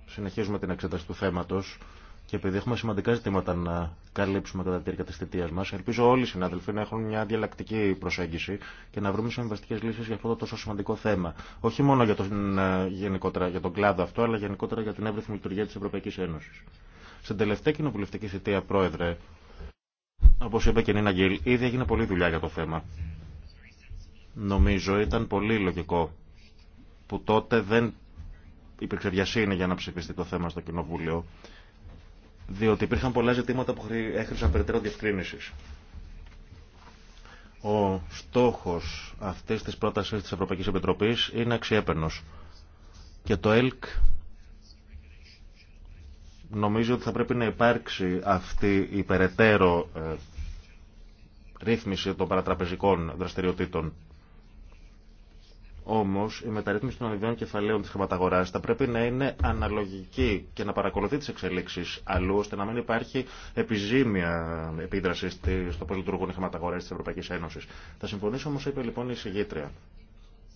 συνεχίζουμε την εξέταση του θέματος και επειδή έχουμε σημαντικά ζητήματα να καλύψουμε κατά τη διάρκεια τη θητεία μα, ελπίζω όλοι οι συνάδελφοι να έχουν μια διαλλακτική προσέγγιση και να βρούμε συμβαστικέ λύσει για αυτό το τόσο σημαντικό θέμα. Όχι μόνο για τον, ε, γενικότερα, για τον κλάδο αυτό, αλλά γενικότερα για την εύρυθμη λειτουργία τη Ευρωπαϊκή Ένωση. Στην τελευταία κοινοβουλευτική θητεία, Πρόεδρε, όπω είπε και η Νίνα Γκίλ, ήδη έγινε πολλή δουλειά για το θέμα. Νομίζω ήταν πολύ λογικό που τότε δεν υπήρξε βιασύνη για να ψηφιστεί το θέμα στο Κοινοβούλιο, διότι υπήρχαν πολλά ζητήματα που έχρισαν περαιτέρω διευκρίνησης. Ο στόχος αυτή τη πρόταση της Ευρωπαϊκή Επιτροπή είναι αξιέπαινο. Και το ΕΛΚ νομίζω ότι θα πρέπει να υπάρξει αυτή η περαιτέρω ε, ρύθμιση των παρατραπεζικών δραστηριοτήτων Όμω, η μεταρρύθμιση των αμοιβαίων κεφαλαίων τη χρηματαγορά θα πρέπει να είναι αναλογική και να παρακολουθεί τι εξελίξει αλλού, ώστε να μην υπάρχει επιζήμια επίδραση στο πώ λειτουργούν οι χρηματαγορέ τη Ευρωπαϊκή Ένωση. Θα συμφωνήσω όμω, είπε λοιπόν η συγγήτρια,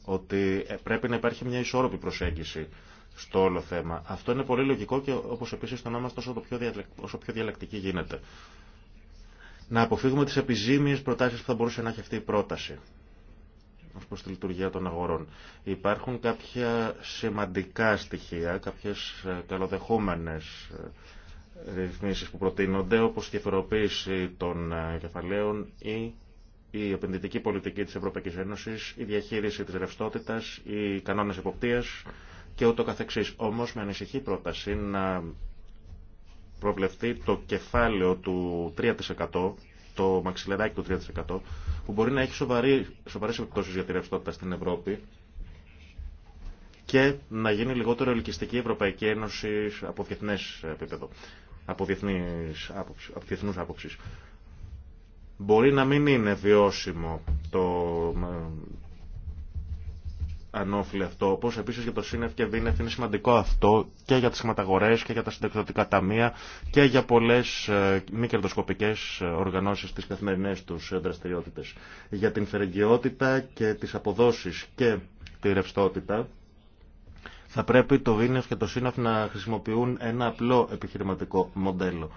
ότι ε, πρέπει να υπάρχει μια ισόρροπη προσέγγιση στο όλο θέμα. Αυτό είναι πολύ λογικό και όπω επίση το νόμα είμαστε όσο, πιο διαλεκ... όσο πιο γίνεται. Να αποφύγουμε τι επιζήμιε προτάσει που θα μπορούσε να έχει αυτή η πρόταση ως προς τη λειτουργία των αγορών. Υπάρχουν κάποια σημαντικά στοιχεία, κάποιες ε, καλοδεχόμενες ε, ρυθμίσεις που προτείνονται, όπως η διαφοροποίηση των ε, κεφαλαίων ή η επενδυτική πολιτική της Ευρωπαϊκής Ένωσης, η διαχείριση της ρευστότητα, οι κανόνες εποπτείας και ούτω καθεξής. Όμως με ανησυχή πρόταση να προβλεφθεί το κεφάλαιο του 3% το μαξιλεράκι του 3% που μπορεί να έχει σοβαρέ επιπτώσει για τη ρευστότητα στην Ευρώπη και να γίνει λιγότερο ελκυστική η Ευρωπαϊκή Ένωση από διεθνέ επίπεδο, από, από Μπορεί να μην είναι βιώσιμο το ανώφλη αυτό, όπω επίση για το ΣΥΝΕΦ και ΒΙΝΕΦ είναι σημαντικό αυτό και για τι χρηματαγορέ και για τα συντεκδοτικά ταμεία και για πολλέ ε, μη κερδοσκοπικέ ε, οργανώσει στι καθημερινέ του ε, δραστηριότητε. Για την φερεγγιότητα και τι αποδόσει και τη ρευστότητα, θα πρέπει το ΒΙΝΕΦ και το ΣΥΝΕΦ να χρησιμοποιούν ένα απλό επιχειρηματικό μοντέλο.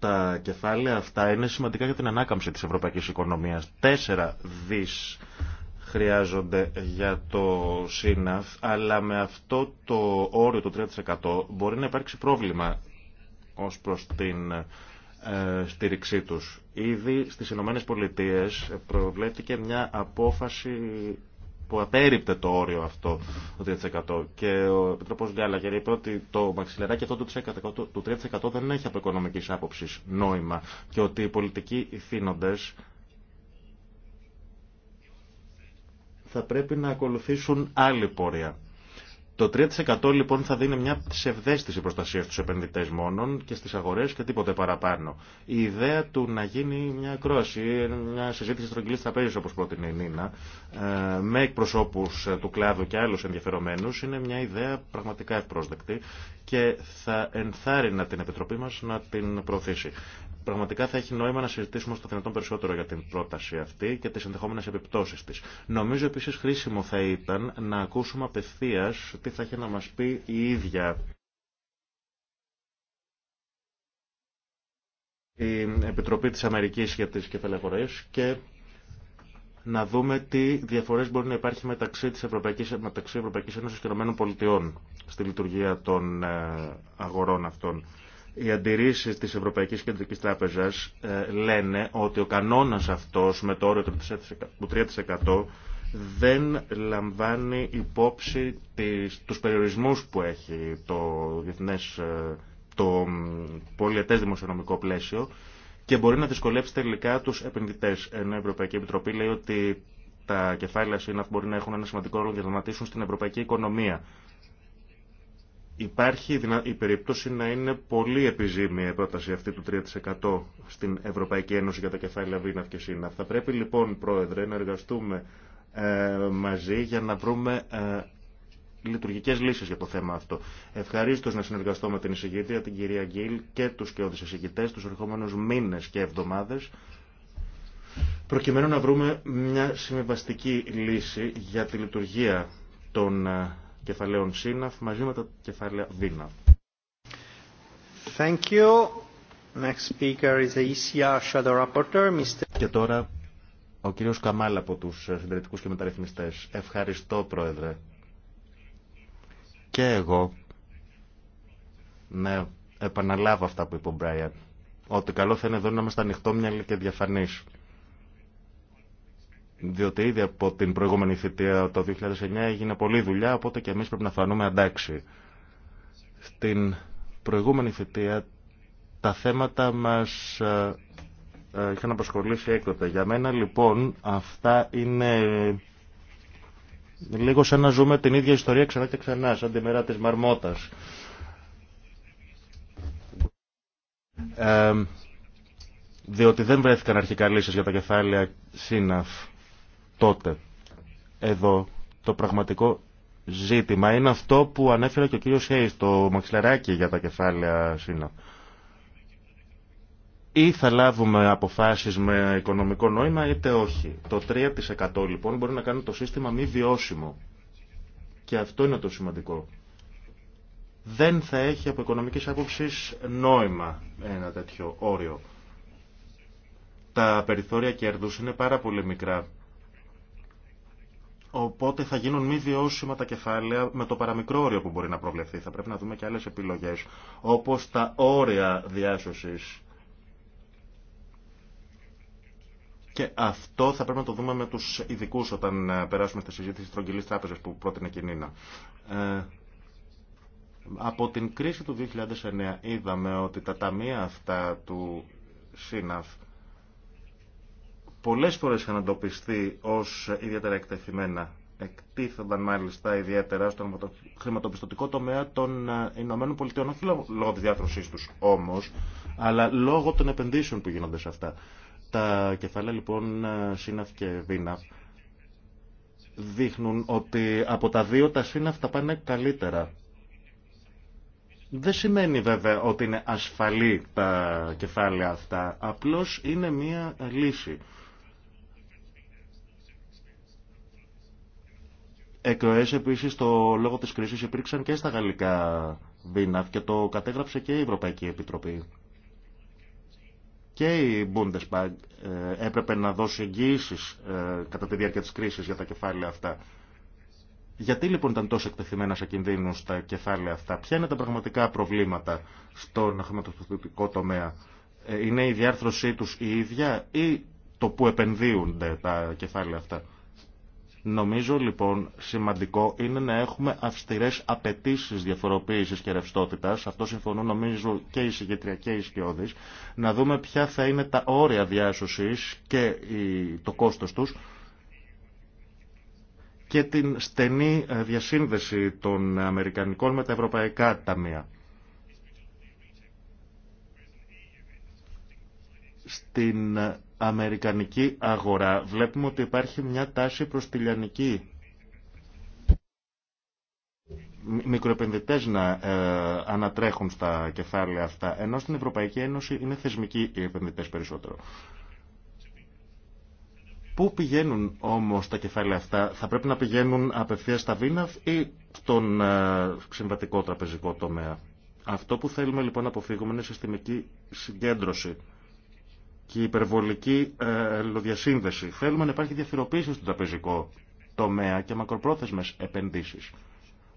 τα κεφάλαια αυτά είναι σημαντικά για την ανάκαμψη της ευρωπαϊκής οικονομίας. Τέσσερα δις χρειάζονται για το ΣΥΝΑΦ, αλλά με αυτό το όριο του 3% μπορεί να υπάρξει πρόβλημα ως προς την ε, στήριξή τους. Ήδη στις Ηνωμένες Πολιτείες μια απόφαση που απέριπτε το όριο αυτό το 3%. Και ο Επιτροπό Γκάλαγερ είπε ότι το μαξιλεράκι αυτό του 3% δεν έχει από οικονομική άποψη νόημα και ότι οι πολιτικοί ηθήνοντε θα πρέπει να ακολουθήσουν άλλη πορεία. Το 3% λοιπόν θα δίνει μια ψευδέστηση προστασία στους επενδυτές μόνον και στις αγορές και τίποτε παραπάνω. Η ιδέα του να γίνει μια κρόαση, μια συζήτηση στρογγυλής τραπέζης όπως πρότεινε η Νίνα, ε, με εκπροσώπους ε, του κλάδου και άλλους ενδιαφερομένους, είναι μια ιδέα πραγματικά ευπρόσδεκτη και θα ενθάρρυνα την Επιτροπή μας να την προωθήσει πραγματικά θα έχει νόημα να συζητήσουμε στο δυνατόν περισσότερο για την πρόταση αυτή και τις ενδεχόμενες επιπτώσεις της. Νομίζω επίσης χρήσιμο θα ήταν να ακούσουμε απευθείας τι θα έχει να μας πει η ίδια η Επιτροπή της Αμερικής για τις Κεφαλαγορές και να δούμε τι διαφορές μπορεί να υπάρχει μεταξύ της Ευρωπαϊκής, μεταξύ Ευρωπαϊκής Ένωσης και Ηνωμένων Πολιτειών στη λειτουργία των ε, αγορών αυτών. Οι αντιρρήσεις της Ευρωπαϊκής Κεντρικής Τράπεζας ε, λένε ότι ο κανόνας αυτός με το όριο του 3% δεν λαμβάνει υπόψη του τους περιορισμούς που έχει το διεθνές, ε, το δημοσιονομικό πλαίσιο και μπορεί να δυσκολέψει τελικά τους επενδυτές. Ενώ η Ευρωπαϊκή Επιτροπή λέει ότι τα κεφάλαια ΣΥΝΑΦ μπορεί να έχουν ένα σημαντικό ρόλο για να δραματίσουν στην ευρωπαϊκή οικονομία Υπάρχει η περίπτωση να είναι πολύ επιζήμια η πρόταση αυτή του 3% στην Ευρωπαϊκή Ένωση για τα κεφάλαια Βίναφ και ΣΥΝΑΦ. Θα πρέπει λοιπόν, Πρόεδρε, να εργαστούμε ε, μαζί για να βρούμε ε, λειτουργικές λύσεις για το θέμα αυτό. Ευχαρίστως να συνεργαστώ με την εισηγήτρια, την κυρία Γκίλ και τους και εισηγητές τους ερχόμενους μήνες και εβδομάδες προκειμένου να βρούμε μια συμβαστική λύση για τη λειτουργία των ε, κεφαλαίων ΣΥΝΑΦ μαζί με τα κεφάλαια Βίνα. Thank you. Next speaker is the ECR Shadow Rapporteur, Mr. Και τώρα ο κύριος Καμάλα από τους συντηρητικούς και μεταρρυθμιστές. Ευχαριστώ, Πρόεδρε. Και εγώ, ναι, επαναλάβω αυτά που είπε ο Μπράιαν, ότι καλό θα είναι εδώ να είμαστε ανοιχτόμυαλοι και διαφανείς. Διότι ήδη από την προηγούμενη θητεία το 2009 έγινε πολλή δουλειά, οπότε και εμείς πρέπει να φανούμε αντάξει. Στην προηγούμενη θητεία τα θέματα μας ε, ε, είχαν απασχολήσει έκτοτε. Για μένα λοιπόν αυτά είναι λίγο σαν να ζούμε την ίδια ιστορία ξανά και ξανά, σαν τη μέρα της Μαρμότας. Ε, διότι δεν βρέθηκαν αρχικά λύσεις για τα κεφάλαια ΣΥΝΑΦ τότε. Εδώ το πραγματικό ζήτημα είναι αυτό που ανέφερε και ο κύριος Χέις, το μαξιλαράκι για τα κεφάλαια σύνα. Ή θα λάβουμε αποφάσεις με οικονομικό νόημα είτε όχι. Το 3% λοιπόν μπορεί να κάνει το σύστημα μη βιώσιμο. Και αυτό είναι το σημαντικό. Δεν θα έχει από οικονομικής άποψης νόημα ένα τέτοιο όριο. Τα περιθώρια κέρδους είναι πάρα πολύ μικρά Οπότε θα γίνουν μη βιώσιμα τα κεφάλαια με το παραμικρό όριο που μπορεί να προβλεφθεί. Θα πρέπει να δούμε και άλλες επιλογές, όπως τα όρια διάσωσης. Και αυτό θα πρέπει να το δούμε με τους ειδικού όταν ε, περάσουμε στη συζήτηση της τρογγυλής τράπεζας που πρότεινε η Κινίνα. Ε, από την κρίση του 2009 είδαμε ότι τα ταμεία αυτά του ΣΥΝΑΦ πολλές φορές είχαν αντοπιστεί ως ιδιαίτερα εκτεθειμένα. Εκτίθονταν μάλιστα ιδιαίτερα στον χρηματοπιστωτικό τομέα των ε, Ηνωμένων Πολιτειών, όχι λόγω της διάθρωσής τους όμως, αλλά λόγω των επενδύσεων που γίνονται σε αυτά. Τα κεφάλαια λοιπόν ε, ΣΥΝΑΦ και ΒΙΝΑΦ δείχνουν ότι από τα δύο τα ΣΥΝΑΦ τα πάνε καλύτερα. Δεν σημαίνει βέβαια ότι είναι ασφαλή τα κεφάλαια αυτά, απλώς είναι μία λύση. Εκροέ επίση το λόγο τη κρίση υπήρξαν και στα γαλλικά βίνα και το κατέγραψε και η Ευρωπαϊκή Επιτροπή. Και η Bundesbank ε, έπρεπε να δώσει εγγυήσεις ε, κατά τη διάρκεια τη κρίση για τα κεφάλαια αυτά. Γιατί λοιπόν ήταν τόσο εκτεθειμένα σε κινδύνου τα κεφάλαια αυτά, ποια είναι τα πραγματικά προβλήματα στον χρηματοδοτικό τομέα. Ε, είναι η διάρθρωσή του η ίδια ή το που επενδύονται τα κεφάλαια αυτά. Νομίζω λοιπόν σημαντικό είναι να έχουμε αυστηρέ απαιτήσει διαφοροποίηση και ρευστότητα. Αυτό συμφωνούν νομίζω και οι συγκεκριά και οι σκιώδει. Να δούμε ποια θα είναι τα όρια διάσωση και το κόστο του και την στενή ε, διασύνδεση των Αμερικανικών με τα Ευρωπαϊκά Ταμεία. Στην ε, αμερικανική αγορά βλέπουμε ότι υπάρχει μια τάση προς τη λιανική. Μικροεπενδυτές να ε, ανατρέχουν στα κεφάλαια αυτά, ενώ στην Ευρωπαϊκή Ένωση είναι θεσμικοί οι επενδυτές περισσότερο. Πού πηγαίνουν όμως τα κεφάλαια αυτά, θα πρέπει να πηγαίνουν απευθείας στα Βίναφ ή στον ε, συμβατικό τραπεζικό τομέα. Αυτό που θέλουμε λοιπόν να αποφύγουμε είναι συστημική συγκέντρωση και υπερβολική ε, λοδιασύνδεση. Θέλουμε να υπάρχει διαφοροποίηση στον τραπεζικό τομέα και μακροπρόθεσμες επενδύσεις.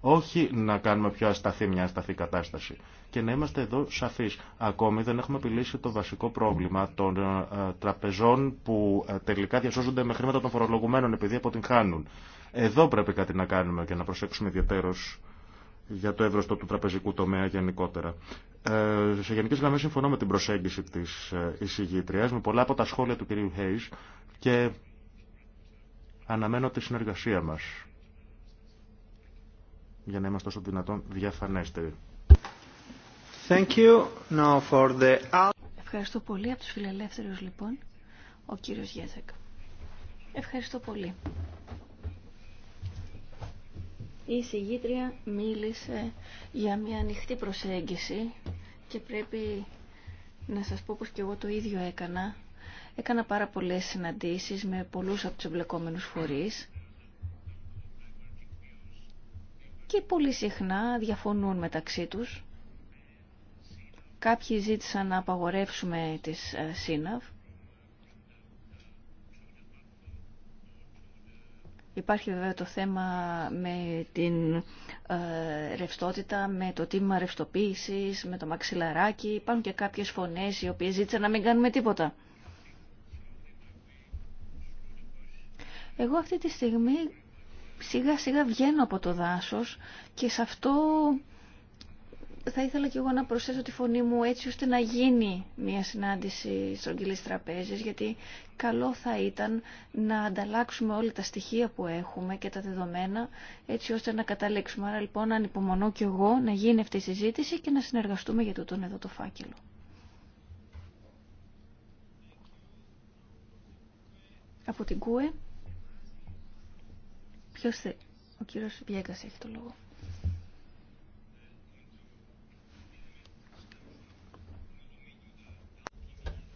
Όχι να κάνουμε πιο ασταθή μια ασταθή κατάσταση. Και να είμαστε εδώ σαφείς. Ακόμη δεν έχουμε επιλύσει το βασικό πρόβλημα των ε, τραπεζών που ε, τελικά διασώζονται με χρήματα των φορολογουμένων επειδή αποτυγχάνουν. Εδώ πρέπει κάτι να κάνουμε και να προσέξουμε ιδιαίτερως για το εύρωστο του τραπεζικού τομέα γενικότερα. Ε, σε γενικές γραμμές συμφωνώ με την προσέγγιση της ε, εισηγήτριας, με πολλά από τα σχόλια του κυρίου Χέις και αναμένω τη συνεργασία μας για να είμαστε όσο δυνατόν διαφανέστεροι. Thank you. Now for the... Ευχαριστώ πολύ από τους φιλελεύθερους λοιπόν, ο κύριος Γέζεκ. Ευχαριστώ πολύ. Η συγγήτρια μίλησε για μια ανοιχτή προσέγγιση και πρέπει να σας πω πως και εγώ το ίδιο έκανα. Έκανα πάρα πολλές συναντήσεις με πολλούς από τους εμπλεκόμενους φορείς και πολύ συχνά διαφωνούν μεταξύ τους. Κάποιοι ζήτησαν να απαγορεύσουμε τις ε, ΣΥΝΑΒ, Υπάρχει βέβαια το θέμα με την ε, ρευστότητα, με το τίμημα ρευστοποίηση, με το μαξιλαράκι. Υπάρχουν και κάποιες φωνές οι οποίες ζήτησαν να μην κάνουμε τίποτα. Εγώ αυτή τη στιγμή σιγά σιγά βγαίνω από το δάσος και σε αυτό θα ήθελα και εγώ να προσθέσω τη φωνή μου έτσι ώστε να γίνει μια συνάντηση στρογγυλής τραπέζης γιατί καλό θα ήταν να ανταλλάξουμε όλα τα στοιχεία που έχουμε και τα δεδομένα έτσι ώστε να καταλήξουμε. Άρα λοιπόν ανυπομονώ και εγώ να γίνει αυτή η συζήτηση και να συνεργαστούμε για τούτον εδώ το φάκελο. Από την ΚΟΕ, ποιος θε... ο κύριος Βιέγκας έχει το λόγο.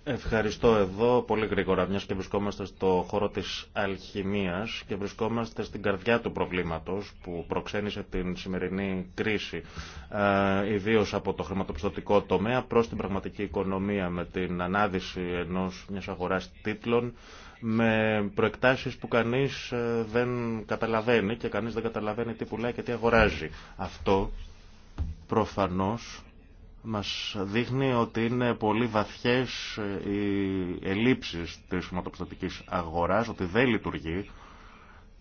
Ευχαριστώ εδώ πολύ γρήγορα, μιας και βρισκόμαστε στο χώρο της αλχημίας και βρισκόμαστε στην καρδιά του προβλήματος που προξένησε την σημερινή κρίση, ε, ιδίως από το χρηματοπιστωτικό τομέα προς την πραγματική οικονομία με την ανάδυση ενός μιας αγοράς τίτλων, με προεκτάσεις που κανείς ε, δεν καταλαβαίνει και κανείς δεν καταλαβαίνει τι πουλάει και τι αγοράζει. Αυτό προφανώς μας δείχνει ότι είναι πολύ βαθιές οι ελλείψεις της χρηματοπιστωτικής αγοράς, ότι δεν λειτουργεί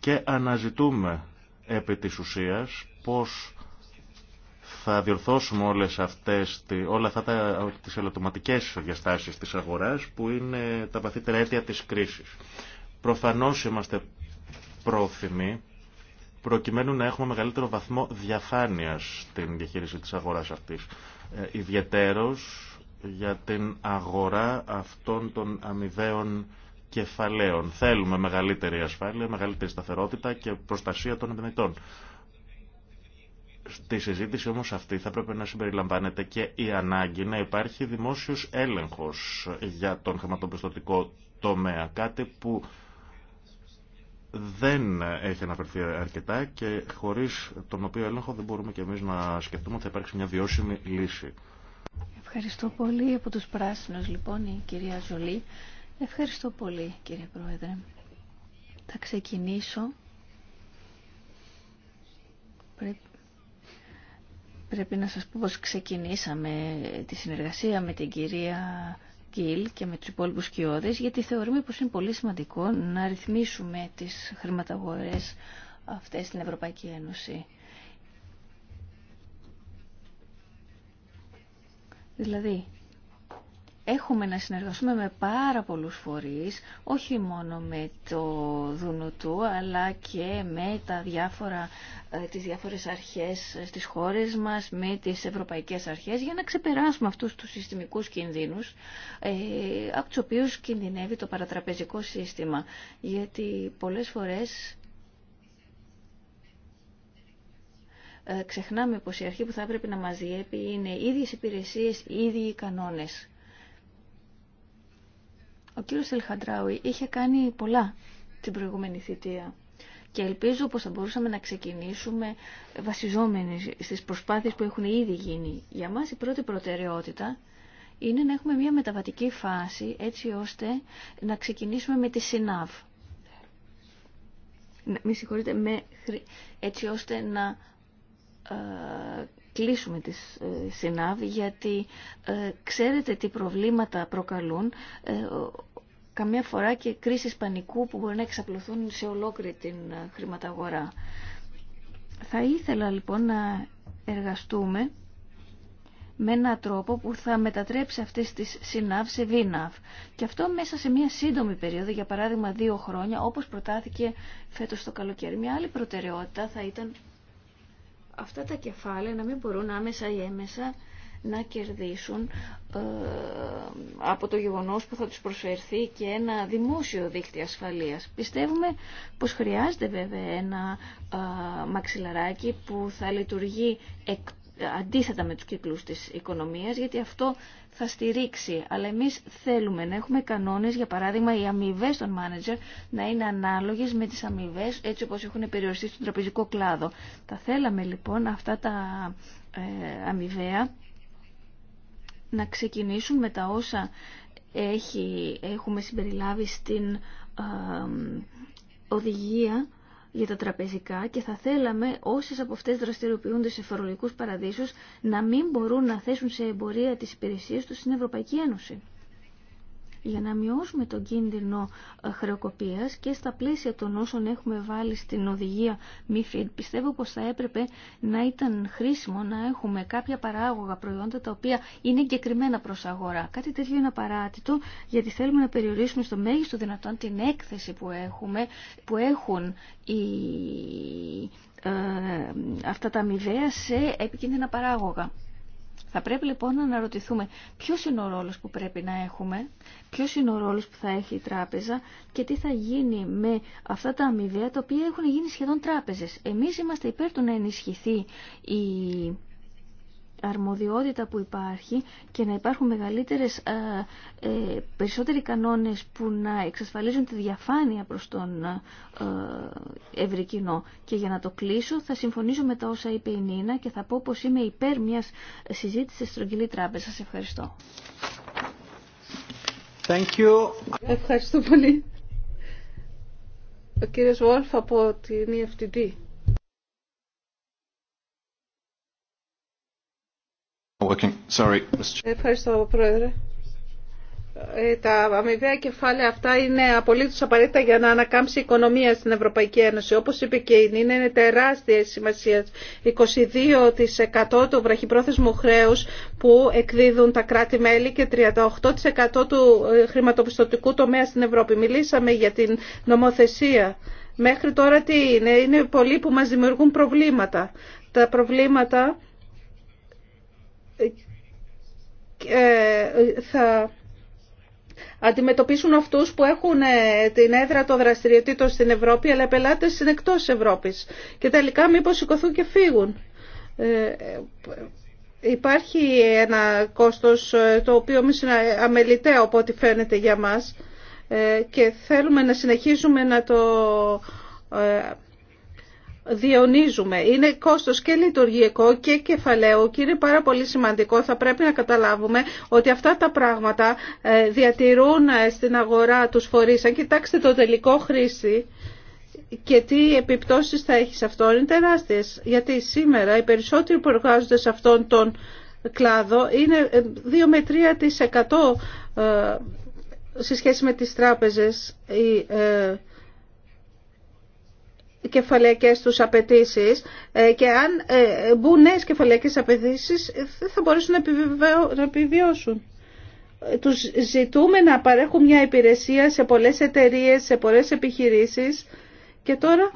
και αναζητούμε επί της ουσίας πώς θα διορθώσουμε όλες αυτές, όλα αυτά τα, τις ελαττωματικές διαστάσεις της αγοράς που είναι τα βαθύτερα αίτια της κρίσης. Προφανώς είμαστε πρόθυμοι προκειμένου να έχουμε μεγαλύτερο βαθμό διαφάνειας στην διαχείριση της αγοράς αυτής. Ε, για την αγορά αυτών των αμοιβαίων κεφαλαίων. Θέλουμε μεγαλύτερη ασφάλεια, μεγαλύτερη σταθερότητα και προστασία των επενδυτών. Στη συζήτηση όμως αυτή θα πρέπει να συμπεριλαμβάνεται και η ανάγκη να υπάρχει δημόσιος έλεγχος για τον χρηματοπιστωτικό τομέα. Κάτι που δεν έχει αναφερθεί αρκετά και χωρίς τον οποίο έλεγχο δεν μπορούμε και εμείς να σκεφτούμε ότι θα υπάρξει μια βιώσιμη λύση. Ευχαριστώ πολύ από τους πράσινους λοιπόν η κυρία Ζολή. Ευχαριστώ πολύ κύριε Πρόεδρε. Θα ξεκινήσω. Πρέπει, πρέπει να σας πω πως ξεκινήσαμε τη συνεργασία με την κυρία και με του υπόλοιπου γιατί θεωρούμε πω είναι πολύ σημαντικό να ρυθμίσουμε τις χρηματαγορές αυτές στην Ευρωπαϊκή Ένωση. Δηλαδή, έχουμε να συνεργαστούμε με πάρα πολλούς φορείς, όχι μόνο με το Δουνουτού, αλλά και με τα διάφορα, ε, τις διάφορες αρχές ε, στις χώρες μας, με τις ευρωπαϊκές αρχές, για να ξεπεράσουμε αυτούς τους συστημικούς κινδύνους, ε, από τους οποίους κινδυνεύει το παρατραπεζικό σύστημα. Γιατί πολλές φορές ξεχνάμε πως η αρχή που θα έπρεπε να μας διέπει είναι ίδιες υπηρεσίες, ίδιοι κανόνες. Ο κύριος Ελχαντράουι είχε κάνει πολλά την προηγούμενη θητεία και ελπίζω πως θα μπορούσαμε να ξεκινήσουμε βασιζόμενοι στις προσπάθειες που έχουν ήδη γίνει. Για μας η πρώτη προτεραιότητα είναι να έχουμε μια μεταβατική φάση έτσι ώστε να ξεκινήσουμε με τη ΣΥΝΑΒ. Με συγχωρείτε, με, έτσι ώστε να ε, κλείσουμε τη ε, ΣΥΝΑΒ γιατί ε, ξέρετε τι προβλήματα προκαλούν ε, καμιά φορά και κρίσεις πανικού που μπορεί να εξαπλωθούν σε ολόκληρη την χρηματαγορά. Θα ήθελα λοιπόν να εργαστούμε με έναν τρόπο που θα μετατρέψει αυτές τις ΣΥΝΑΒ σε ΒΙΝΑΒ. Και αυτό μέσα σε μια σύντομη περίοδο, για παράδειγμα δύο χρόνια, όπως προτάθηκε φέτος το καλοκαίρι. Μια άλλη προτεραιότητα θα ήταν αυτά τα κεφάλαια να μην μπορούν άμεσα ή έμεσα να κερδίσουν ε, από το γεγονός που θα τους προσφερθεί και ένα δημόσιο δίκτυο ασφαλείας. Πιστεύουμε πως χρειάζεται βέβαια ένα ε, μαξιλαράκι που θα λειτουργεί εκτός αντίθετα με τους κύκλους της οικονομίας, γιατί αυτό θα στηρίξει. Αλλά εμείς θέλουμε να έχουμε κανόνες, για παράδειγμα, οι αμοιβέ των μάνετζερ να είναι ανάλογες με τις αμοιβέ έτσι όπως έχουν περιοριστεί στον τραπεζικό κλάδο. Τα θέλαμε λοιπόν αυτά τα ε, αμοιβαία να ξεκινήσουν με τα όσα έχει, έχουμε συμπεριλάβει στην ε, οδηγία για τα τραπεζικά και θα θέλαμε όσες από αυτές δραστηριοποιούνται σε φορολογικούς παραδείσους να μην μπορούν να θέσουν σε εμπορία τις υπηρεσίες τους στην Ευρωπαϊκή Ένωση για να μειώσουμε τον κίνδυνο ε, χρεοκοπίας και στα πλαίσια των όσων έχουμε βάλει στην οδηγία MIFID πιστεύω πως θα έπρεπε να ήταν χρήσιμο να έχουμε κάποια παράγωγα προϊόντα τα οποία είναι εγκεκριμένα προς αγορά. Κάτι τέτοιο είναι απαράτητο γιατί θέλουμε να περιορίσουμε στο μέγιστο δυνατόν την έκθεση που, έχουμε, που έχουν ε, αυτά τα αμοιβαία σε επικίνδυνα παράγωγα. Θα πρέπει λοιπόν να αναρωτηθούμε ποιο είναι ο ρόλος που πρέπει να έχουμε, ποιο είναι ο ρόλο που θα έχει η τράπεζα και τι θα γίνει με αυτά τα αμοιβαία τα οποία έχουν γίνει σχεδόν τράπεζες. Εμείς είμαστε υπέρ του να ενισχυθεί η αρμοδιότητα που υπάρχει και να υπάρχουν μεγαλύτερες, ε, ε, περισσότεροι κανόνες που να εξασφαλίζουν τη διαφάνεια προς τον ε, ευρύ Και για να το κλείσω θα συμφωνήσω με τα όσα είπε η Νίνα και θα πω πως είμαι υπέρ μιας συζήτησης στρογγυλή τράπεζα. Σας ευχαριστώ. Thank Ευχαριστώ πολύ. Ο κύριος Βόλφ από την EFTD. Ευχαριστώ, Πρόεδρε. Ε, τα αμοιβαία κεφάλαια αυτά είναι απολύτως απαραίτητα για να ανακάμψει η οικονομία στην Ευρωπαϊκή Ένωση. Όπως είπε και η Νίνα, είναι τεράστια σημασία. 22% του βραχυπρόθεσμου χρέους που εκδίδουν τα κράτη-μέλη και 38% του ε, χρηματοπιστωτικού τομέα στην Ευρώπη. Μιλήσαμε για την νομοθεσία. Μέχρι τώρα τι είναι. Είναι πολλοί που μας δημιουργούν προβλήματα. Τα προβλήματα ε, θα αντιμετωπίσουν αυτούς που έχουν ε, την έδρα των δραστηριοτήτων στην Ευρώπη, αλλά πελάτες είναι εκτός Ευρώπης. Και τελικά μήπως σηκωθούν και φύγουν. Ε, υπάρχει ένα κόστος το οποίο εμείς είναι αμεληταίο από ό,τι φαίνεται για μας και θέλουμε να συνεχίσουμε να το Διονύζουμε. Είναι κόστος και λειτουργικό και κεφαλαίο και είναι πάρα πολύ σημαντικό. Θα πρέπει να καταλάβουμε ότι αυτά τα πράγματα ε, διατηρούν ε, στην αγορά τους φορείς. Αν κοιτάξετε το τελικό χρήση και τι επιπτώσεις θα έχει σε αυτό είναι τεράστιες. Γιατί σήμερα οι περισσότεροι που εργάζονται σε αυτόν τον κλάδο είναι 2 ε, με 3% σε σχέση με τις τράπεζες οι κεφαλαίκες τους απαιτήσει ε, και αν ε, μπουν νέες κεφαλαίκες απαιτήσει ε, θα μπορέσουν να επιβιώσουν. Τους ζητούμε να παρέχουν μια υπηρεσία σε πολλές εταιρείες, σε πολλές επιχειρήσεις και τώρα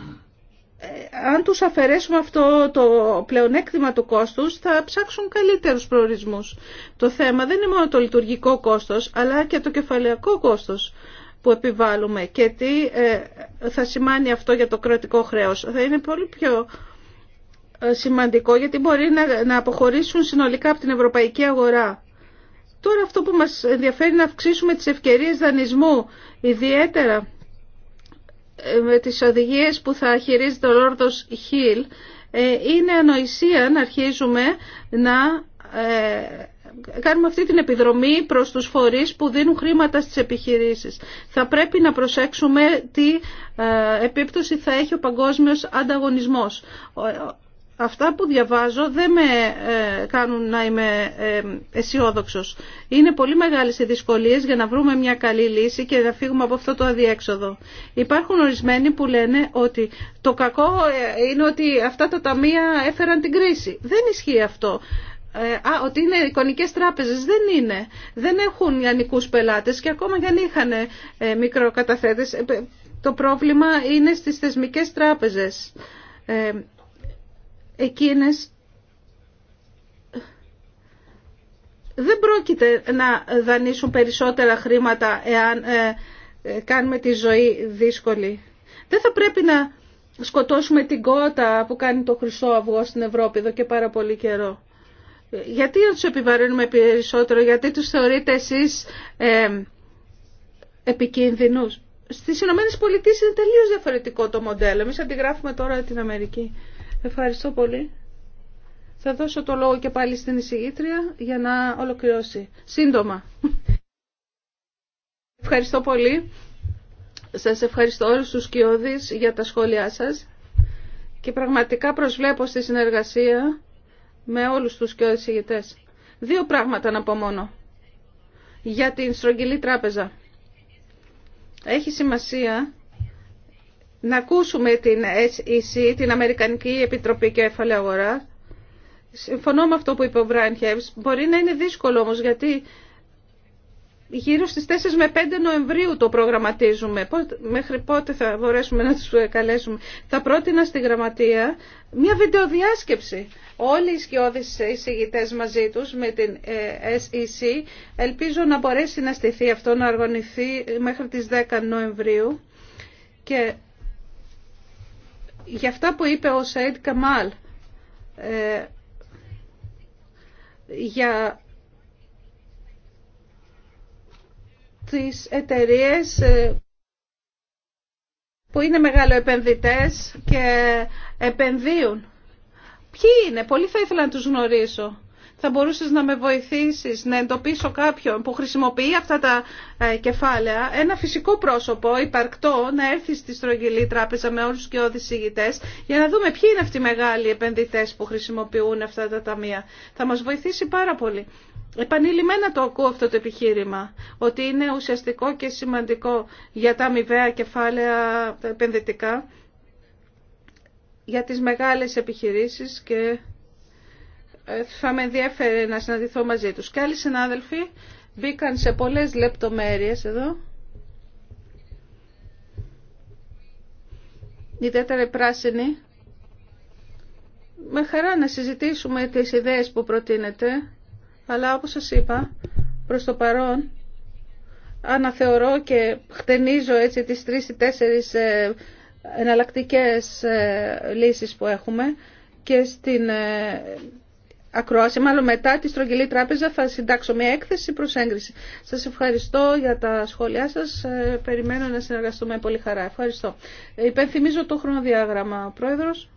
αν τους αφαιρέσουμε αυτό το πλεονέκτημα του κόστους θα ψάξουν καλύτερους προορισμούς. Το θέμα δεν είναι μόνο το λειτουργικό κόστος αλλά και το κεφαλαιακό κόστος που επιβάλλουμε και τι ε, θα σημάνει αυτό για το κρατικό χρέος. Θα είναι πολύ πιο ε, σημαντικό γιατί μπορεί να αποχωρήσουν συνολικά από την ευρωπαϊκή αγορά. Τώρα αυτό που μας ενδιαφέρει να αυξήσουμε τις ευκαιρίες δανεισμού, ιδιαίτερα ε, με τις οδηγίες που θα χειρίζεται ο Λόρδος Χιλ, είναι ανοησία να αρχίζουμε να κάνουμε αυτή την επιδρομή προς τους φορείς που δίνουν χρήματα στις επιχειρήσεις. Θα πρέπει να προσέξουμε τι ε, επίπτωση θα έχει ο παγκόσμιος ανταγωνισμός. Ε, αυτά που διαβάζω δεν με ε, κάνουν να είμαι αισιόδοξο. Είναι πολύ μεγάλες οι δυσκολίες για να βρούμε μια καλή λύση και να φύγουμε από αυτό το αδιέξοδο. Υπάρχουν ορισμένοι που λένε ότι το κακό είναι ότι αυτά τα ταμεία έφεραν την κρίση. Δεν ισχύει αυτό. Ε, α, ότι είναι εικονικέ τράπεζε. Δεν είναι. Δεν έχουν λιανικού πελάτε και ακόμα και αν είχαν ε, μικροκαταθέτες. Ε, το πρόβλημα είναι στι θεσμικές τράπεζες. Ε, εκείνες δεν πρόκειται να δανείσουν περισσότερα χρήματα εάν κάνουμε τη ζωή δύσκολη. Δεν θα πρέπει να σκοτώσουμε την κότα που κάνει το χρυσό αυγό στην Ευρώπη εδώ και πάρα πολύ καιρό. Γιατί να τους επιβαρύνουμε περισσότερο, γιατί τους θεωρείτε εσείς ε, επικίνδυνους. Στις Ηνωμένες Πολιτείες είναι τελείως διαφορετικό το μοντέλο. Εμείς αντιγράφουμε τώρα την Αμερική. Ευχαριστώ πολύ. Θα δώσω το λόγο και πάλι στην εισηγήτρια για να ολοκληρώσει. Σύντομα. Ευχαριστώ πολύ. Σας ευχαριστώ όλους τους κοιόδης για τα σχόλιά σας και πραγματικά προσβλέπω στη συνεργασία με όλους τους και Δύο πράγματα να πω μόνο για την στρογγυλή τράπεζα. Έχει σημασία να ακούσουμε την SEC, την Αμερικανική Επιτροπή Κέφαλη Αγορά. Συμφωνώ με αυτό που είπε ο Brian Μπορεί να είναι δύσκολο όμως γιατί Γύρω στις 4 με 5 Νοεμβρίου το προγραμματίζουμε. Μέχρι πότε θα μπορέσουμε να τους καλέσουμε. Θα πρότεινα στη γραμματεία μια βιντεοδιάσκεψη. Όλοι οι σκιώδεις εισηγητές μαζί τους με την ε, SEC. Ελπίζω να μπορέσει να στηθεί αυτό, να οργανωθεί μέχρι τις 10 Νοεμβρίου. Και για αυτά που είπε ο Σαΐντ Καμάλ, ε, για τις εταιρείες ε, που είναι μεγαλοεπενδυτές και επενδύουν. Ποιοι είναι, πολύ θα ήθελα να τους γνωρίσω. Θα μπορούσες να με βοηθήσεις να εντοπίσω κάποιον που χρησιμοποιεί αυτά τα ε, κεφάλαια, ένα φυσικό πρόσωπο υπαρκτό να έρθει στη Στρογγυλή Τράπεζα με όλους και όδης ηγητές, για να δούμε ποιοι είναι αυτοί οι μεγάλοι επενδυτές που χρησιμοποιούν αυτά τα ταμεία. Θα μας βοηθήσει πάρα πολύ. Επανειλημμένα το ακούω αυτό το επιχείρημα, ότι είναι ουσιαστικό και σημαντικό για τα αμοιβαία κεφάλαια τα επενδυτικά, για τις μεγάλες επιχειρήσεις και ε, θα με ενδιαφέρει να συναντηθώ μαζί τους. Και άλλοι συνάδελφοι μπήκαν σε πολλές λεπτομέρειες εδώ. Ιδιαίτερα πράσινη. Με χαρά να συζητήσουμε τις ιδέες που προτείνετε αλλά όπως σας είπα, προς το παρόν αναθεωρώ και χτενίζω έτσι τις τρεις ή τέσσερις ε, εναλλακτικές ε, λύσεις που έχουμε και στην ε, ακρόαση, μάλλον μετά τη στρογγυλή τράπεζα θα συντάξω μια έκθεση προς έγκριση. Σας ευχαριστώ για τα σχόλιά σας. Περιμένω να συνεργαστούμε πολύ χαρά. Ευχαριστώ. Υπενθυμίζω το χρονοδιάγραμμα, Πρόεδρος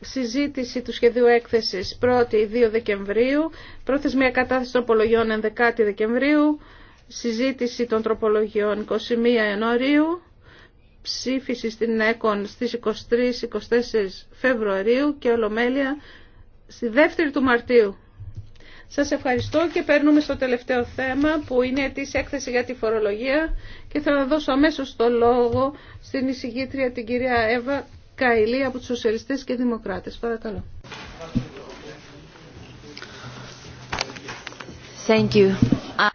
συζήτηση του σχεδίου έκθεσης 1η 2 Δεκεμβρίου, προθεσμία κατάθεση τροπολογιών 11 11η Δεκεμβρίου, συζήτηση των τροπολογιών 21 Ιανουαρίου, ψήφιση στην ΕΚΟΝ στις 23-24 Φεβρουαρίου και ολομέλεια στη 2η του Μαρτίου. Σας ευχαριστώ και παίρνουμε στο τελευταίο θέμα που είναι η αιτήσια τελευταιο θεμα που ειναι η εκθεση για τη φορολογία και θα δώσω αμέσως το λόγο στην εισηγήτρια την κυρία Εύα Καηλή από τους Σοσιαλιστές και Δημοκράτες. Παρακαλώ. Thank you.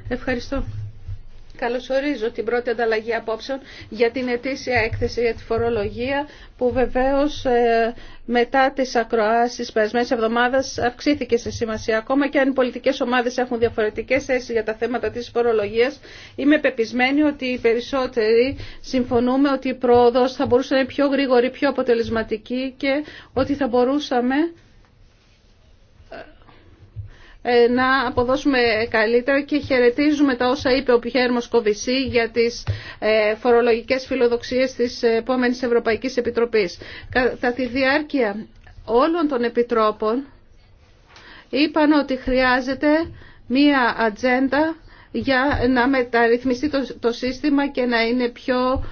Ευχαριστώ καλωσορίζω την πρώτη ανταλλαγή απόψεων για την ετήσια έκθεση για τη φορολογία που βεβαίως ε, μετά τις ακροάσεις περασμένης εβδομάδας αυξήθηκε σε σημασία. Ακόμα και αν οι πολιτικές ομάδες έχουν διαφορετικές θέσεις για τα θέματα της φορολογίας, είμαι πεπισμένη ότι οι περισσότεροι συμφωνούμε ότι η πρόοδος θα μπορούσε να είναι πιο γρήγορη, πιο αποτελεσματική και ότι θα μπορούσαμε ε, να αποδώσουμε καλύτερα και χαιρετίζουμε τα όσα είπε ο Πιχέρ Μοσκοβισή για τις ε, φορολογικές φιλοδοξίες της επόμενης Ευρωπαϊκής Επιτροπής. Κατά τη διάρκεια όλων των επιτρόπων είπαν ότι χρειάζεται μία ατζέντα για να μεταρρυθμιστεί το σύστημα και να είναι πιο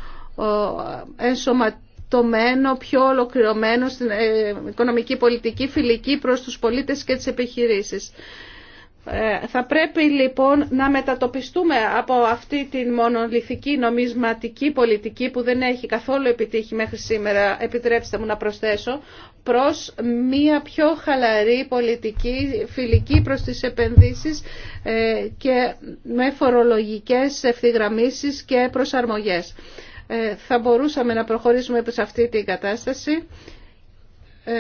ενσωματικό τομένο, πιο ολοκληρωμένο στην ε, οικονομική πολιτική φιλική προς τους πολίτες και τις επιχειρήσεις. Ε, θα πρέπει λοιπόν να μετατοπιστούμε από αυτή τη μονολυθική νομισματική πολιτική που δεν έχει καθόλου επιτύχει μέχρι σήμερα, επιτρέψτε μου να προσθέσω, προς μια πιο χαλαρή πολιτική φιλική προς τις επενδύσεις ε, και με φορολογικές ευθυγραμμίσεις και προσαρμογές. Ε, θα μπορούσαμε να προχωρήσουμε σε αυτή την κατάσταση. Ε,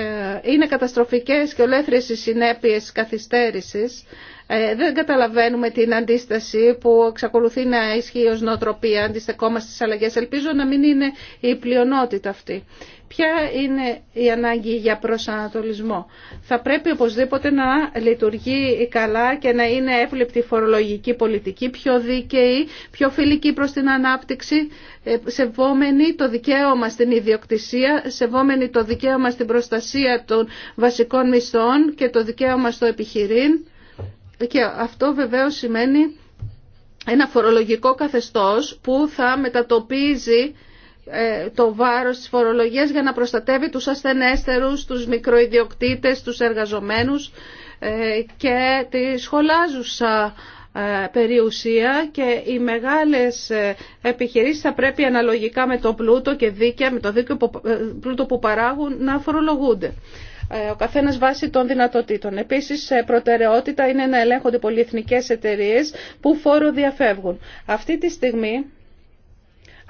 είναι καταστροφικές και ολέθριες οι συνέπειες καθυστέρησης. Ε, δεν καταλαβαίνουμε την αντίσταση που εξακολουθεί να ισχύει ως νοοτροπία, αντιστεκόμαστε στις αλλαγές. Ελπίζω να μην είναι η πλειονότητα αυτή ποια είναι η ανάγκη για προσανατολισμό. Θα πρέπει οπωσδήποτε να λειτουργεί καλά και να είναι εύληπτη φορολογική πολιτική, πιο δίκαιη, πιο φιλική προς την ανάπτυξη, ε, σεβόμενη το δικαίωμα στην ιδιοκτησία, σεβόμενη το δικαίωμα στην προστασία των βασικών μισθών και το δικαίωμα στο επιχειρήν. Και αυτό βεβαίως σημαίνει ένα φορολογικό καθεστώς που θα μετατοπίζει ε, το βάρος της φορολογίας για να προστατεύει τους ασθενέστερους, τους μικροϊδιοκτήτες, τους εργαζομένους ε, και τη σχολάζουσα ε, περιουσία και οι μεγάλες επιχειρήσεις θα πρέπει αναλογικά με το πλούτο και δίκαια, με το δίκαιο που, πλούτο που παράγουν να φορολογούνται. Ο καθένας βάσει των δυνατοτήτων. Επίσης, προτεραιότητα είναι να ελέγχονται πολυεθνικές εταιρείες που φόρο διαφεύγουν. Αυτή τη στιγμή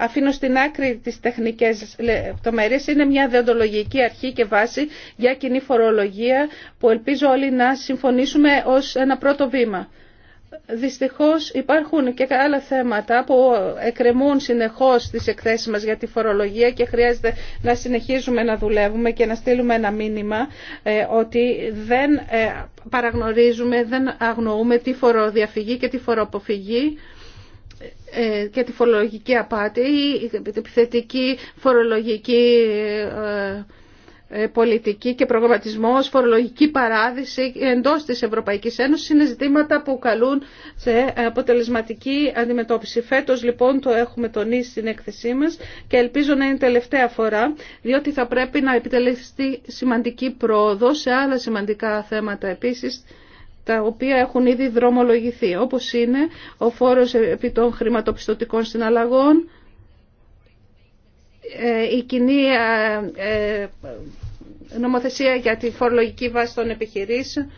αφήνω στην άκρη τις τεχνικές λεπτομέρειες, είναι μια δεοντολογική αρχή και βάση για κοινή φορολογία που ελπίζω όλοι να συμφωνήσουμε ως ένα πρώτο βήμα. Δυστυχώς υπάρχουν και άλλα θέματα που εκκρεμούν συνεχώς στις εκθέσεις μας για τη φορολογία και χρειάζεται να συνεχίζουμε να δουλεύουμε και να στείλουμε ένα μήνυμα ε, ότι δεν ε, παραγνωρίζουμε, δεν αγνοούμε τη φοροδιαφυγή και τη φοροποφυγή ε, και τη φορολογική απάτη ή την επιθετική φορολογική ε, ε, πολιτική και προγραμματισμός, φορολογική παράδειση εντός της Ευρωπαϊκής Ένωσης είναι ζητήματα που καλούν σε αποτελεσματική αντιμετώπιση. Φέτος λοιπόν το έχουμε τονίσει στην έκθεσή μας και ελπίζω να είναι τελευταία φορά διότι θα πρέπει να επιτελεστεί σημαντική πρόοδο σε άλλα σημαντικά θέματα επίσης τα οποία έχουν ήδη δρομολογηθεί, όπως είναι ο φόρος επί των χρηματοπιστωτικών συναλλαγών, ε, η κοινή ε, ε, νομοθεσία για τη φορολογική βάση των επιχειρήσεων,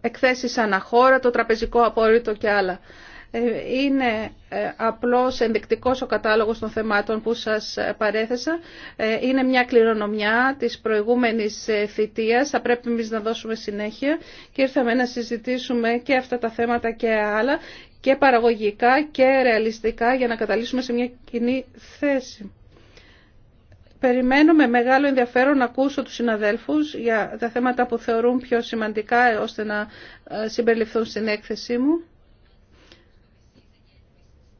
εκθέσεις αναχώρα, το τραπεζικό απόρριτο και άλλα. Ε, είναι ε, απλώς ενδεικτικός ο κατάλογος των θεμάτων που σας παρέθεσα. Ε, είναι μια κληρονομιά της προηγούμενης θητείας. Θα πρέπει εμείς να δώσουμε συνέχεια και ήρθαμε να συζητήσουμε και αυτά τα θέματα και άλλα και παραγωγικά και ρεαλιστικά για να καταλήξουμε σε μια κοινή θέση. Περιμένω με μεγάλο ενδιαφέρον να ακούσω τους συναδέλφους για τα θέματα που θεωρούν πιο σημαντικά ώστε να συμπεριληφθούν στην έκθεσή μου.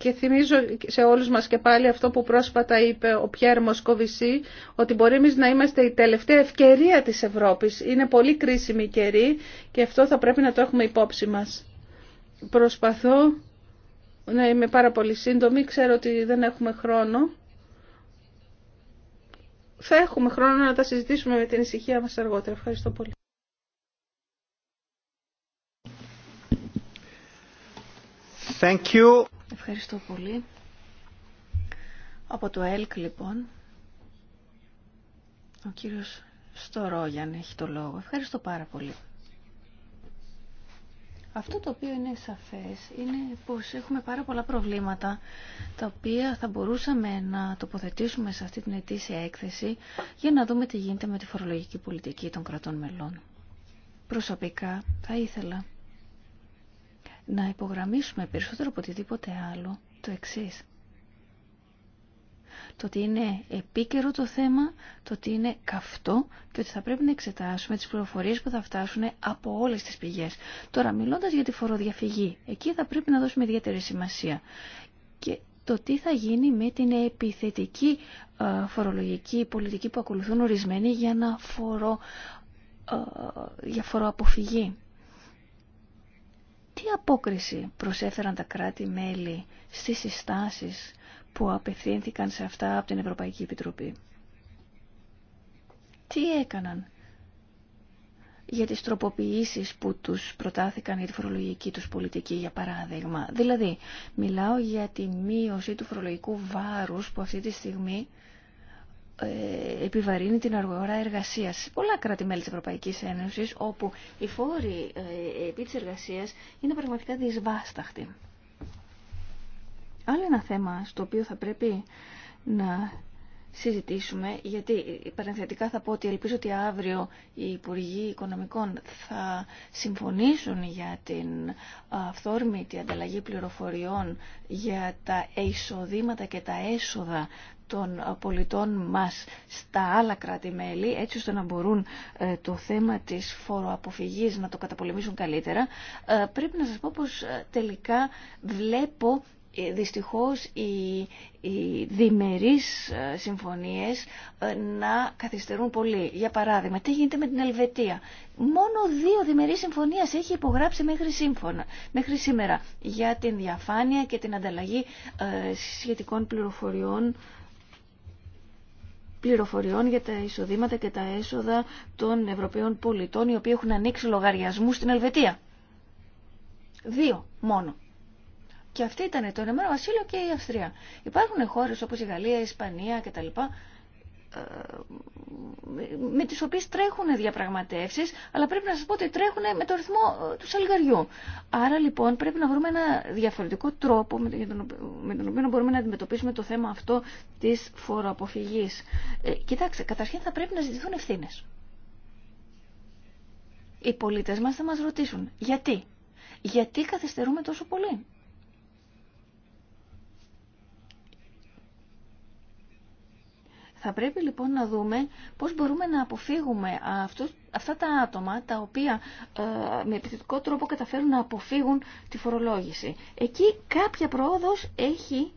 Και θυμίζω σε όλους μας και πάλι αυτό που πρόσφατα είπε ο Πιέρ Μοσκοβισή, ότι μπορεί εμείς να είμαστε η τελευταία ευκαιρία της Ευρώπης. Είναι πολύ κρίσιμη η καιρή και αυτό θα πρέπει να το έχουμε υπόψη μας. Προσπαθώ να είμαι πάρα πολύ σύντομη, ξέρω ότι δεν έχουμε χρόνο. Θα έχουμε χρόνο να τα συζητήσουμε με την ησυχία μας αργότερα. Ευχαριστώ πολύ. Thank you. Ευχαριστώ πολύ. Από το ΕΛΚ λοιπόν, ο κύριος Στορόγιαν έχει το λόγο. Ευχαριστώ πάρα πολύ. Αυτό το οποίο είναι σαφές είναι πως έχουμε πάρα πολλά προβλήματα τα οποία θα μπορούσαμε να τοποθετήσουμε σε αυτή την ετήσια έκθεση για να δούμε τι γίνεται με τη φορολογική πολιτική των κρατών μελών. Προσωπικά θα ήθελα να υπογραμμίσουμε περισσότερο από οτιδήποτε άλλο το εξή. Το ότι είναι επίκαιρο το θέμα, το ότι είναι καυτό και ότι θα πρέπει να εξετάσουμε τις πληροφορίες που θα φτάσουν από όλες τις πηγές. Τώρα, μιλώντας για τη φοροδιαφυγή, εκεί θα πρέπει να δώσουμε ιδιαίτερη σημασία. Και το τι θα γίνει με την επιθετική ε, φορολογική πολιτική που ακολουθούν ορισμένοι για να φορο, ε, για φοροαποφυγή. Τι απόκριση προσέφεραν τα κράτη-μέλη στις συστάσεις που απευθύνθηκαν σε αυτά από την Ευρωπαϊκή Επιτροπή. Τι έκαναν για τις τροποποιήσεις που τους προτάθηκαν ή τη φορολογική τους πολιτική, για παράδειγμα. Δηλαδή, μιλάω για τη μείωση του φορολογικού βάρους που αυτή τη στιγμή ε, επιβαρύνει την αγορά εργασία. Σε πολλά κράτη-μέλη τη Ευρωπαϊκής Ένωσης, όπου οι φόροι ε, επί τη εργασίας είναι πραγματικά δυσβάσταχτοι. Άλλο ένα θέμα στο οποίο θα πρέπει να συζητήσουμε, γιατί παρενθετικά θα πω ότι ελπίζω ότι αύριο οι Υπουργοί Οικονομικών θα συμφωνήσουν για την αυθόρμητη ανταλλαγή πληροφοριών για τα εισοδήματα και τα έσοδα των πολιτών μας στα άλλα κράτη-μέλη, έτσι ώστε να μπορούν ε, το θέμα της φοροαποφυγής να το καταπολεμήσουν καλύτερα, ε, πρέπει να σας πω πως ε, τελικά βλέπω δυστυχώς οι, οι διμερείς συμφωνίες να καθυστερούν πολύ. Για παράδειγμα, τι γίνεται με την Ελβετία. Μόνο δύο διμερείς συμφωνίες έχει υπογράψει μέχρι, μέχρι σήμερα για την διαφάνεια και την ανταλλαγή σχετικών πληροφοριών πληροφοριών για τα εισοδήματα και τα έσοδα των Ευρωπαίων πολιτών οι οποίοι έχουν ανοίξει λογαριασμού στην Ελβετία. Δύο μόνο. Και αυτή ήταν το Ηνωμένο Βασίλειο και η Αυστρία. Υπάρχουν χώρε όπω η Γαλλία, η Ισπανία κτλ. Ε, με τις οποίες τρέχουν διαπραγματεύσεις, αλλά πρέπει να σας πω ότι τρέχουν με το ρυθμό ε, του σαλγαριού. Άρα λοιπόν πρέπει να βρούμε ένα διαφορετικό τρόπο με τον οποίο μπορούμε να αντιμετωπίσουμε το θέμα αυτό της φοροαποφυγής. Ε, κοιτάξτε, καταρχήν θα πρέπει να ζητηθούν ευθύνε. Οι πολίτες μας θα μας ρωτήσουν γιατί. Γιατί καθυστερούμε τόσο πολύ. Θα πρέπει λοιπόν να δούμε πώς μπορούμε να αποφύγουμε αυτούς, αυτά τα άτομα τα οποία ε, με επιθετικό τρόπο καταφέρουν να αποφύγουν τη φορολόγηση. Εκεί κάποια πρόοδος έχει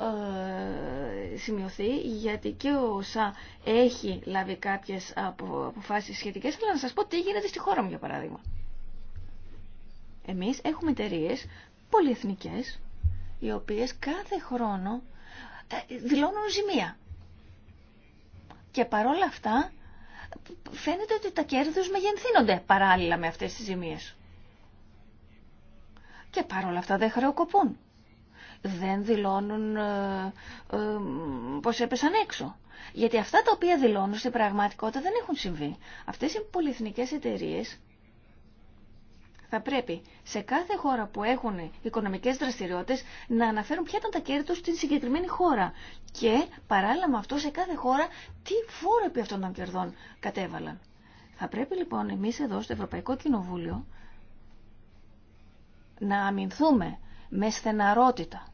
ε, σημειωθεί γιατί και ο ΣΑ έχει λάβει κάποιες αποφάσεις σχετικές Θέλω να σας πω τι γίνεται στη χώρα μου για παράδειγμα. Εμείς έχουμε εταιρείε πολυεθνικές οι οποίες κάθε χρόνο ε, δηλώνουν ζημία και παρόλα αυτά φαίνεται ότι τα κέρδη μεγενθύνονται παράλληλα με αυτές τις ζημίες. Και παρόλα αυτά δεν χρεοκοπούν. Δεν δηλώνουν ε, ε, πως έπεσαν έξω. Γιατί αυτά τα οποία δηλώνουν στην πραγματικότητα δεν έχουν συμβεί. Αυτές οι πολυεθνικές εταιρείες θα πρέπει σε κάθε χώρα που έχουν οικονομικές δραστηριότητες να αναφέρουν ποια ήταν τα κέρδη τους στην συγκεκριμένη χώρα και παράλληλα με αυτό σε κάθε χώρα τι φόρο επί αυτών των κερδών κατέβαλαν. Θα πρέπει λοιπόν εμείς εδώ στο Ευρωπαϊκό Κοινοβούλιο να αμυνθούμε με στεναρότητα.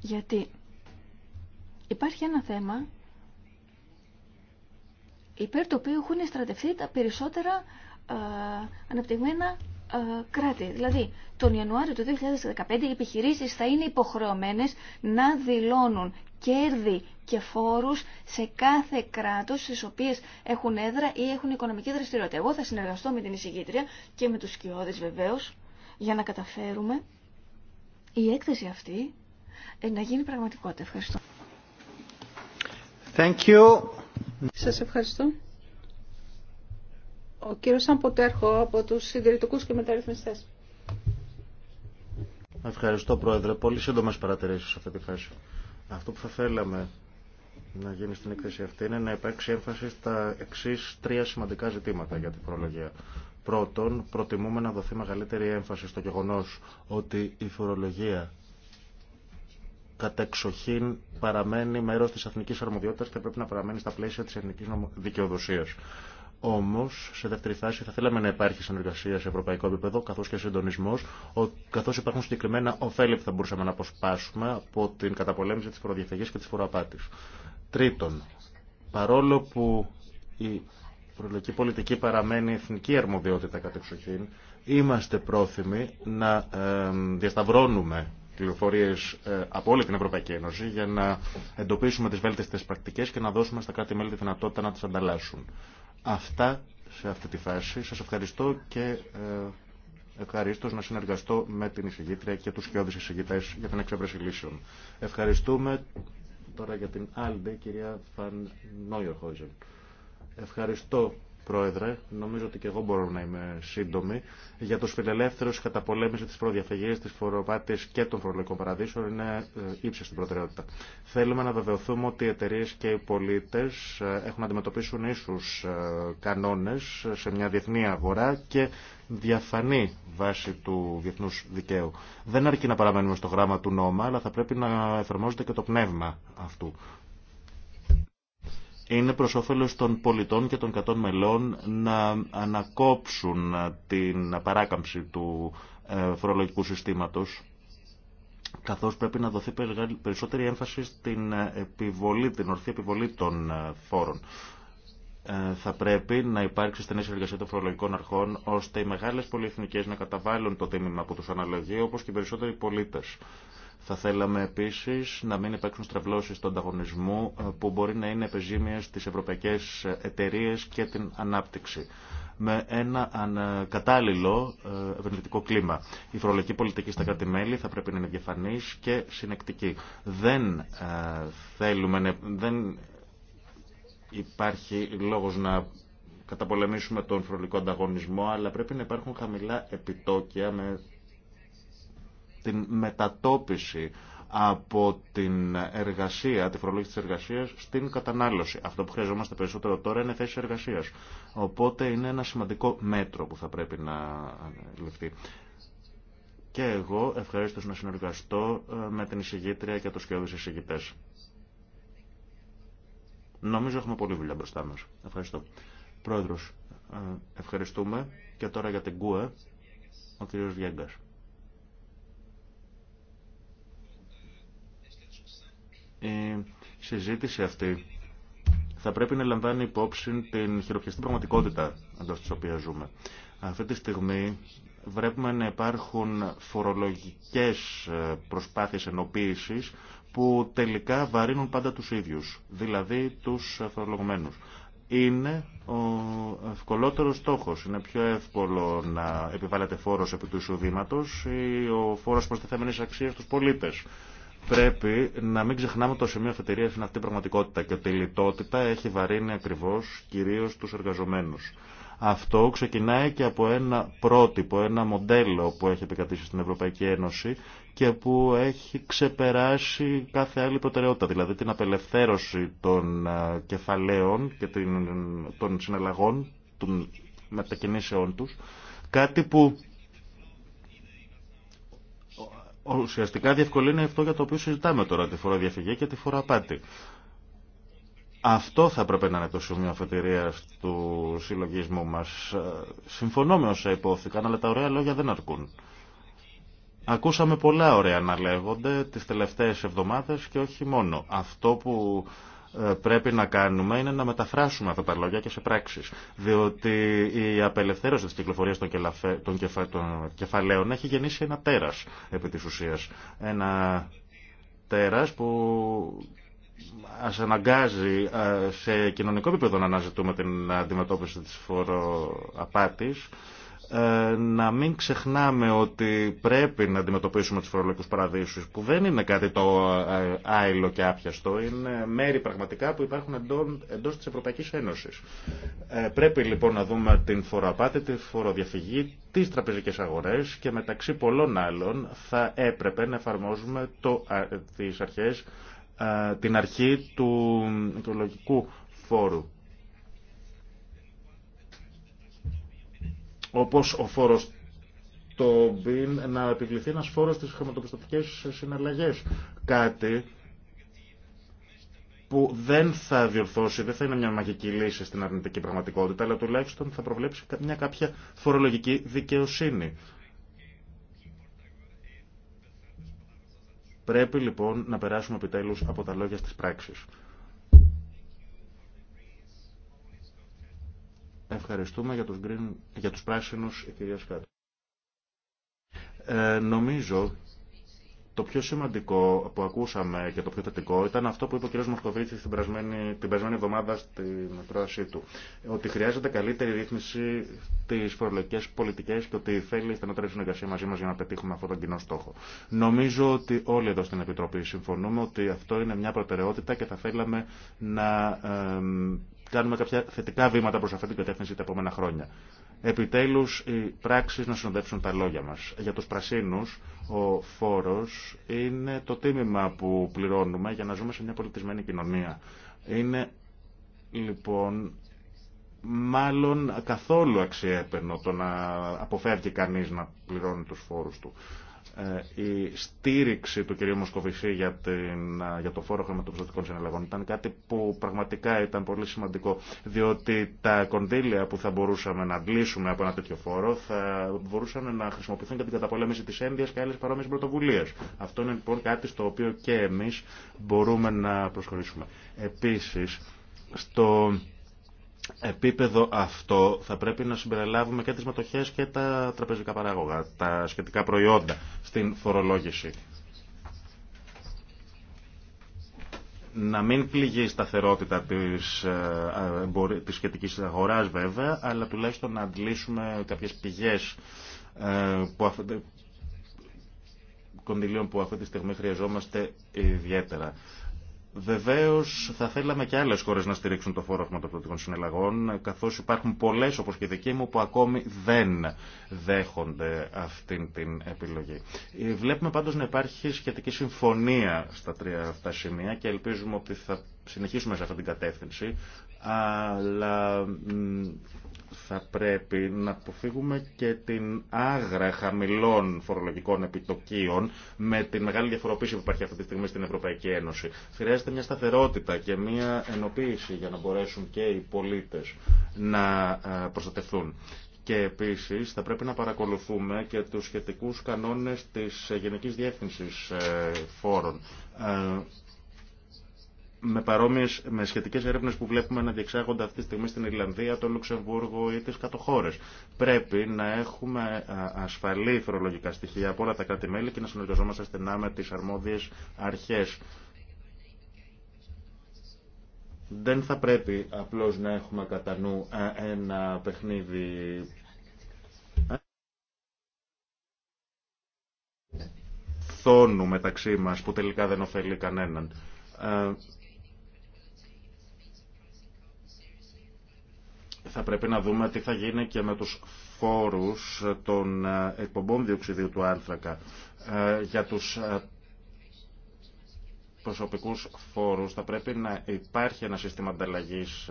Γιατί υπάρχει ένα θέμα υπέρ του οποίου έχουν στρατευτεί τα περισσότερα ε, αναπτυγμένα ε, κράτη. Δηλαδή, τον Ιανουάριο του 2015 οι επιχειρήσεις θα είναι υποχρεωμένες να δηλώνουν κέρδη και φόρους σε κάθε κράτος στις οποίες έχουν έδρα ή έχουν οικονομική δραστηριότητα. Εγώ θα συνεργαστώ με την εισηγήτρια και με τους σκιώδες βεβαίως για να καταφέρουμε η έκθεση αυτή ε, να γίνει πραγματικότητα. Ευχαριστώ. Thank you. Σας ευχαριστώ. Ο κύριος Αμποτέρχο από τους συντηρητικούς και μεταρρυθμιστές. Ευχαριστώ Πρόεδρε. Πολύ σύντομες παρατηρήσεις σε αυτή τη φάση. Αυτό που θα θέλαμε να γίνει στην εκθέση αυτή είναι να υπάρξει έμφαση στα εξή τρία σημαντικά ζητήματα για την φορολογία. Πρώτον, προτιμούμε να δοθεί μεγαλύτερη έμφαση στο γεγονό ότι η φορολογία κατεξοχήν παραμένει μέρος της εθνικής αρμοδιότητας και πρέπει να παραμένει στα πλαίσια της εθνικής δικαιοδοσίας. Όμω, σε δεύτερη φάση, θα θέλαμε να υπάρχει συνεργασία σε ευρωπαϊκό επίπεδο, καθώς και συντονισμό, καθώ υπάρχουν συγκεκριμένα ωφέλη που θα μπορούσαμε να αποσπάσουμε από την καταπολέμηση τη φοροδιαφυγή και τη φοροαπάτη. Τρίτον, παρόλο που η προλογική πολιτική παραμένει εθνική αρμοδιότητα κατεξοχήν, είμαστε πρόθυμοι να ε, διασταυρώνουμε πληροφορίε ε, από όλη την Ευρωπαϊκή Ένωση για να εντοπίσουμε τις βέλτιστες πρακτικές και να δώσουμε στα κράτη-μέλη τη δυνατότητα να τι ανταλλάσσουν. Αυτά σε αυτή τη φάση. Σας ευχαριστώ και ε, ευχαρίστω να συνεργαστώ με την εισηγήτρια και τους σκιώδει εισηγητέ για την εξέβρεση λύσεων. Ευχαριστούμε τώρα για την άλλη κυρία Φαν Νόιερχόιζεν. Ευχαριστώ Πρόεδρε, νομίζω ότι και εγώ μπορώ να είμαι σύντομη. Για του φιλελεύθερου, η καταπολέμηση τη προδιαφυγή, τη φοροπάτη και των φορολογικών παραδείσων είναι ε, ύψιστη προτεραιότητα. Θέλουμε να βεβαιωθούμε ότι οι εταιρείε και οι πολίτε ε, έχουν να αντιμετωπίσουν ίσου ε, κανόνε σε μια διεθνή αγορά και διαφανή βάση του διεθνού δικαίου. Δεν αρκεί να παραμένουμε στο γράμμα του νόμα, αλλά θα πρέπει να εφαρμόζεται και το πνεύμα αυτού. Είναι προ όφελο των πολιτών και των κατών μελών να ανακόψουν την παράκαμψη του ε, φορολογικού συστήματος καθώς πρέπει να δοθεί περισσότερη έμφαση στην ε, επιβολή, την ορθή επιβολή των ε, φόρων. Θα πρέπει να υπάρξει στενή συνεργασία των φορολογικών αρχών, ώστε οι μεγάλες πολυεθνικές να καταβάλουν το τίμημα που τους αναλογεί, όπως και οι περισσότεροι πολίτες. Θα θέλαμε επίση να μην υπάρξουν στρεβλώσει του ανταγωνισμού ε, που μπορεί να είναι επεζήμιες στι ευρωπαϊκέ εταιρείε και την ανάπτυξη με ένα κατάλληλο ε, ευεργετικό κλίμα. Η φορολογική πολιτική στα κράτη-μέλη θα πρέπει να είναι διαφανή και συνεκτική. Δεν ε, θέλουμε, δεν υπάρχει λόγος να καταπολεμήσουμε τον φορολογικό ανταγωνισμό, αλλά πρέπει να υπάρχουν χαμηλά επιτόκια με την μετατόπιση από την εργασία, τη φορολόγηση της εργασίας στην κατανάλωση. Αυτό που χρειαζόμαστε περισσότερο τώρα είναι θέσεις εργασίας. Οπότε είναι ένα σημαντικό μέτρο που θα πρέπει να ληφθεί. Και εγώ ευχαριστώ να συνεργαστώ ε, με την εισηγήτρια και τους σκιώδεις εισηγητές. Νομίζω έχουμε πολλή δουλειά μπροστά μας. Ευχαριστώ. Πρόεδρος, ε, ευχαριστούμε. Και τώρα για την ΚΟΕ, ο κ. Βιέγκας. Η συζήτηση αυτή θα πρέπει να λαμβάνει υπόψη την χειροπιαστή πραγματικότητα εντό τη οποία ζούμε. Αυτή τη στιγμή βλέπουμε να υπάρχουν φορολογικές ε, προσπάθειες ενοποίησης που τελικά βαρύνουν πάντα τους ίδιους, δηλαδή τους φορολογμένους. Είναι ο ευκολότερος στόχος. Είναι πιο εύκολο να επιβάλλεται φόρος επί του εισοδήματος ή ο φόρος προστιθέμενης αξίας στους πολίτες πρέπει να μην ξεχνάμε το σημείο αφετηρία στην αυτή η πραγματικότητα και ότι η λιτότητα έχει βαρύνει ακριβώ κυρίω του εργαζομένου. Αυτό ξεκινάει και από ένα πρότυπο, ένα μοντέλο που έχει επικρατήσει στην Ευρωπαϊκή Ένωση και που έχει ξεπεράσει κάθε άλλη προτεραιότητα, δηλαδή την απελευθέρωση των ε, κεφαλαίων και των συναλλαγών, των μετακινήσεών τους, κάτι που ουσιαστικά διευκολύνει αυτό για το οποίο συζητάμε τώρα, τη φοροδιαφυγή και τη φοροαπάτη. Αυτό θα έπρεπε να είναι το σημείο αφετηρία του συλλογισμού μα. Συμφωνώ με όσα υπόθηκαν, αλλά τα ωραία λόγια δεν αρκούν. Ακούσαμε πολλά ωραία να λέγονται τις τελευταίες εβδομάδες και όχι μόνο. Αυτό που πρέπει να κάνουμε είναι να μεταφράσουμε αυτά τα λόγια και σε πράξεις. Διότι η απελευθέρωση της κυκλοφορίας των, κελαφέ, των, κεφαλαίων έχει γεννήσει ένα τέρας επί της ουσίας. Ένα τέρας που ας αναγκάζει σε κοινωνικό επίπεδο να αναζητούμε την αντιμετώπιση της φοροαπάτης ε, να μην ξεχνάμε ότι πρέπει να αντιμετωπίσουμε τους φορολογικούς παραδείσους που δεν είναι κάτι το ε, άειλο και άπιαστο, είναι μέρη πραγματικά που υπάρχουν εντός της Ευρωπαϊκής Ένωσης. Ε, πρέπει λοιπόν να δούμε την φοροαπάτη, τη φοροδιαφυγή, τις τραπεζικές αγορές και μεταξύ πολλών άλλων θα έπρεπε να εφαρμόζουμε το, τις αρχές, την αρχή του οικολογικού φόρου όπως ο φόρος το BIN να επιβληθεί ένας φόρος στις χρηματοπιστωτικές συναλλαγές. Κάτι που δεν θα διορθώσει, δεν θα είναι μια μαγική λύση στην αρνητική πραγματικότητα, αλλά τουλάχιστον θα προβλέψει μια κάποια φορολογική δικαιοσύνη. Πρέπει λοιπόν να περάσουμε επιτέλους από τα λόγια στις πράξεις. Ευχαριστούμε για τους, green, για τους πράσινους, η κυρία Σκάτ. Ε, νομίζω το πιο σημαντικό που ακούσαμε και το πιο θετικό ήταν αυτό που είπε ο κ. Μοσκοβίτση την περασμένη, την περασμένη εβδομάδα στην πρόασή του. Ότι χρειάζεται καλύτερη ρύθμιση στι φορολογική πολιτικέ και ότι θέλει στενότερη συνεργασία μαζί μα για να πετύχουμε αυτόν τον κοινό στόχο. Νομίζω ότι όλοι εδώ στην Επιτροπή συμφωνούμε ότι αυτό είναι μια προτεραιότητα και θα θέλαμε να κάνουμε κάποια θετικά βήματα προ αυτή την κατεύθυνση τα επόμενα χρόνια. Επιτέλου, οι πράξει να συνοδεύσουν τα λόγια μα. Για του πρασίνου, ο φόρο είναι το τίμημα που πληρώνουμε για να ζούμε σε μια πολιτισμένη κοινωνία. Είναι λοιπόν μάλλον καθόλου αξιέπαινο το να αποφεύγει κανείς να πληρώνει τους φόρους του. Ε, η στήριξη του κυρίου Μοσκοβησί για, την, για το φόρο χρηματοπιστωτικών συναλλαγών ήταν κάτι που πραγματικά ήταν πολύ σημαντικό, διότι τα κονδύλια που θα μπορούσαμε να αντλήσουμε από ένα τέτοιο φόρο θα μπορούσαν να χρησιμοποιηθούν για την καταπολέμηση της ένδυας και άλλες παρόμοιες πρωτοβουλίες. Αυτό είναι λοιπόν κάτι στο οποίο και εμείς μπορούμε να προσχωρήσουμε. Επίσης, στο επίπεδο αυτό θα πρέπει να συμπεριλάβουμε και τις ματοχές και τα τραπεζικά παράγωγα, τα σχετικά προϊόντα στην φορολόγηση. Να μην πληγεί η σταθερότητα της, ε, της σχετικής αγοράς βέβαια, αλλά τουλάχιστον να αντλήσουμε κάποιες πηγές ε, που κονδυλίων που αυτή τη στιγμή χρειαζόμαστε ιδιαίτερα. Βεβαίω, θα θέλαμε και άλλε χώρε να στηρίξουν το φόρο χρηματοδοτικών συναλλαγών, καθώ υπάρχουν πολλέ, όπω και δική μου, που ακόμη δεν δέχονται αυτή την επιλογή. Ε, βλέπουμε πάντω να υπάρχει σχετική συμφωνία στα τρία αυτά σημεία και ελπίζουμε ότι θα συνεχίσουμε σε αυτή την κατεύθυνση, αλλά θα πρέπει να αποφύγουμε και την άγρα χαμηλών φορολογικών επιτοκίων με τη μεγάλη διαφοροποίηση που υπάρχει αυτή τη στιγμή στην Ευρωπαϊκή Ένωση. Χρειάζεται μια σταθερότητα και μια ενοποίηση για να μπορέσουν και οι πολίτες να ε, προστατευτούν. Και επίσης θα πρέπει να παρακολουθούμε και τους σχετικούς κανόνες της Γενικής Διεύθυνσης ε, Φόρων ε, με παρόμοιες, με σχετικές έρευνες που βλέπουμε να διεξάγονται αυτή τη στιγμή στην Ιρλανδία, το Λουξεμβούργο ή τις κάτω Πρέπει να έχουμε ασφαλή φορολογικά στοιχεία από όλα τα κράτη-μέλη και να συνεργαζόμαστε στενά με τις αρμόδιες αρχές. Δεν θα πρέπει απλώς να έχουμε κατά νου ένα παιχνίδι θόνου μεταξύ μας που τελικά δεν ωφελεί κανέναν. θα πρέπει να δούμε τι θα γίνει και με τους φόρους των ε, εκπομπών διοξιδίου του άνθρακα ε, για τους ε, προσωπικούς φόρους θα πρέπει να υπάρχει ένα σύστημα ανταλλαγής,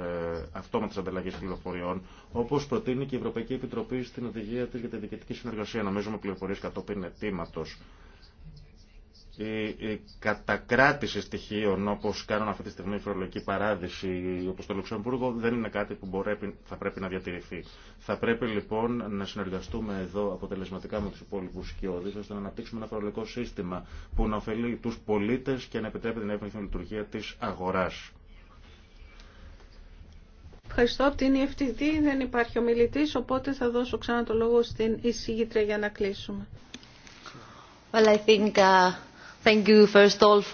αυτόματης ανταλλαγής πληροφοριών, όπως προτείνει και η Ευρωπαϊκή Επιτροπή στην οδηγία της για τη διοικητική συνεργασία. Νομίζουμε πληροφορίες κατόπιν αιτήματος η κατακράτηση στοιχείων όπως κάνουν αυτή τη στιγμή η φορολογική παράδειση όπως το Λουξεμβούργο δεν είναι κάτι που μπορεί, θα πρέπει να διατηρηθεί. Θα πρέπει λοιπόν να συνεργαστούμε εδώ αποτελεσματικά με τους υπόλοιπους σκιώδεις ώστε να αναπτύξουμε ένα φορολογικό σύστημα που να ωφελεί τους πολίτες και να επιτρέπει την εύρυθμη λειτουργία της αγοράς. Ευχαριστώ. Από την EFTD δεν υπάρχει ομιλητή, οπότε θα δώσω ξανά το λόγο στην εισηγήτρια για να κλείσουμε. Well, I think, uh, Thank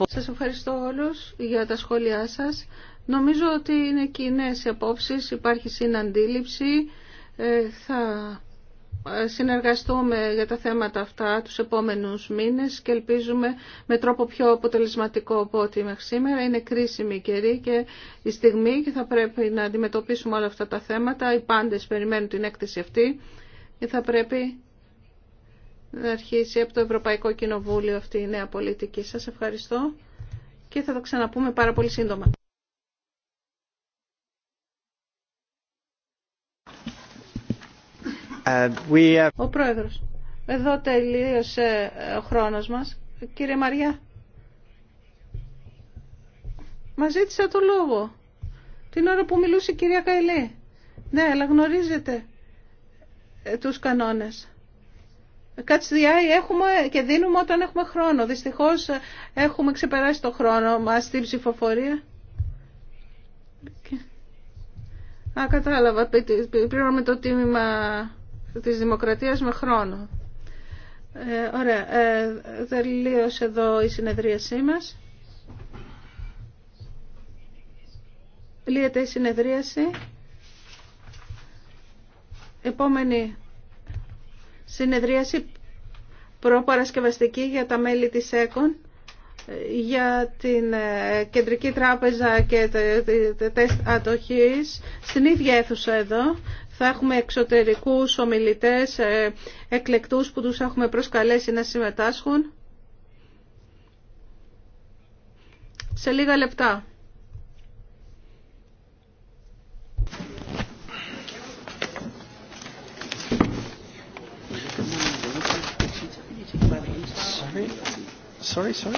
Σας ευχαριστώ όλους για τα σχόλιά σας. Νομίζω ότι είναι κοινέ οι απόψεις, υπάρχει συναντήληψη. Ε, θα ε, συνεργαστούμε για τα θέματα αυτά τους επόμενους μήνες και ελπίζουμε με τρόπο πιο αποτελεσματικό από ό,τι μέχρι σήμερα. Είναι κρίσιμη η καιρή και η στιγμή και θα πρέπει να αντιμετωπίσουμε όλα αυτά τα θέματα. Οι πάντες περιμένουν την έκθεση αυτή και θα πρέπει να αρχίσει από το Ευρωπαϊκό Κοινοβούλιο αυτή η νέα πολιτική. Σας ευχαριστώ και θα το ξαναπούμε πάρα πολύ σύντομα. Ε, ο Πρόεδρος, εδώ τελείωσε ο χρόνος μας. Κύριε Μαριά, μας ζήτησα το λόγο την ώρα που μιλούσε η κυρία Καηλή. Ναι, αλλά γνωρίζετε ε, τους κανόνες. Κάτσε έχουμε και δίνουμε όταν έχουμε χρόνο. Δυστυχώς ε, έχουμε ξεπεράσει το χρόνο μας στην ψηφοφορία. Α, κατάλαβα. Πληρώνουμε το τίμημα της δημοκρατίας με χρόνο. Ε, ωραία. Ε, εδώ η συνεδρίασή μας. Λύεται η συνεδρίαση. Επόμενη συνεδρίαση προπαρασκευαστική για τα μέλη της ΕΚΟΝ για την ε, Κεντρική Τράπεζα και τα τεστ ατοχής στην ίδια αίθουσα εδώ. Θα έχουμε εξωτερικούς ομιλητές, ε, εκλεκτούς που τους έχουμε προσκαλέσει να συμμετάσχουν. Σε λίγα λεπτά. Sorry, sorry.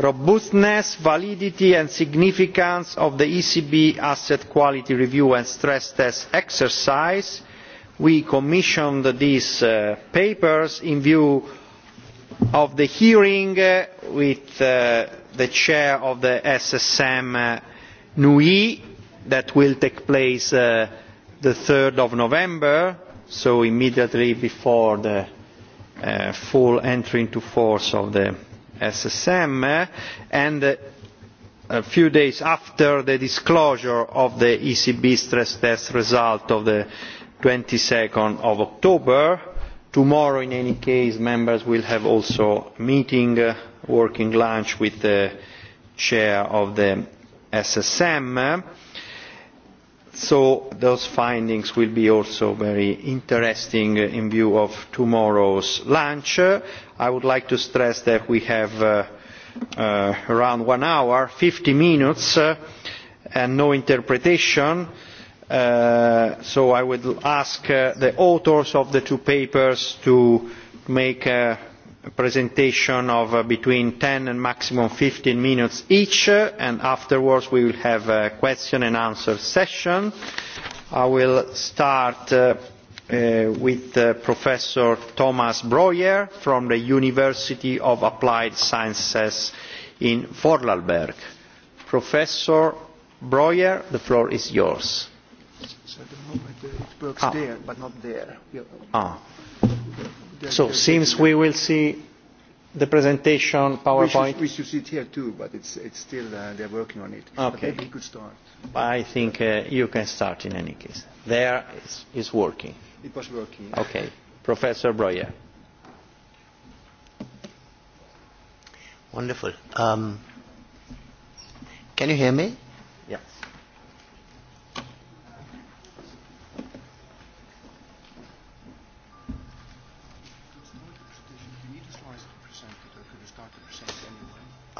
robustness validity and significance of the ecb asset quality review and stress test exercise we commissioned these papers in view of the hearing with the chair of the ssm nui that will take place the 3rd of november so immediately before the full entry into force of the SSM and a few days after the disclosure of the ECB stress test result of the 22nd of October. Tomorrow, in any case, members will have also a meeting, working lunch with the chair of the SSM So those findings will be also very interesting in view of tomorrow's lunch. I would like to stress that we have around one hour, 50 minutes, and no interpretation. So I would ask the authors of the two papers to make a presentation of between 10 and maximum 15 minutes each, and afterwards we will have a question and answer session. I will start with Professor Thomas Breuer from the University of Applied Sciences in Vorarlberg. Professor Breuer, the floor is yours. but not there. So since we will see the presentation PowerPoint. We should see it here too, but it's it's still they're working on it. Okay. Maybe we could start. I think you can start in any case. There is working. It was working. Okay. Professor Breuer. Wonderful. Can you hear me?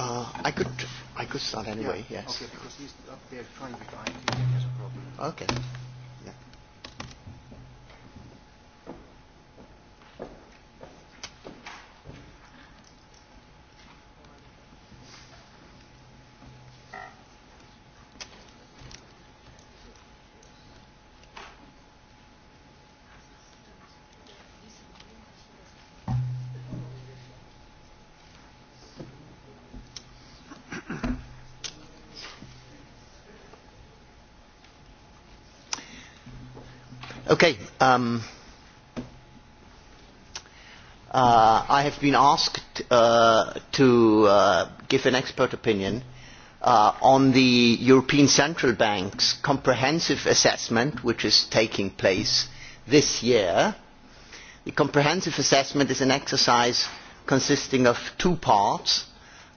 Uh, I could, I could start anyway. Yes. Okay, because he's up there trying to find. He has a problem. Okay. Okay. I have been asked to give an expert opinion on the European Central Bank's comprehensive assessment which is taking place this year. The comprehensive assessment is an exercise consisting of two parts.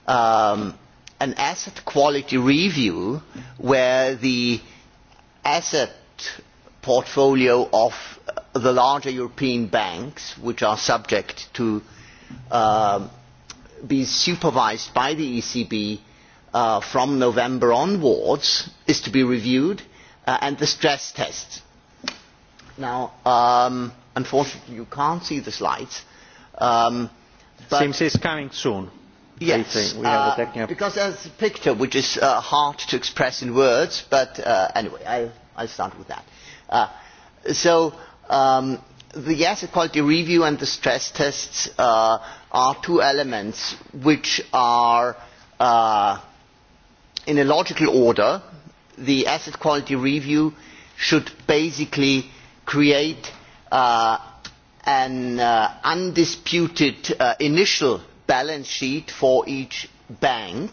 An asset quality review where the asset portfolio of the larger European banks, which are subject to be supervised by the ECB from November onwards, is to be reviewed, and the stress tests. Now, unfortunately, you can't see the slides. Seems it's coming soon. Yes, because there's a picture which is hard to express in words, but anyway, I'll start with that. So the asset quality review and the stress tests are two elements which are in a logical order. The asset quality review should basically create an undisputed initial balance sheet for each bank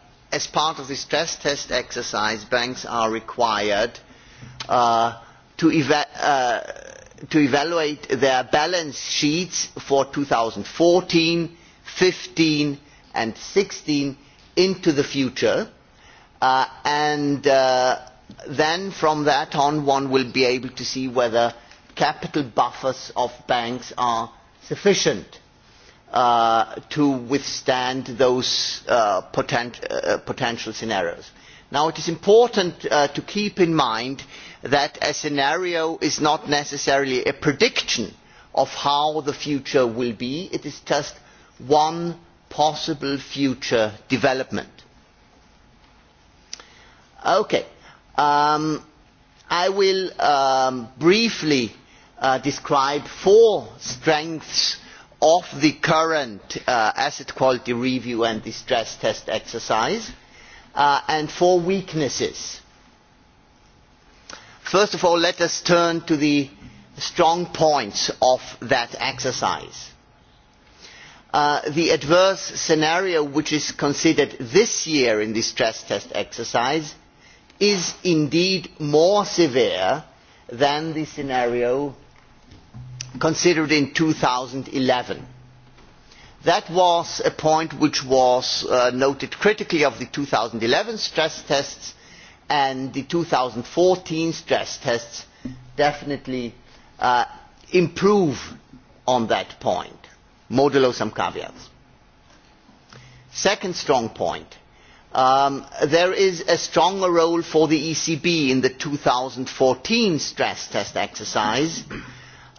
as part of the stress test exercise, banks are required to evaluate their balance sheets for 2014, 15 and 16 into the future, and then from that on one will be able to see whether capital buffers of banks are sufficient to withstand those potential scenarios. Now it is important to keep in mind that a scenario is not necessarily a prediction of how the future will be, it is just one possible future development. Okay. I will briefly describe four strengths of the current asset quality review and the stress test exercise and four weaknesses. First of all, let us turn to the strong points of that exercise. The adverse scenario which is considered this year in the stress test exercise is indeed more severe than the scenario considered in 2011. That was a point which was noted critically of the 2011 stress tests and the 2014 stress tests definitely improve on that point, modulo some caveats. Second strong point, there is a stronger role for the ECB in the 2014 stress test exercise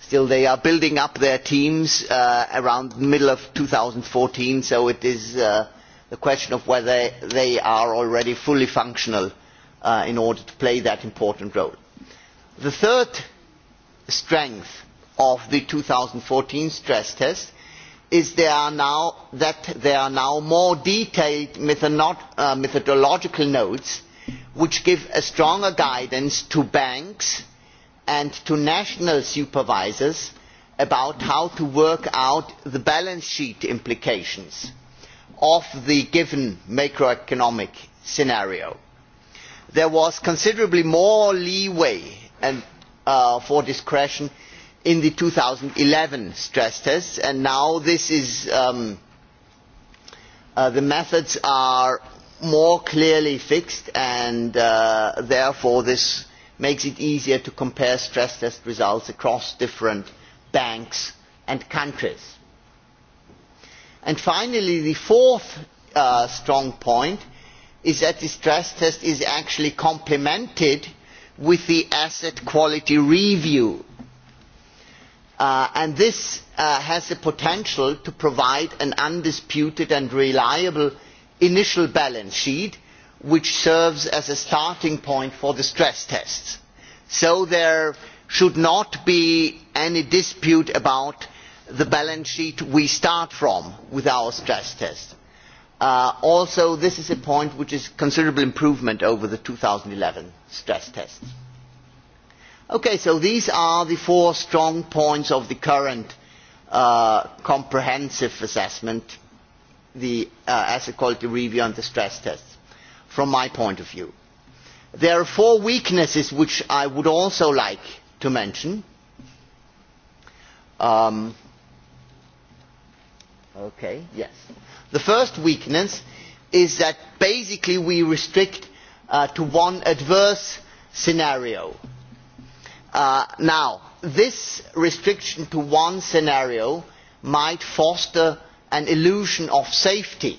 still they are building up their teams around the middle of 2014 so it is the question of whether they are already fully functional in order to play that important role. The third strength of the 2014 stress test is that there are now more detailed methodological notes which give a stronger guidance to banks and to national supervisors about how to work out the balance sheet implications of the given macroeconomic scenario. There was considerably more leeway for discretion in the 2011 stress tests and now the methods are more clearly fixed and therefore this makes it easier to compare stress test results across different banks and countries. And finally, the fourth strong point is that the stress test is actually complemented with the asset quality review. And this has the potential to provide an undisputed and reliable initial balance sheet which serves as a starting point for the stress tests. So there should not be any dispute about the balance sheet we start from with our stress test. Also, this is a point which is considerable improvement over the 2011 stress tests. Okay, so these are the four strong points of the current comprehensive assessment, the asset quality review and the stress test from my point of view. There are four weaknesses which I would also like to mention. Okay, yes. The first weakness is that basically we restrict to one adverse scenario. Now, this restriction to one scenario might foster an illusion of safety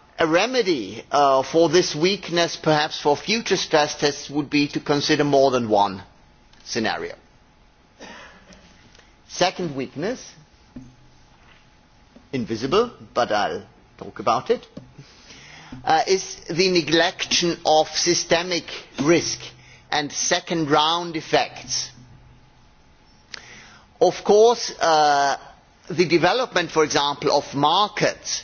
a remedy for this weakness perhaps for future stress tests would be to consider more than one scenario. second weakness invisible but i talk about it is the neglection of systemic risk and second round effects. of course the development for example of markets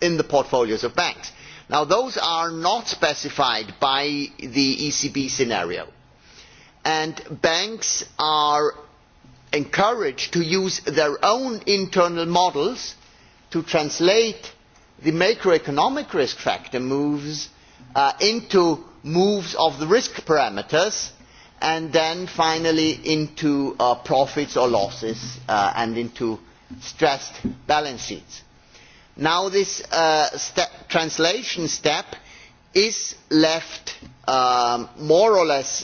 in the portfolios of banks. Now, those are not specified by the ECB scenario. And banks are encouraged to use their own internal models to translate the macroeconomic risk factor moves into moves of the risk parameters and then finally into profits or losses and into stressed balance sheets now this translation step is left more or less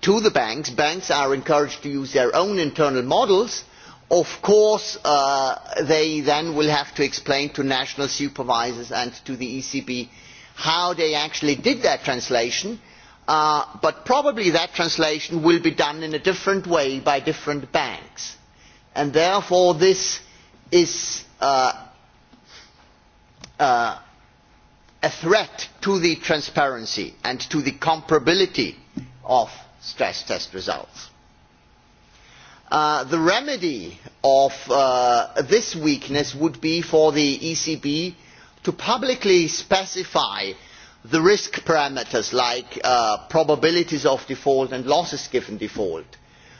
to the banks. banks are encouraged to use their own internal models. of course they then will have to explain to national supervisors and to the ecb how they actually did that translation but probably that translation will be done in a different way by different banks and therefore this is a threat to the transparency and to the comparability of stress test results. The remedy of this weakness would be for the ECB to publicly specify the risk parameters like probabilities of default and losses given default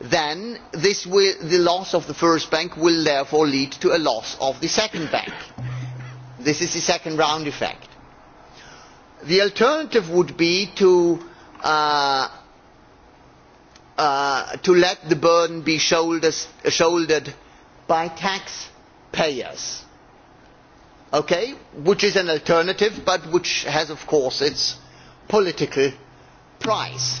then the loss of the first bank will therefore lead to a loss of the second bank. This is the second round effect. The alternative would be to let the burden be shouldered by taxpayers, which is an alternative but which has of course its political price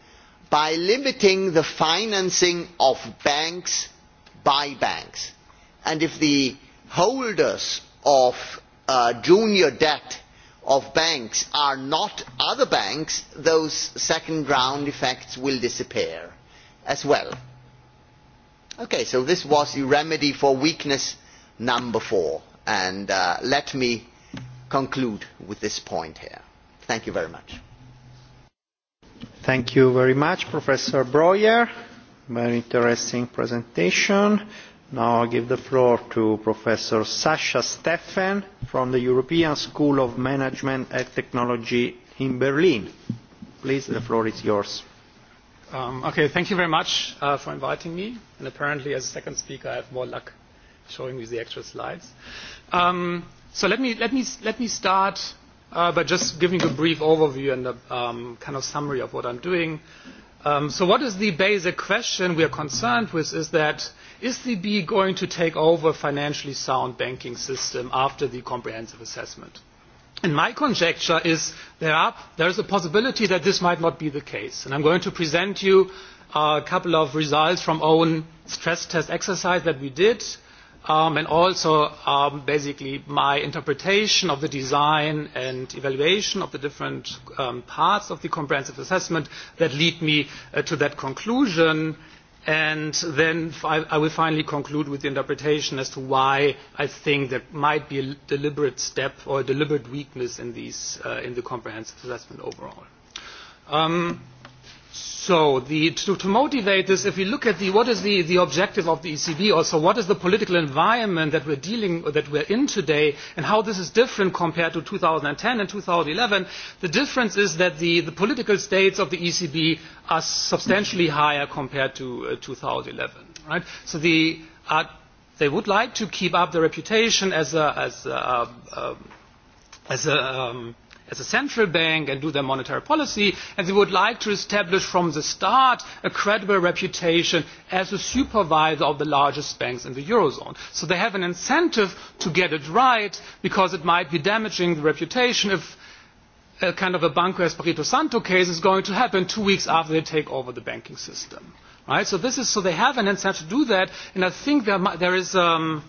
by limiting the financing of banks by banks. And if the holders of junior debt of banks are not other banks, those second round effects will disappear as well. Okay, so this was the remedy for weakness number four. And let me conclude with this point here. Thank you very much. Thank you very much, Professor Breuer. Very interesting presentation. Now I give the floor to Professor Sasha Steffen from the European School of Management and Technology in Berlin. Please, the floor is yours. Okay, thank you very much for inviting me. And apparently, as a second speaker, I have more luck showing you the actual slides. So let me let me let me start but just giving you a brief overview and a kind of summary of what I'm doing. So what is the basic question we are concerned with is that is the B going to take over a financially sound banking system after the comprehensive assessment? And my conjecture is there is a possibility that this might not be the case. And I'm going to present you a couple of results from own stress test exercise that we did and also basically my interpretation of the design and evaluation of the different parts of the comprehensive assessment that lead me to that conclusion. And then I will finally conclude with the interpretation as to why I think there might be a deliberate step or a deliberate weakness in the comprehensive assessment overall. So to motivate this, if you look at the what is the objective of the ECB, also what is the political environment that we're dealing, that we're in today, and how this is different compared to 2010 and 2011, the difference is that the political states of the ECB are substantially higher compared to 2011. Right? So they would like to keep up their reputation as as as a as a central bank and do their monetary policy, and they would like to establish from the start a credible reputation as a supervisor of the largest banks in the Eurozone. So they have an incentive to get it right because it might be damaging the reputation if a kind of a Banco Espirito Santo case is going to happen two weeks after they take over the banking system. Right? So, this is, so they have an incentive to do that, and I think there, is... and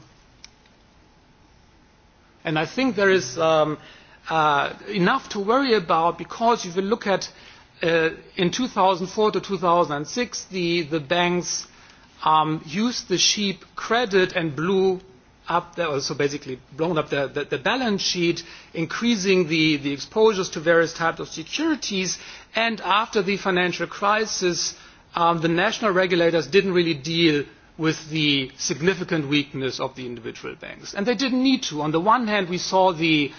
I think there is enough to worry about because if you look at in 2004 to 2006 the the banks used the sheep credit and blew up so basically blown up the balance sheet increasing the the exposures to various types of securities and after the financial crisis the national regulators didn't really deal with the significant weakness of the individual banks and they didn't need to on the one hand we saw the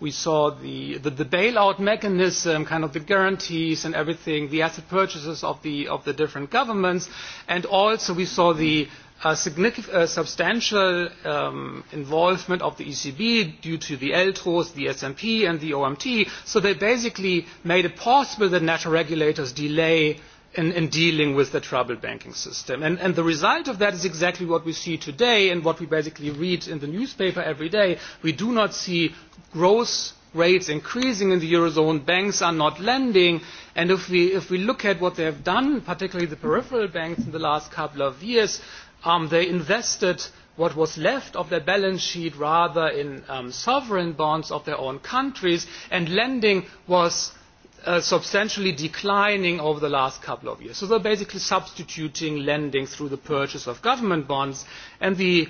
we saw the the bailout mechanism, kind of the guarantees and everything, the asset purchases of the of the different governments, and also we saw the substantial involvement of the ECB due to the ELTROs, the SMP and the OMT. So they basically made it possible that national regulators delay in dealing with the troubled banking system. And the result of that is exactly what we see today and what we basically read in the newspaper every day. We do not see growth rates increasing in the Eurozone. Banks are not lending. And if we if we look at what they have done, particularly the peripheral banks in the last couple of years, they invested what was left of their balance sheet rather in sovereign bonds of their own countries, and lending was substantially declining over the last couple of years. So they're basically substituting lending through the purchase of government bonds. And the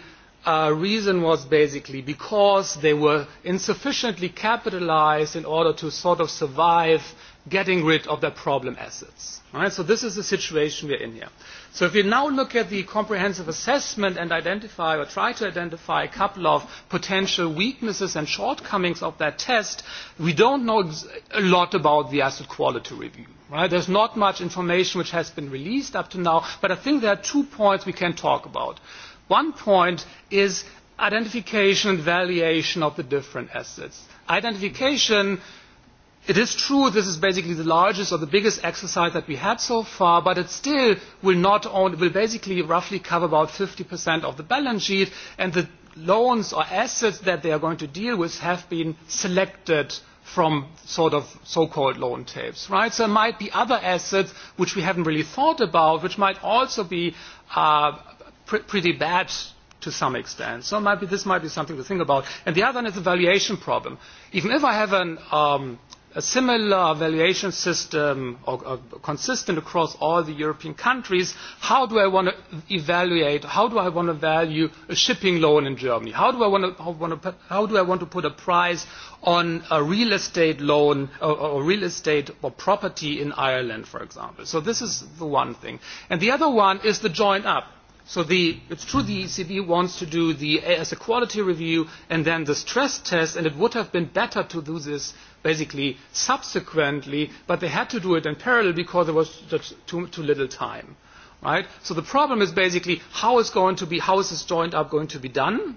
reason was basically because they were insufficiently capitalized in order to sort of survive getting rid of their problem assets. So this is the situation we are in here. So if we now look at the comprehensive assessment and identify or try to identify a couple of potential weaknesses and shortcomings of that test, we don't know a lot about the asset quality review. There's not much information which has been released up to now, but I think there are two points we can talk about. One point is identification and valuation of the different assets. Identification It is true this is basically the largest or the biggest exercise that we had so far, but it still will not will basically roughly cover about 50% of the balance sheet, and the loans or assets that they are going to deal with have been selected from sort of so-called loan tapes, right? So there might be other assets which we haven't really thought about, which might also be pretty bad to some extent. So this might be something to think about. And the other one is the valuation problem. Even if I have an a similar valuation system consistent across all the European countries, how do I want to evaluate, how do I want to value a shipping loan in Germany? How do I want to put a price on a real estate loan or real estate or property in Ireland, for example? So this is the one thing. And the other one is the join up So it's true the ECB wants to do the a quality review and then the stress test, and it would have been better to do this basically subsequently, but they had to do it in parallel because there was too little time. So the problem is basically how is going to be how is this joined up going to be done?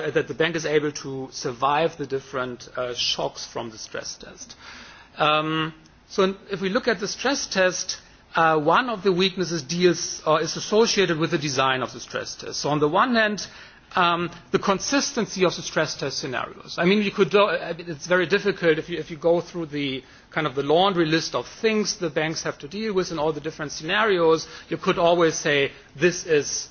that the bank is able to survive the different shocks from the stress test. So if we look at the stress test, one of the weaknesses deals is associated with the design of the stress test. So on the one hand, the consistency of the stress test scenarios. I mean, you could, it's very difficult if you, if you go through the kind of the laundry list of things the banks have to deal with in all the different scenarios, you could always say this is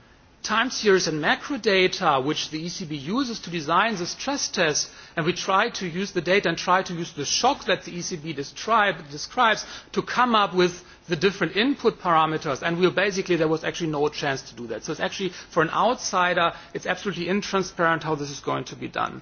time series and macro data which the ECB uses to design the stress test, and we try to use the data and try to use the shock that the ECB describes to come up with the different input parameters, and basically there was actually no chance to do that. So it's actually, for an outsider, it's absolutely intransparent how this is going to be done.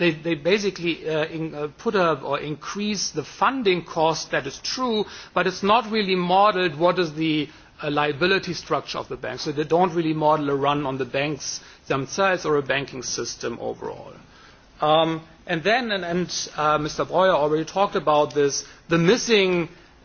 they basically put up or increase the funding cost that is true but it's not really modeled what is the liability structure of the bank so they don't really model a run on the banks themselves or a banking system overall and then and mr breuer already talked about this the missing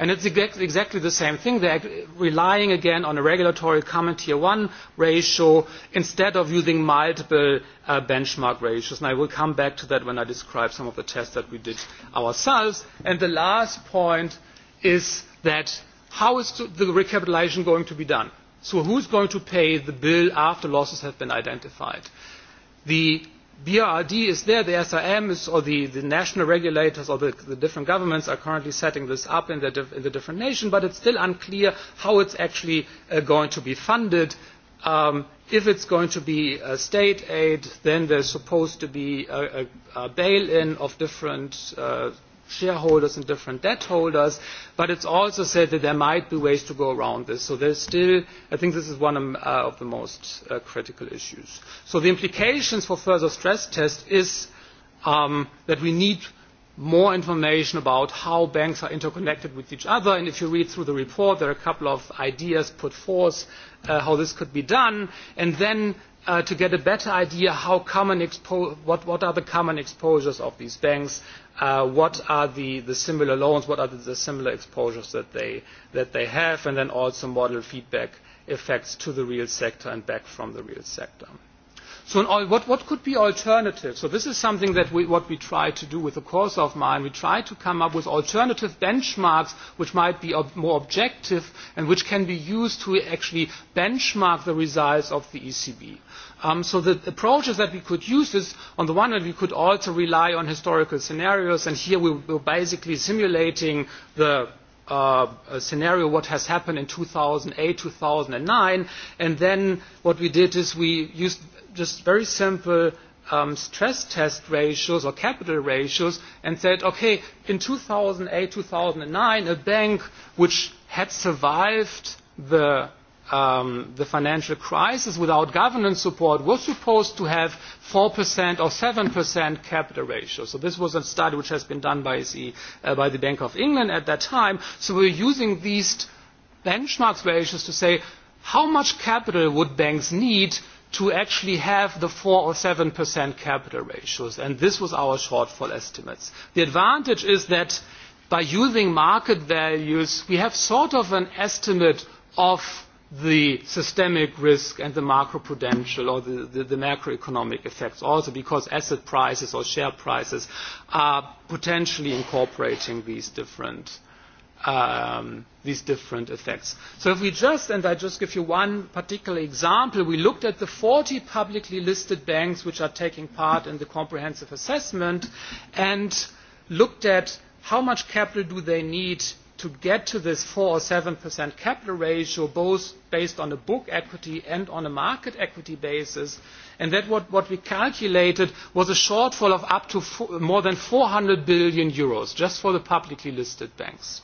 And is exactly the same thing. they are relying again on a regulatory common tier one ratio instead of using multiple benchmark ratios. And I will come back to that when I describe some of the tests that we did ourselves. the last point is that how is the recapitalisation going to be done? So is going to pay the bill after losses have been identified? The BRRD is there, the SIM is, or the, national regulators or the, the different governments are currently setting this up in the, in the different nations, but it's still unclear how it's actually going to be funded. if it's going to be state aid, then there's supposed to be a, bail-in of different shareholders and different debt holders, but it's also said that there might be ways to go around this. So there's still, I think this is one of the most critical issues. So the implications for further stress tests is that we need more information about how banks are interconnected with each other. And if you read through the report, there are a couple of ideas put forth how this could be done. And then to get a better idea how common what are the common exposures of these banks, what are the similar loans, what are the similar exposures that they have, and then also model feedback effects to the real sector and back from the real sector. So what could be alternatives? So this is something that what we try to do with the course of mine. We try to come up with alternative benchmarks which might be more objective and which can be used to actually benchmark the results of the ECB. So the approaches that we could use is, on the one hand, we could also rely on historical scenarios, and here we were basically simulating the scenario what has happened in 2008, 2009, and then what we did is we used just very simple stress test ratios or capital ratios and said, okay, in 2008, 2009, a bank which had survived the the financial crisis without governance support was supposed to have 4% or 7% capital ratio. So this was a study which has been done by the Bank of England at that time. So we're using these benchmark ratios to say how much capital would banks need to actually have the 4 or 7% capital ratios. And this was our shortfall estimates. The advantage is that by using market values, we have sort of an estimate of the systemic risk and the macroprudential or the macroeconomic effects also because asset prices or share prices are potentially incorporating these different these different effects. So if we just, and I just give you one particular example, we looked at the 40 publicly listed banks which are taking part in the comprehensive assessment and looked at how much capital do they need to get to this 4 or 7% capital ratio, both based on a book equity and on a market equity basis. And that what we calculated was a shortfall of up to more than 400 billion euros just for the publicly listed banks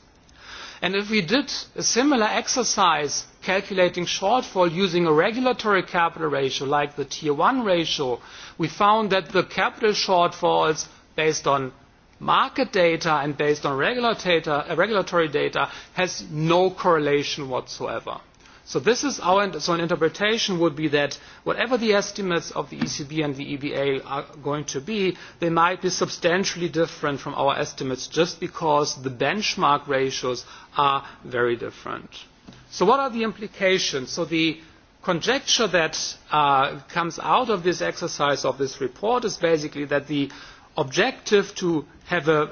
if we did a similar exercise calculating shortfall using a regulatory capital ratio like the Tier 1 ratio, we found that the capital shortfalls based on market data and based on regulatory data has no correlation whatsoever. So this is our an interpretation would be that whatever the estimates of the ECB and the EBA are going to be, they might be substantially different from our estimates just because the benchmark ratios are very different. So what are the implications? So the conjecture that comes out of this exercise of this report is basically that the objective to have a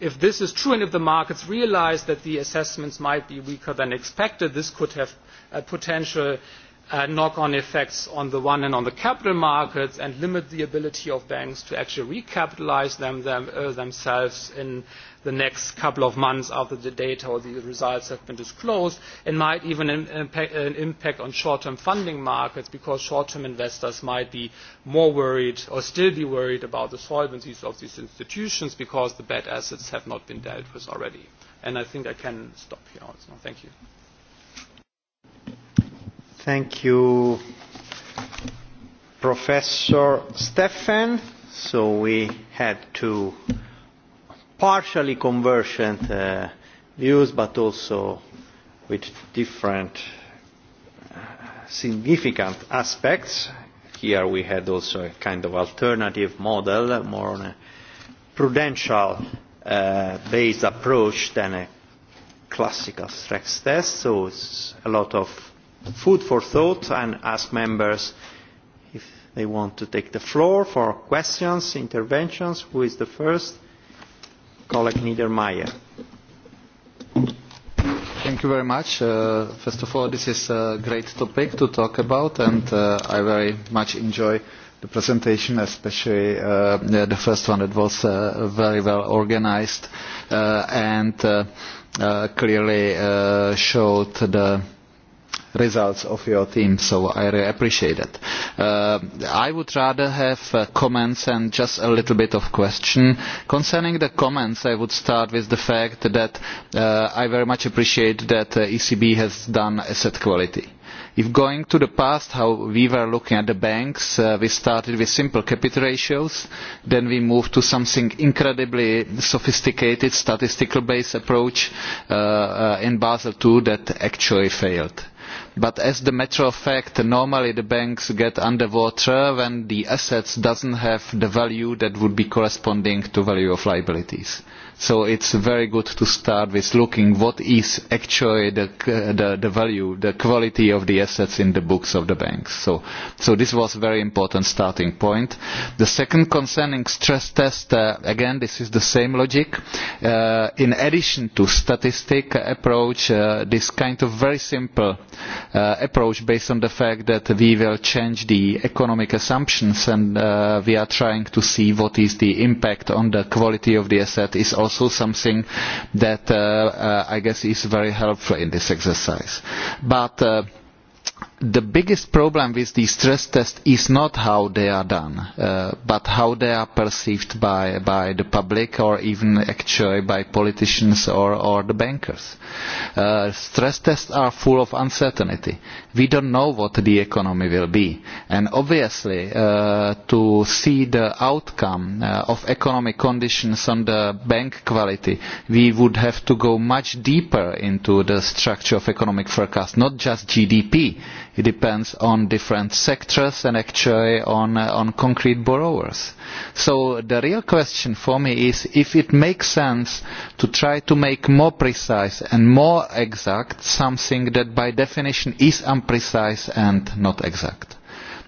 If this is true and if the markets realise that the assessments might be weaker than expected, this could have potential knock on effects on the one hand on the capital markets and limit the ability of banks to actually recapitalise themselves in the next couple of months after the data or the results have been disclosed and might even impact on short term funding markets because short term investors might be more worried or still be worried about the solvencies of these institutions because the bad assets have not been dealt with already. And I think I can stop here also. Thank you. Thank you, Professor Stefan. So we had to partially convergent views but also with different significant aspects. Here we had also a kind of alternative model, more on a prudential based approach than a classical stress test, so it's a lot of food for thought and ask members if they want to take the floor for questions, interventions. Who is the first? colleague Niedermayer. Thank you very much. First of all, this is a great topic to talk about, and I very much enjoy the presentation, especially the first one that was very well organized and clearly showed the results of your team, so I really appreciate it. I would rather have comments and just a little bit of question. Concerning the comments, I would start with the fact that I very much appreciate that the ECB has done asset quality. If going to the past, how we were looking at the banks, we started with simple capital ratios, then we moved to something incredibly sophisticated statistical-based approach in Basel II that actually failed but as a matter of fact normally the banks get underwater when the assets do not have the value that would be corresponding to value of liabilities. So it's very good to start with looking what is actually the value, the quality of the assets in the books of the banks. So this was a very important starting point. The second concerning stress test, again this is the same logic. In addition to statistic approach, this kind of very simple approach based on the fact that we will change the economic assumptions and we are trying to see what is the impact on the quality of the asset is also something that I guess is very helpful in this exercise. But The biggest problem with these stress tests is not how they are done, but how they are perceived by by the public or even actually by politicians or or the bankers. Stress tests are full of uncertainty. We don't know what the economy will be, and obviously to see the outcome of economic conditions on the bank quality, we would have to go much deeper into the structure of economic forecast, not just GDP It depends on different sectors and actually on concrete borrowers. So the real question for me is if it makes sense to try to make more precise and more exact something that by definition is imprecise and not exact.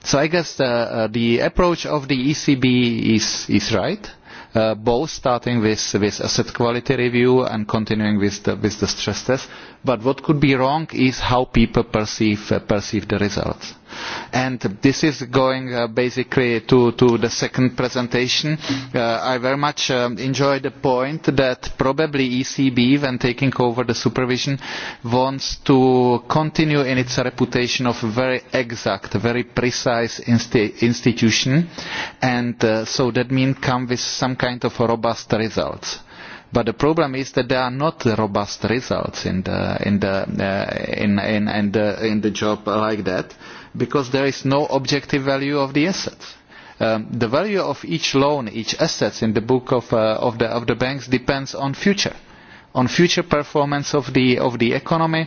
So I guess the approach of the ECB is right both starting with asset quality review and continuing with the stress test. But what could be wrong is how people perceive the results. And this is going basically to the second presentation. I very much enjoy the point that probably ECB, when taking over the supervision, wants to continue in its reputation of a very exact, very precise institution, and so that means come with some kind of robust results. But the problem is that there are not robust results in the in the job like that because there is no objective value of the assets. The value of each loan, each asset in the book of the banks depends on future, on future performance of the economy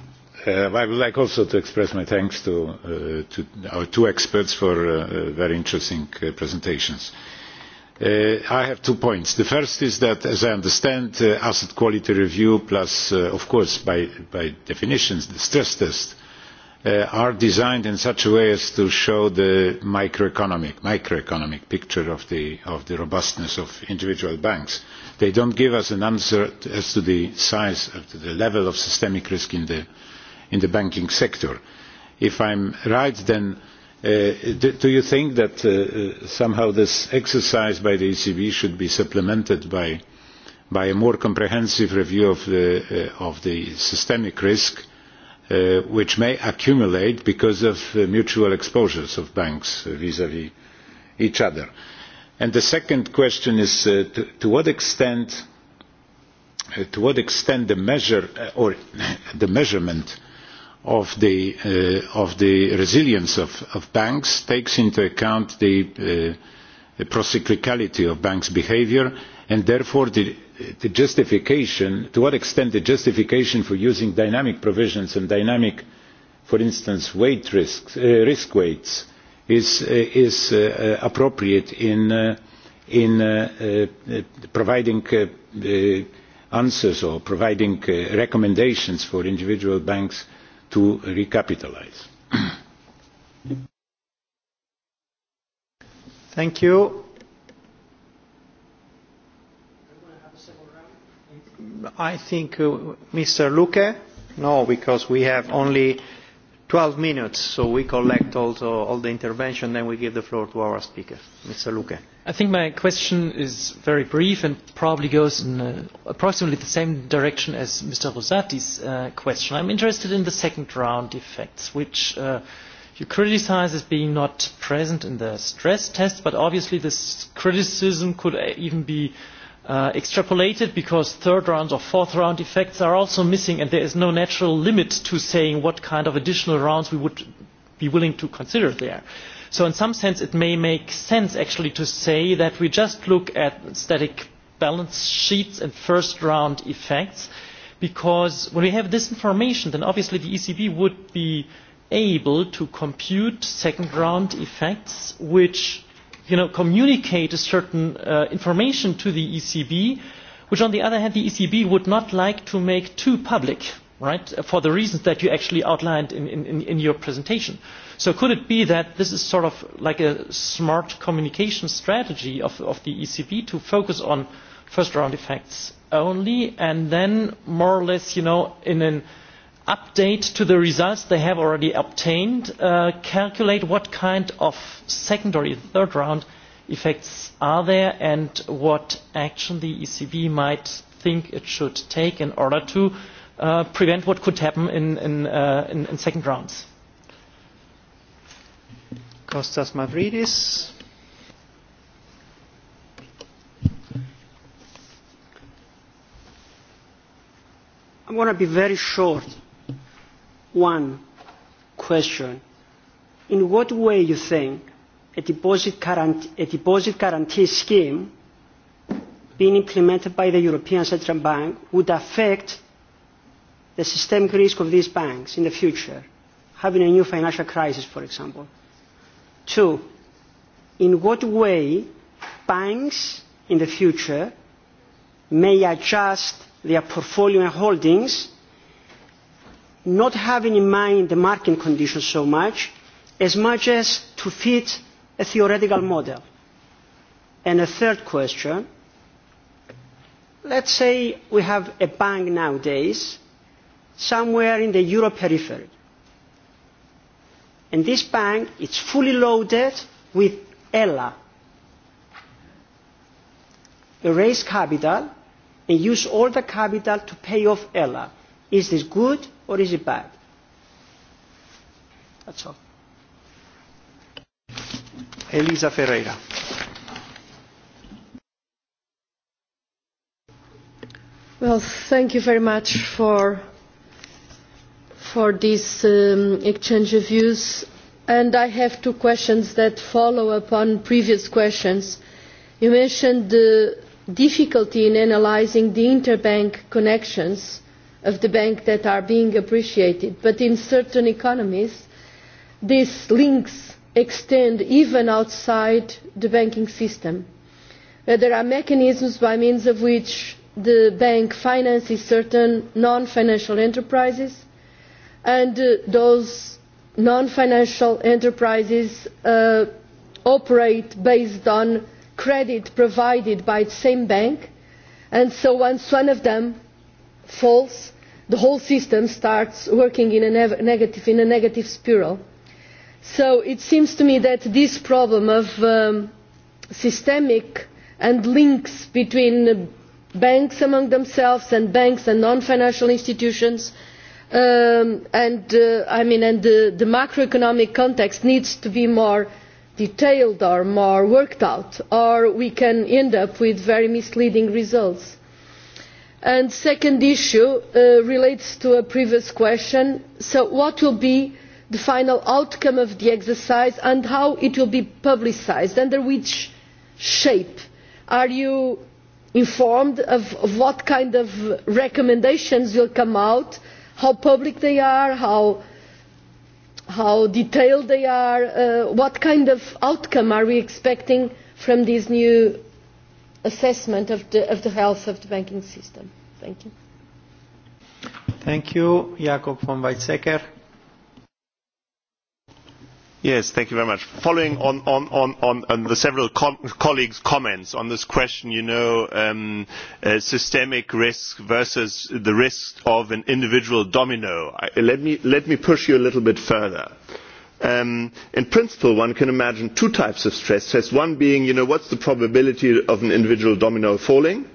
I would like also to express my thanks to our two experts for very interesting presentations. I have two points. The first is that, as I understand, asset quality review plus, of course, by definition, the stress test are designed in such a way as to show the microeconomic picture of the robustness of individual banks. They do not give us an answer as to the size, the level of systemic risk in the in the banking sector. If I'm right, then do you think that somehow this exercise by the ECB should be supplemented by a more comprehensive review of the systemic risk which may accumulate because of mutual exposures of banks vis-à-vis each other? And the second question is to what extent the measure or the measurement of the resilience of banks takes into account the procyclicality of banks' behaviour and therefore the justification to what extent the justification for using dynamic provisions and dynamic for instance weight risks risk weights is appropriate in providing answers or providing recommendations for individual banks to recapitalize. Thank you. I think Mr. Luque? No, because we have only 12 minutes, so we collect all the intervention, then we give the floor to our speaker, Mr. Luque. I think my question is very brief and probably goes in approximately the same direction as Mr. Rosati's question. I'm interested in the second round effects, which you criticize as being not present in the stress tests, but obviously this criticism could even be extrapolated because third round or fourth round effects are also missing and there is no natural limit to saying what kind of additional rounds we would be willing to consider there. So in some sense it may make sense actually to say that we just look at static balance sheets and first round effects because when we have this information then obviously the ECB would be able to compute second round effects which you know, communicate a certain information to the ECB, which on the other hand the ECB would not like to make too public, right, for the reasons that you actually outlined in your presentation. So could it be that this is sort of like a smart communication strategy of the ECB to focus on first round effects only and then more or less, you know, in an update to the results they have already obtained, calculate what kind of secondary, third round effects are there and what action the ECB might think it should take in order to prevent what could happen in second rounds. Kostas Mavridis. I'm going to be very short one question. In what way you think a deposit guarantee scheme being implemented by the European Central Bank would affect the systemic risk of these banks in the future, having a new financial crisis, for example. Two, in what way banks in the future may adjust their portfolio and holdings not having in mind the market conditions so much as much as to fit a theoretical model. And a third question let's say we have a bank nowadays somewhere in the euro periphery and this bank is fully loaded with ELA. you raise capital and use all the capital to pay off ELA. is this good or is it bad? That's all. Elisa Ferreira. Well, thank you very much for for this exchange of views. And I have two questions that follow upon previous questions. You mentioned the difficulty in analyzing the interbank connections of the bank that are being appreciated. But in certain economies, these links extend even outside the banking system. There are mechanisms by means of which the bank finances certain non-financial enterprises and those non-financial enterprises operate based on credit provided by the same bank and so once one of them falls the whole system starts working in a negative spiral. So it seems to me that this problem of systemic and links between banks among themselves and banks and non financial institutions and I mean and the macroeconomic context needs to be more detailed or more worked out or we can end up with very misleading results. The second issue relates to a previous question. So what will be the final outcome of the exercise and how it will be publicised? Under which shape? Are you informed of what kind of recommendations will come out? How public they are? How detailed they are? What kind of outcome are we expecting from this new assessment of the, health of the banking system. Thank you. Thank you. Jakob von Weizsäcker. Yes, thank you very much. Following on on the several colleagues' comments on this question, you know, systemic risk versus the risk of an individual domino. Let me push you a little bit further in principle one can imagine two types of stress tests one being you know what's the probability of an individual domino falling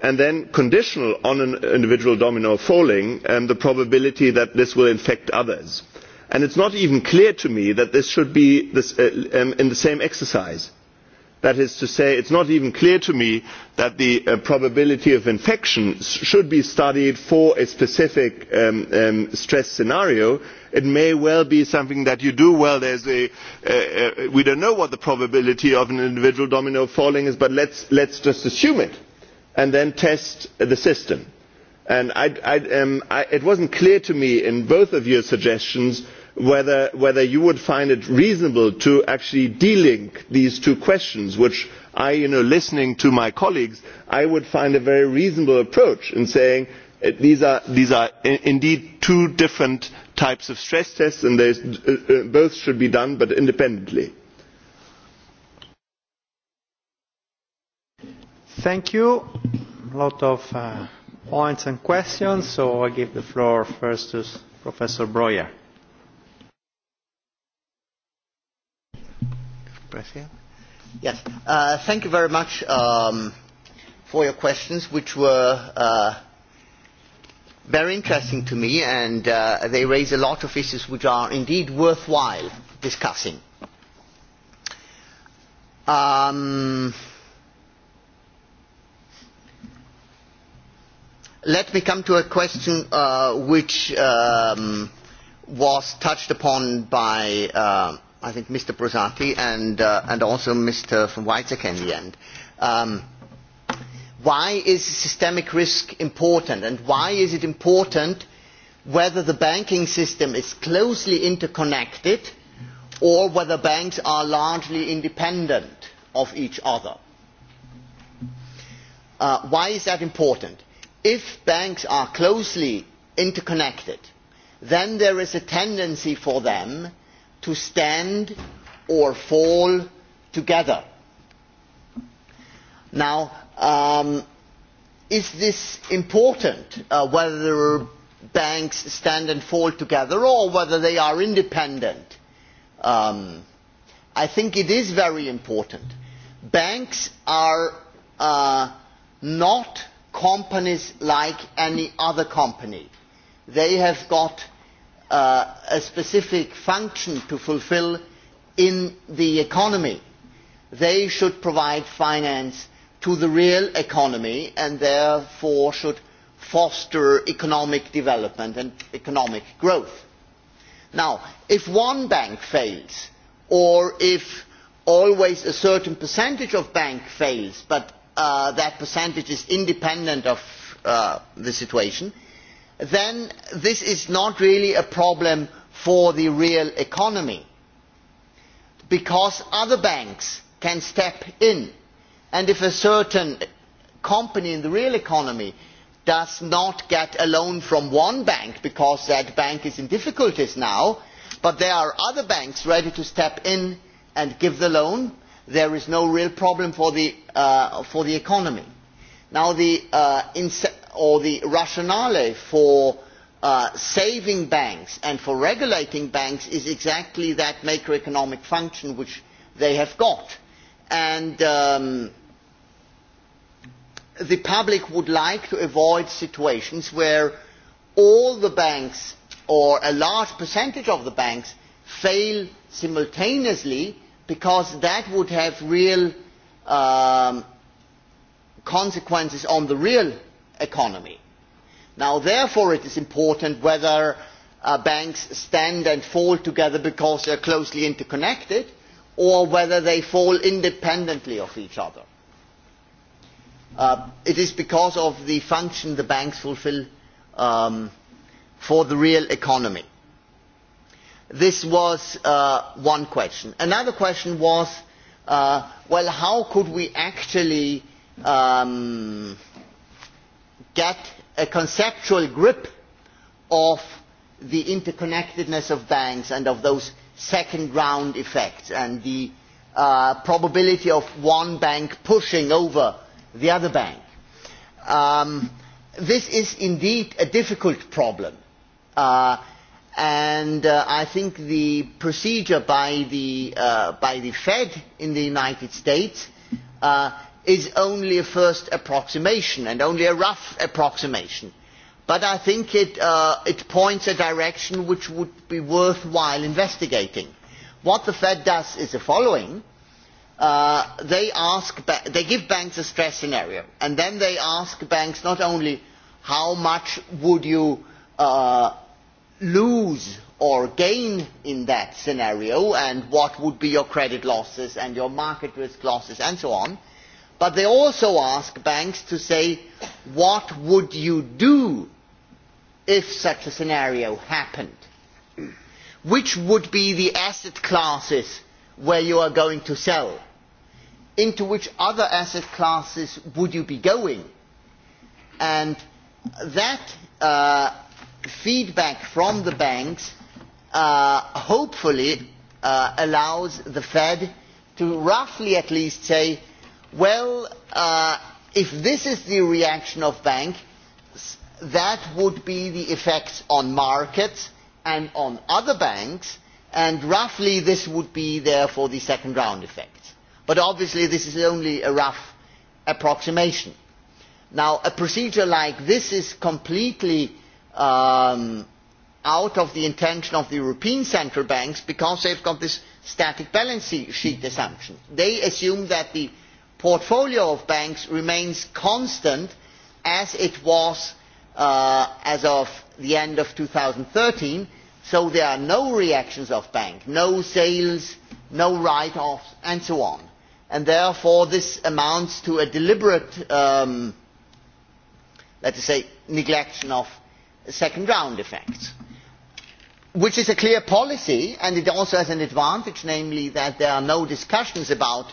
and then conditional on an individual domino falling the probability that this will infect others and it's not even clear to me that this should be in the same exercise that is to say it's not even clear to me that the probability of infection should be studied for a specific stress scenario it may well be something that you do well a we don't know what the probability of an individual domino falling is but let's let's just assume it and then test the system and it wasn't clear to me in both of your suggestions whether you would find it reasonable to actually delink these two questions which i listening to my colleagues i would find a very reasonable approach in saying these are indeed two different types of stress tests and both should be done but independently. Thank you. A lot of points and questions, so I give the floor first to Professor Breuer. Yes, thank you very much for your questions, which were very interesting to me and they raise a lot of issues which are indeed worthwhile discussing. Let me come to a question which was touched upon by I think Mr. Brosati and also Mr. von Weizsäcker in the end why is systemic risk important and why is it important whether the banking system is closely interconnected or whether banks are largely independent of each other? Why is that important? If banks are closely interconnected, then there is a tendency for them to stand or fall together. Now, Is this important, whether banks stand and fall together or whether they are independent? I think it is very important. Banks are not companies like any other company. They have got a specific function to fulfill in the economy. They should provide finance to the real economy and therefore should foster economic development and economic growth. Now, if one bank fails, or if always a certain percentage of banks fails, but that percentage is independent of the situation, then this is not really a problem for the real economy, because other banks can step in and if a certain company in the real economy does not get a loan from one bank because that bank is in difficulties now but there are other banks ready to step in and give the loan there is no real problem for the economy. now the rationale for saving banks and for regulating banks is exactly that macroeconomic function which they have got and the public would like to avoid situations where all the banks or a large percentage of the banks fail simultaneously because that would have real consequences on the real economy. Now, therefore, it is important whether banks stand and fall together because they are closely interconnected or whether they fall independently of each other. It is because of the function the banks fulfill for the real economy. This was one question. Another question was, well, how could we actually get a conceptual grip of the interconnectedness of banks and of those second round effects and the probability of one bank pushing over the other bank. This is indeed a difficult problem and I think the procedure by the Fed in the United States is only a first approximation and only a rough approximation but I think it points a direction which would be worthwhile investigating. What the Fed does is the following. They give banks a stress scenario, and then they ask banks not only how much would you lose or gain in that scenario and what would be your credit losses and your market risk losses and so on, but they also ask banks to say what would you do if such a scenario happened which would be the asset classes where you are going to sell into which other asset classes would you be going and that feedback from the banks hopefully allows the fed to roughly at least say well if this is the reaction of bank that would be the effects on markets and on other banks and roughly this would be therefore the second round effect. But obviously this is only a rough approximation. Now a procedure like this is completely out of the intention of the European central banks because they've got this static balance sheet assumption. They assume that the portfolio of banks remains constant as it was as of the end of 2013, so there are no reactions of bank, no sales, no write-offs, and so on. And therefore, this amounts to a deliberate, let say, neglection of second-round effects, which is a clear policy, and it also has an advantage, namely that there are no discussions about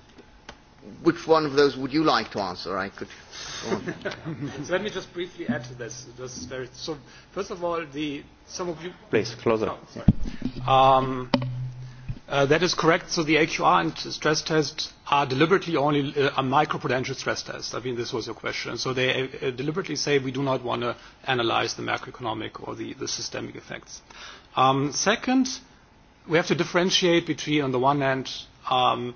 Which one of those would you like to answer? I could. So let me just briefly add to this. is very. So first of all, the some of you. Please closer. Um, that is correct. So the AQR and stress test are deliberately only a microprudential stress test. I mean, this was your question. So they deliberately say we do not want to analyze the macroeconomic or the the systemic effects. Um, second, we have to differentiate between on the one hand. Um,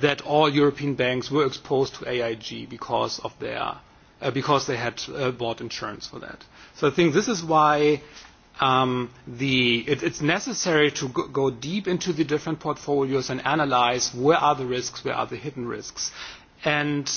that all European banks were exposed to AIG because of their because they had bought insurance for that. So I think this is why the it's necessary to go deep into the different portfolios and analyze where are the risks, where are the hidden risks. And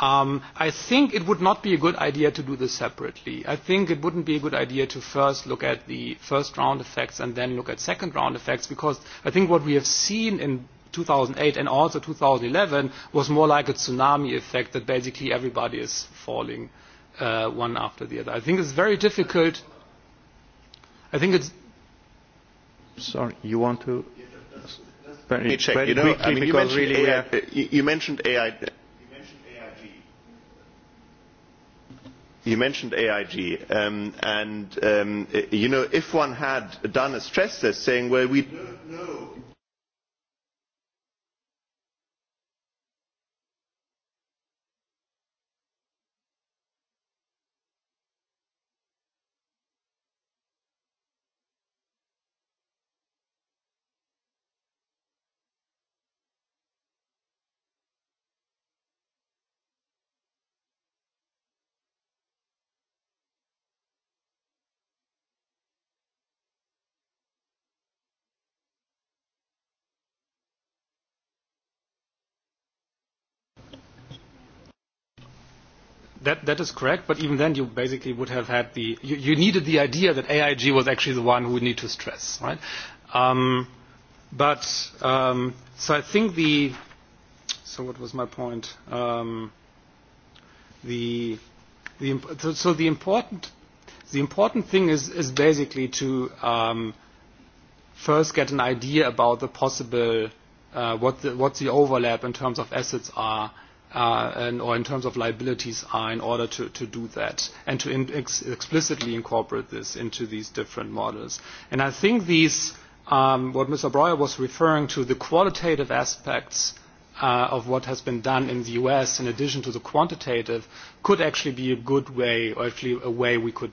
I think it would not be a good idea to do this separately. I think it wouldn't be a good idea to first look at the first round effects and then look at second round effects because I think what we have seen in 2008 and also 2011 was more like a tsunami effect that basically everybody is falling one after the other. I think it's very difficult. I think it's. Sorry, you want to. Very you, you really you mentioned AIG You mentioned AIG, and you know if one had done a stress test saying, well, we That is correct, but even then you basically would have had the you needed the idea that AIG was actually the one who would need to stress, right? But so I think the so what was my point? The so the important the important thing is is basically to first get an idea about the possible what the what the overlap in terms of assets are or in terms of liabilities are in order to do that and to explicitly incorporate this into these different models. And I think these, what Mr. Breuer was referring to, the qualitative aspects of what has been done in the US in addition to the quantitative could actually be a good way or actually a way we could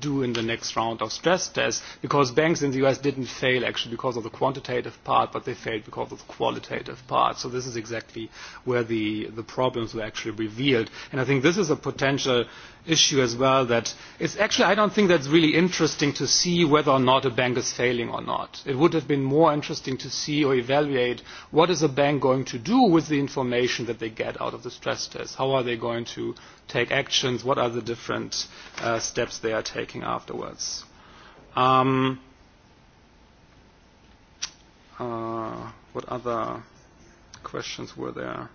do in the next round of stress tests because banks in the US didn't fail actually because of the quantitative part but they failed because of the qualitative part. So this is exactly where the problems were actually revealed. And I think this is a potential issue as well that it's actually I don't think that's really interesting to see whether or not a bank is failing or not. It would have been more interesting to see or evaluate what is a bank going to do with the information that they get out of the stress test. How are they going to take actions, what are the different steps they are taking afterwards. Um, what other questions were there?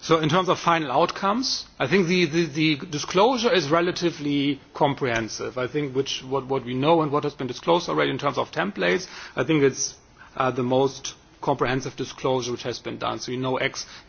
So in terms of final outcomes, I think the, disclosure is relatively comprehensive. I think which, what, what we know and what has been disclosed already in terms of templates, I think it's uh, the most comprehensive disclosure which has been done. So you know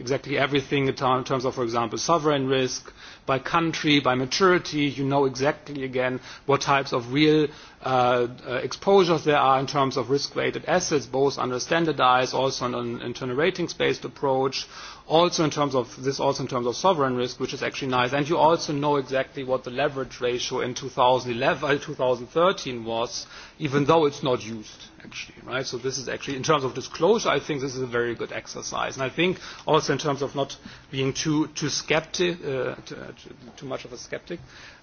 exactly everything in terms of, for example, sovereign risk, by country, by maturity. You know exactly, again, what types of real exposures there are in terms of risk-weighted assets, both under standardized, also on an internal ratings-based approach, also in terms of this, also in terms of sovereign risk, which is actually nice. And you also know exactly what the leverage ratio in 2011, 2013 was, even though it's not used, actually, right? So this is actually, in terms of disclosure, I think this is a very good exercise. And I think also in terms of not being too too skeptic, too much of a skeptic.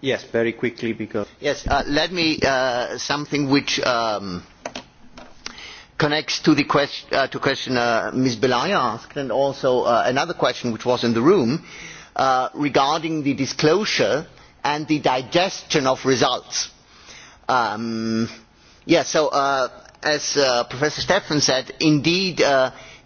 Yes, very quickly because. Yes, let me something which connects to the question Ms. Belaya asked and also another question which was in the room regarding the disclosure and the digestion of results. Yes, so as Professor Stefan said, indeed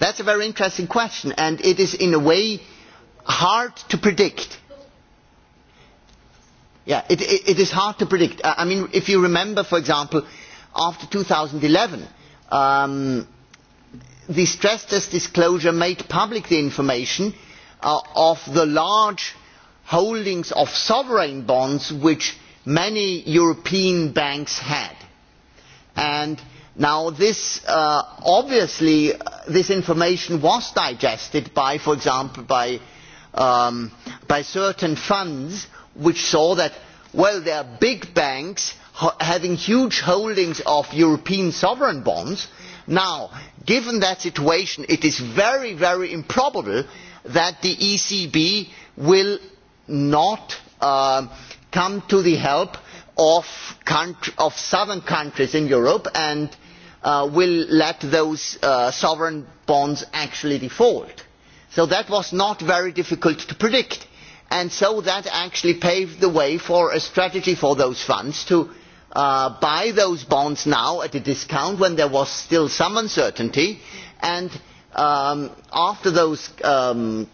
that is a very interesting question and it is in a way hard to predict. it is hard to predict. i mean if you remember for example after 2011 the stress test disclosure made public the information of the large holdings of sovereign bonds which many european banks had and Now, this obviously, this information was digested by, for example, by certain funds which saw that, well, there are big banks having huge holdings of European sovereign bonds. Now, given that situation, it is very, very improbable that the ECB will not come to the help of southern countries in Europe and will let those sovereign bonds actually default. So that was not very difficult to predict. And so that actually paved the way for a strategy for those funds to buy those bonds now at a discount when there was still some uncertainty. And after the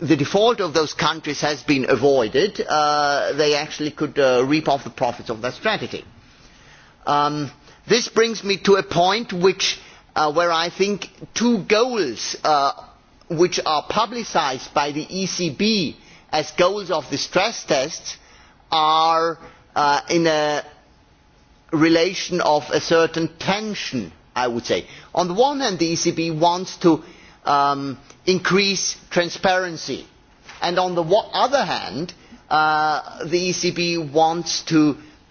default of those countries has been avoided, they actually could reap off the profits of that strategy this brings me to a point where i think two goals which are publicised by the ecb as goals of the stress tests are in a relation of a certain tension i would say. on the one hand the ecb wants to increase transparency and on the other hand the ecb wants to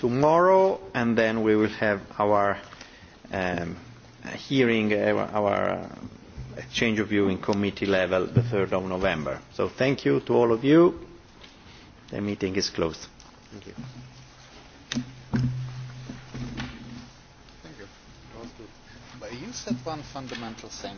tomorrow and then we will have our hearing, our exchange of view in committee level the 3rd of November. So thank you to all of you. The meeting is closed. Thank you. Thank you. said one fundamental thing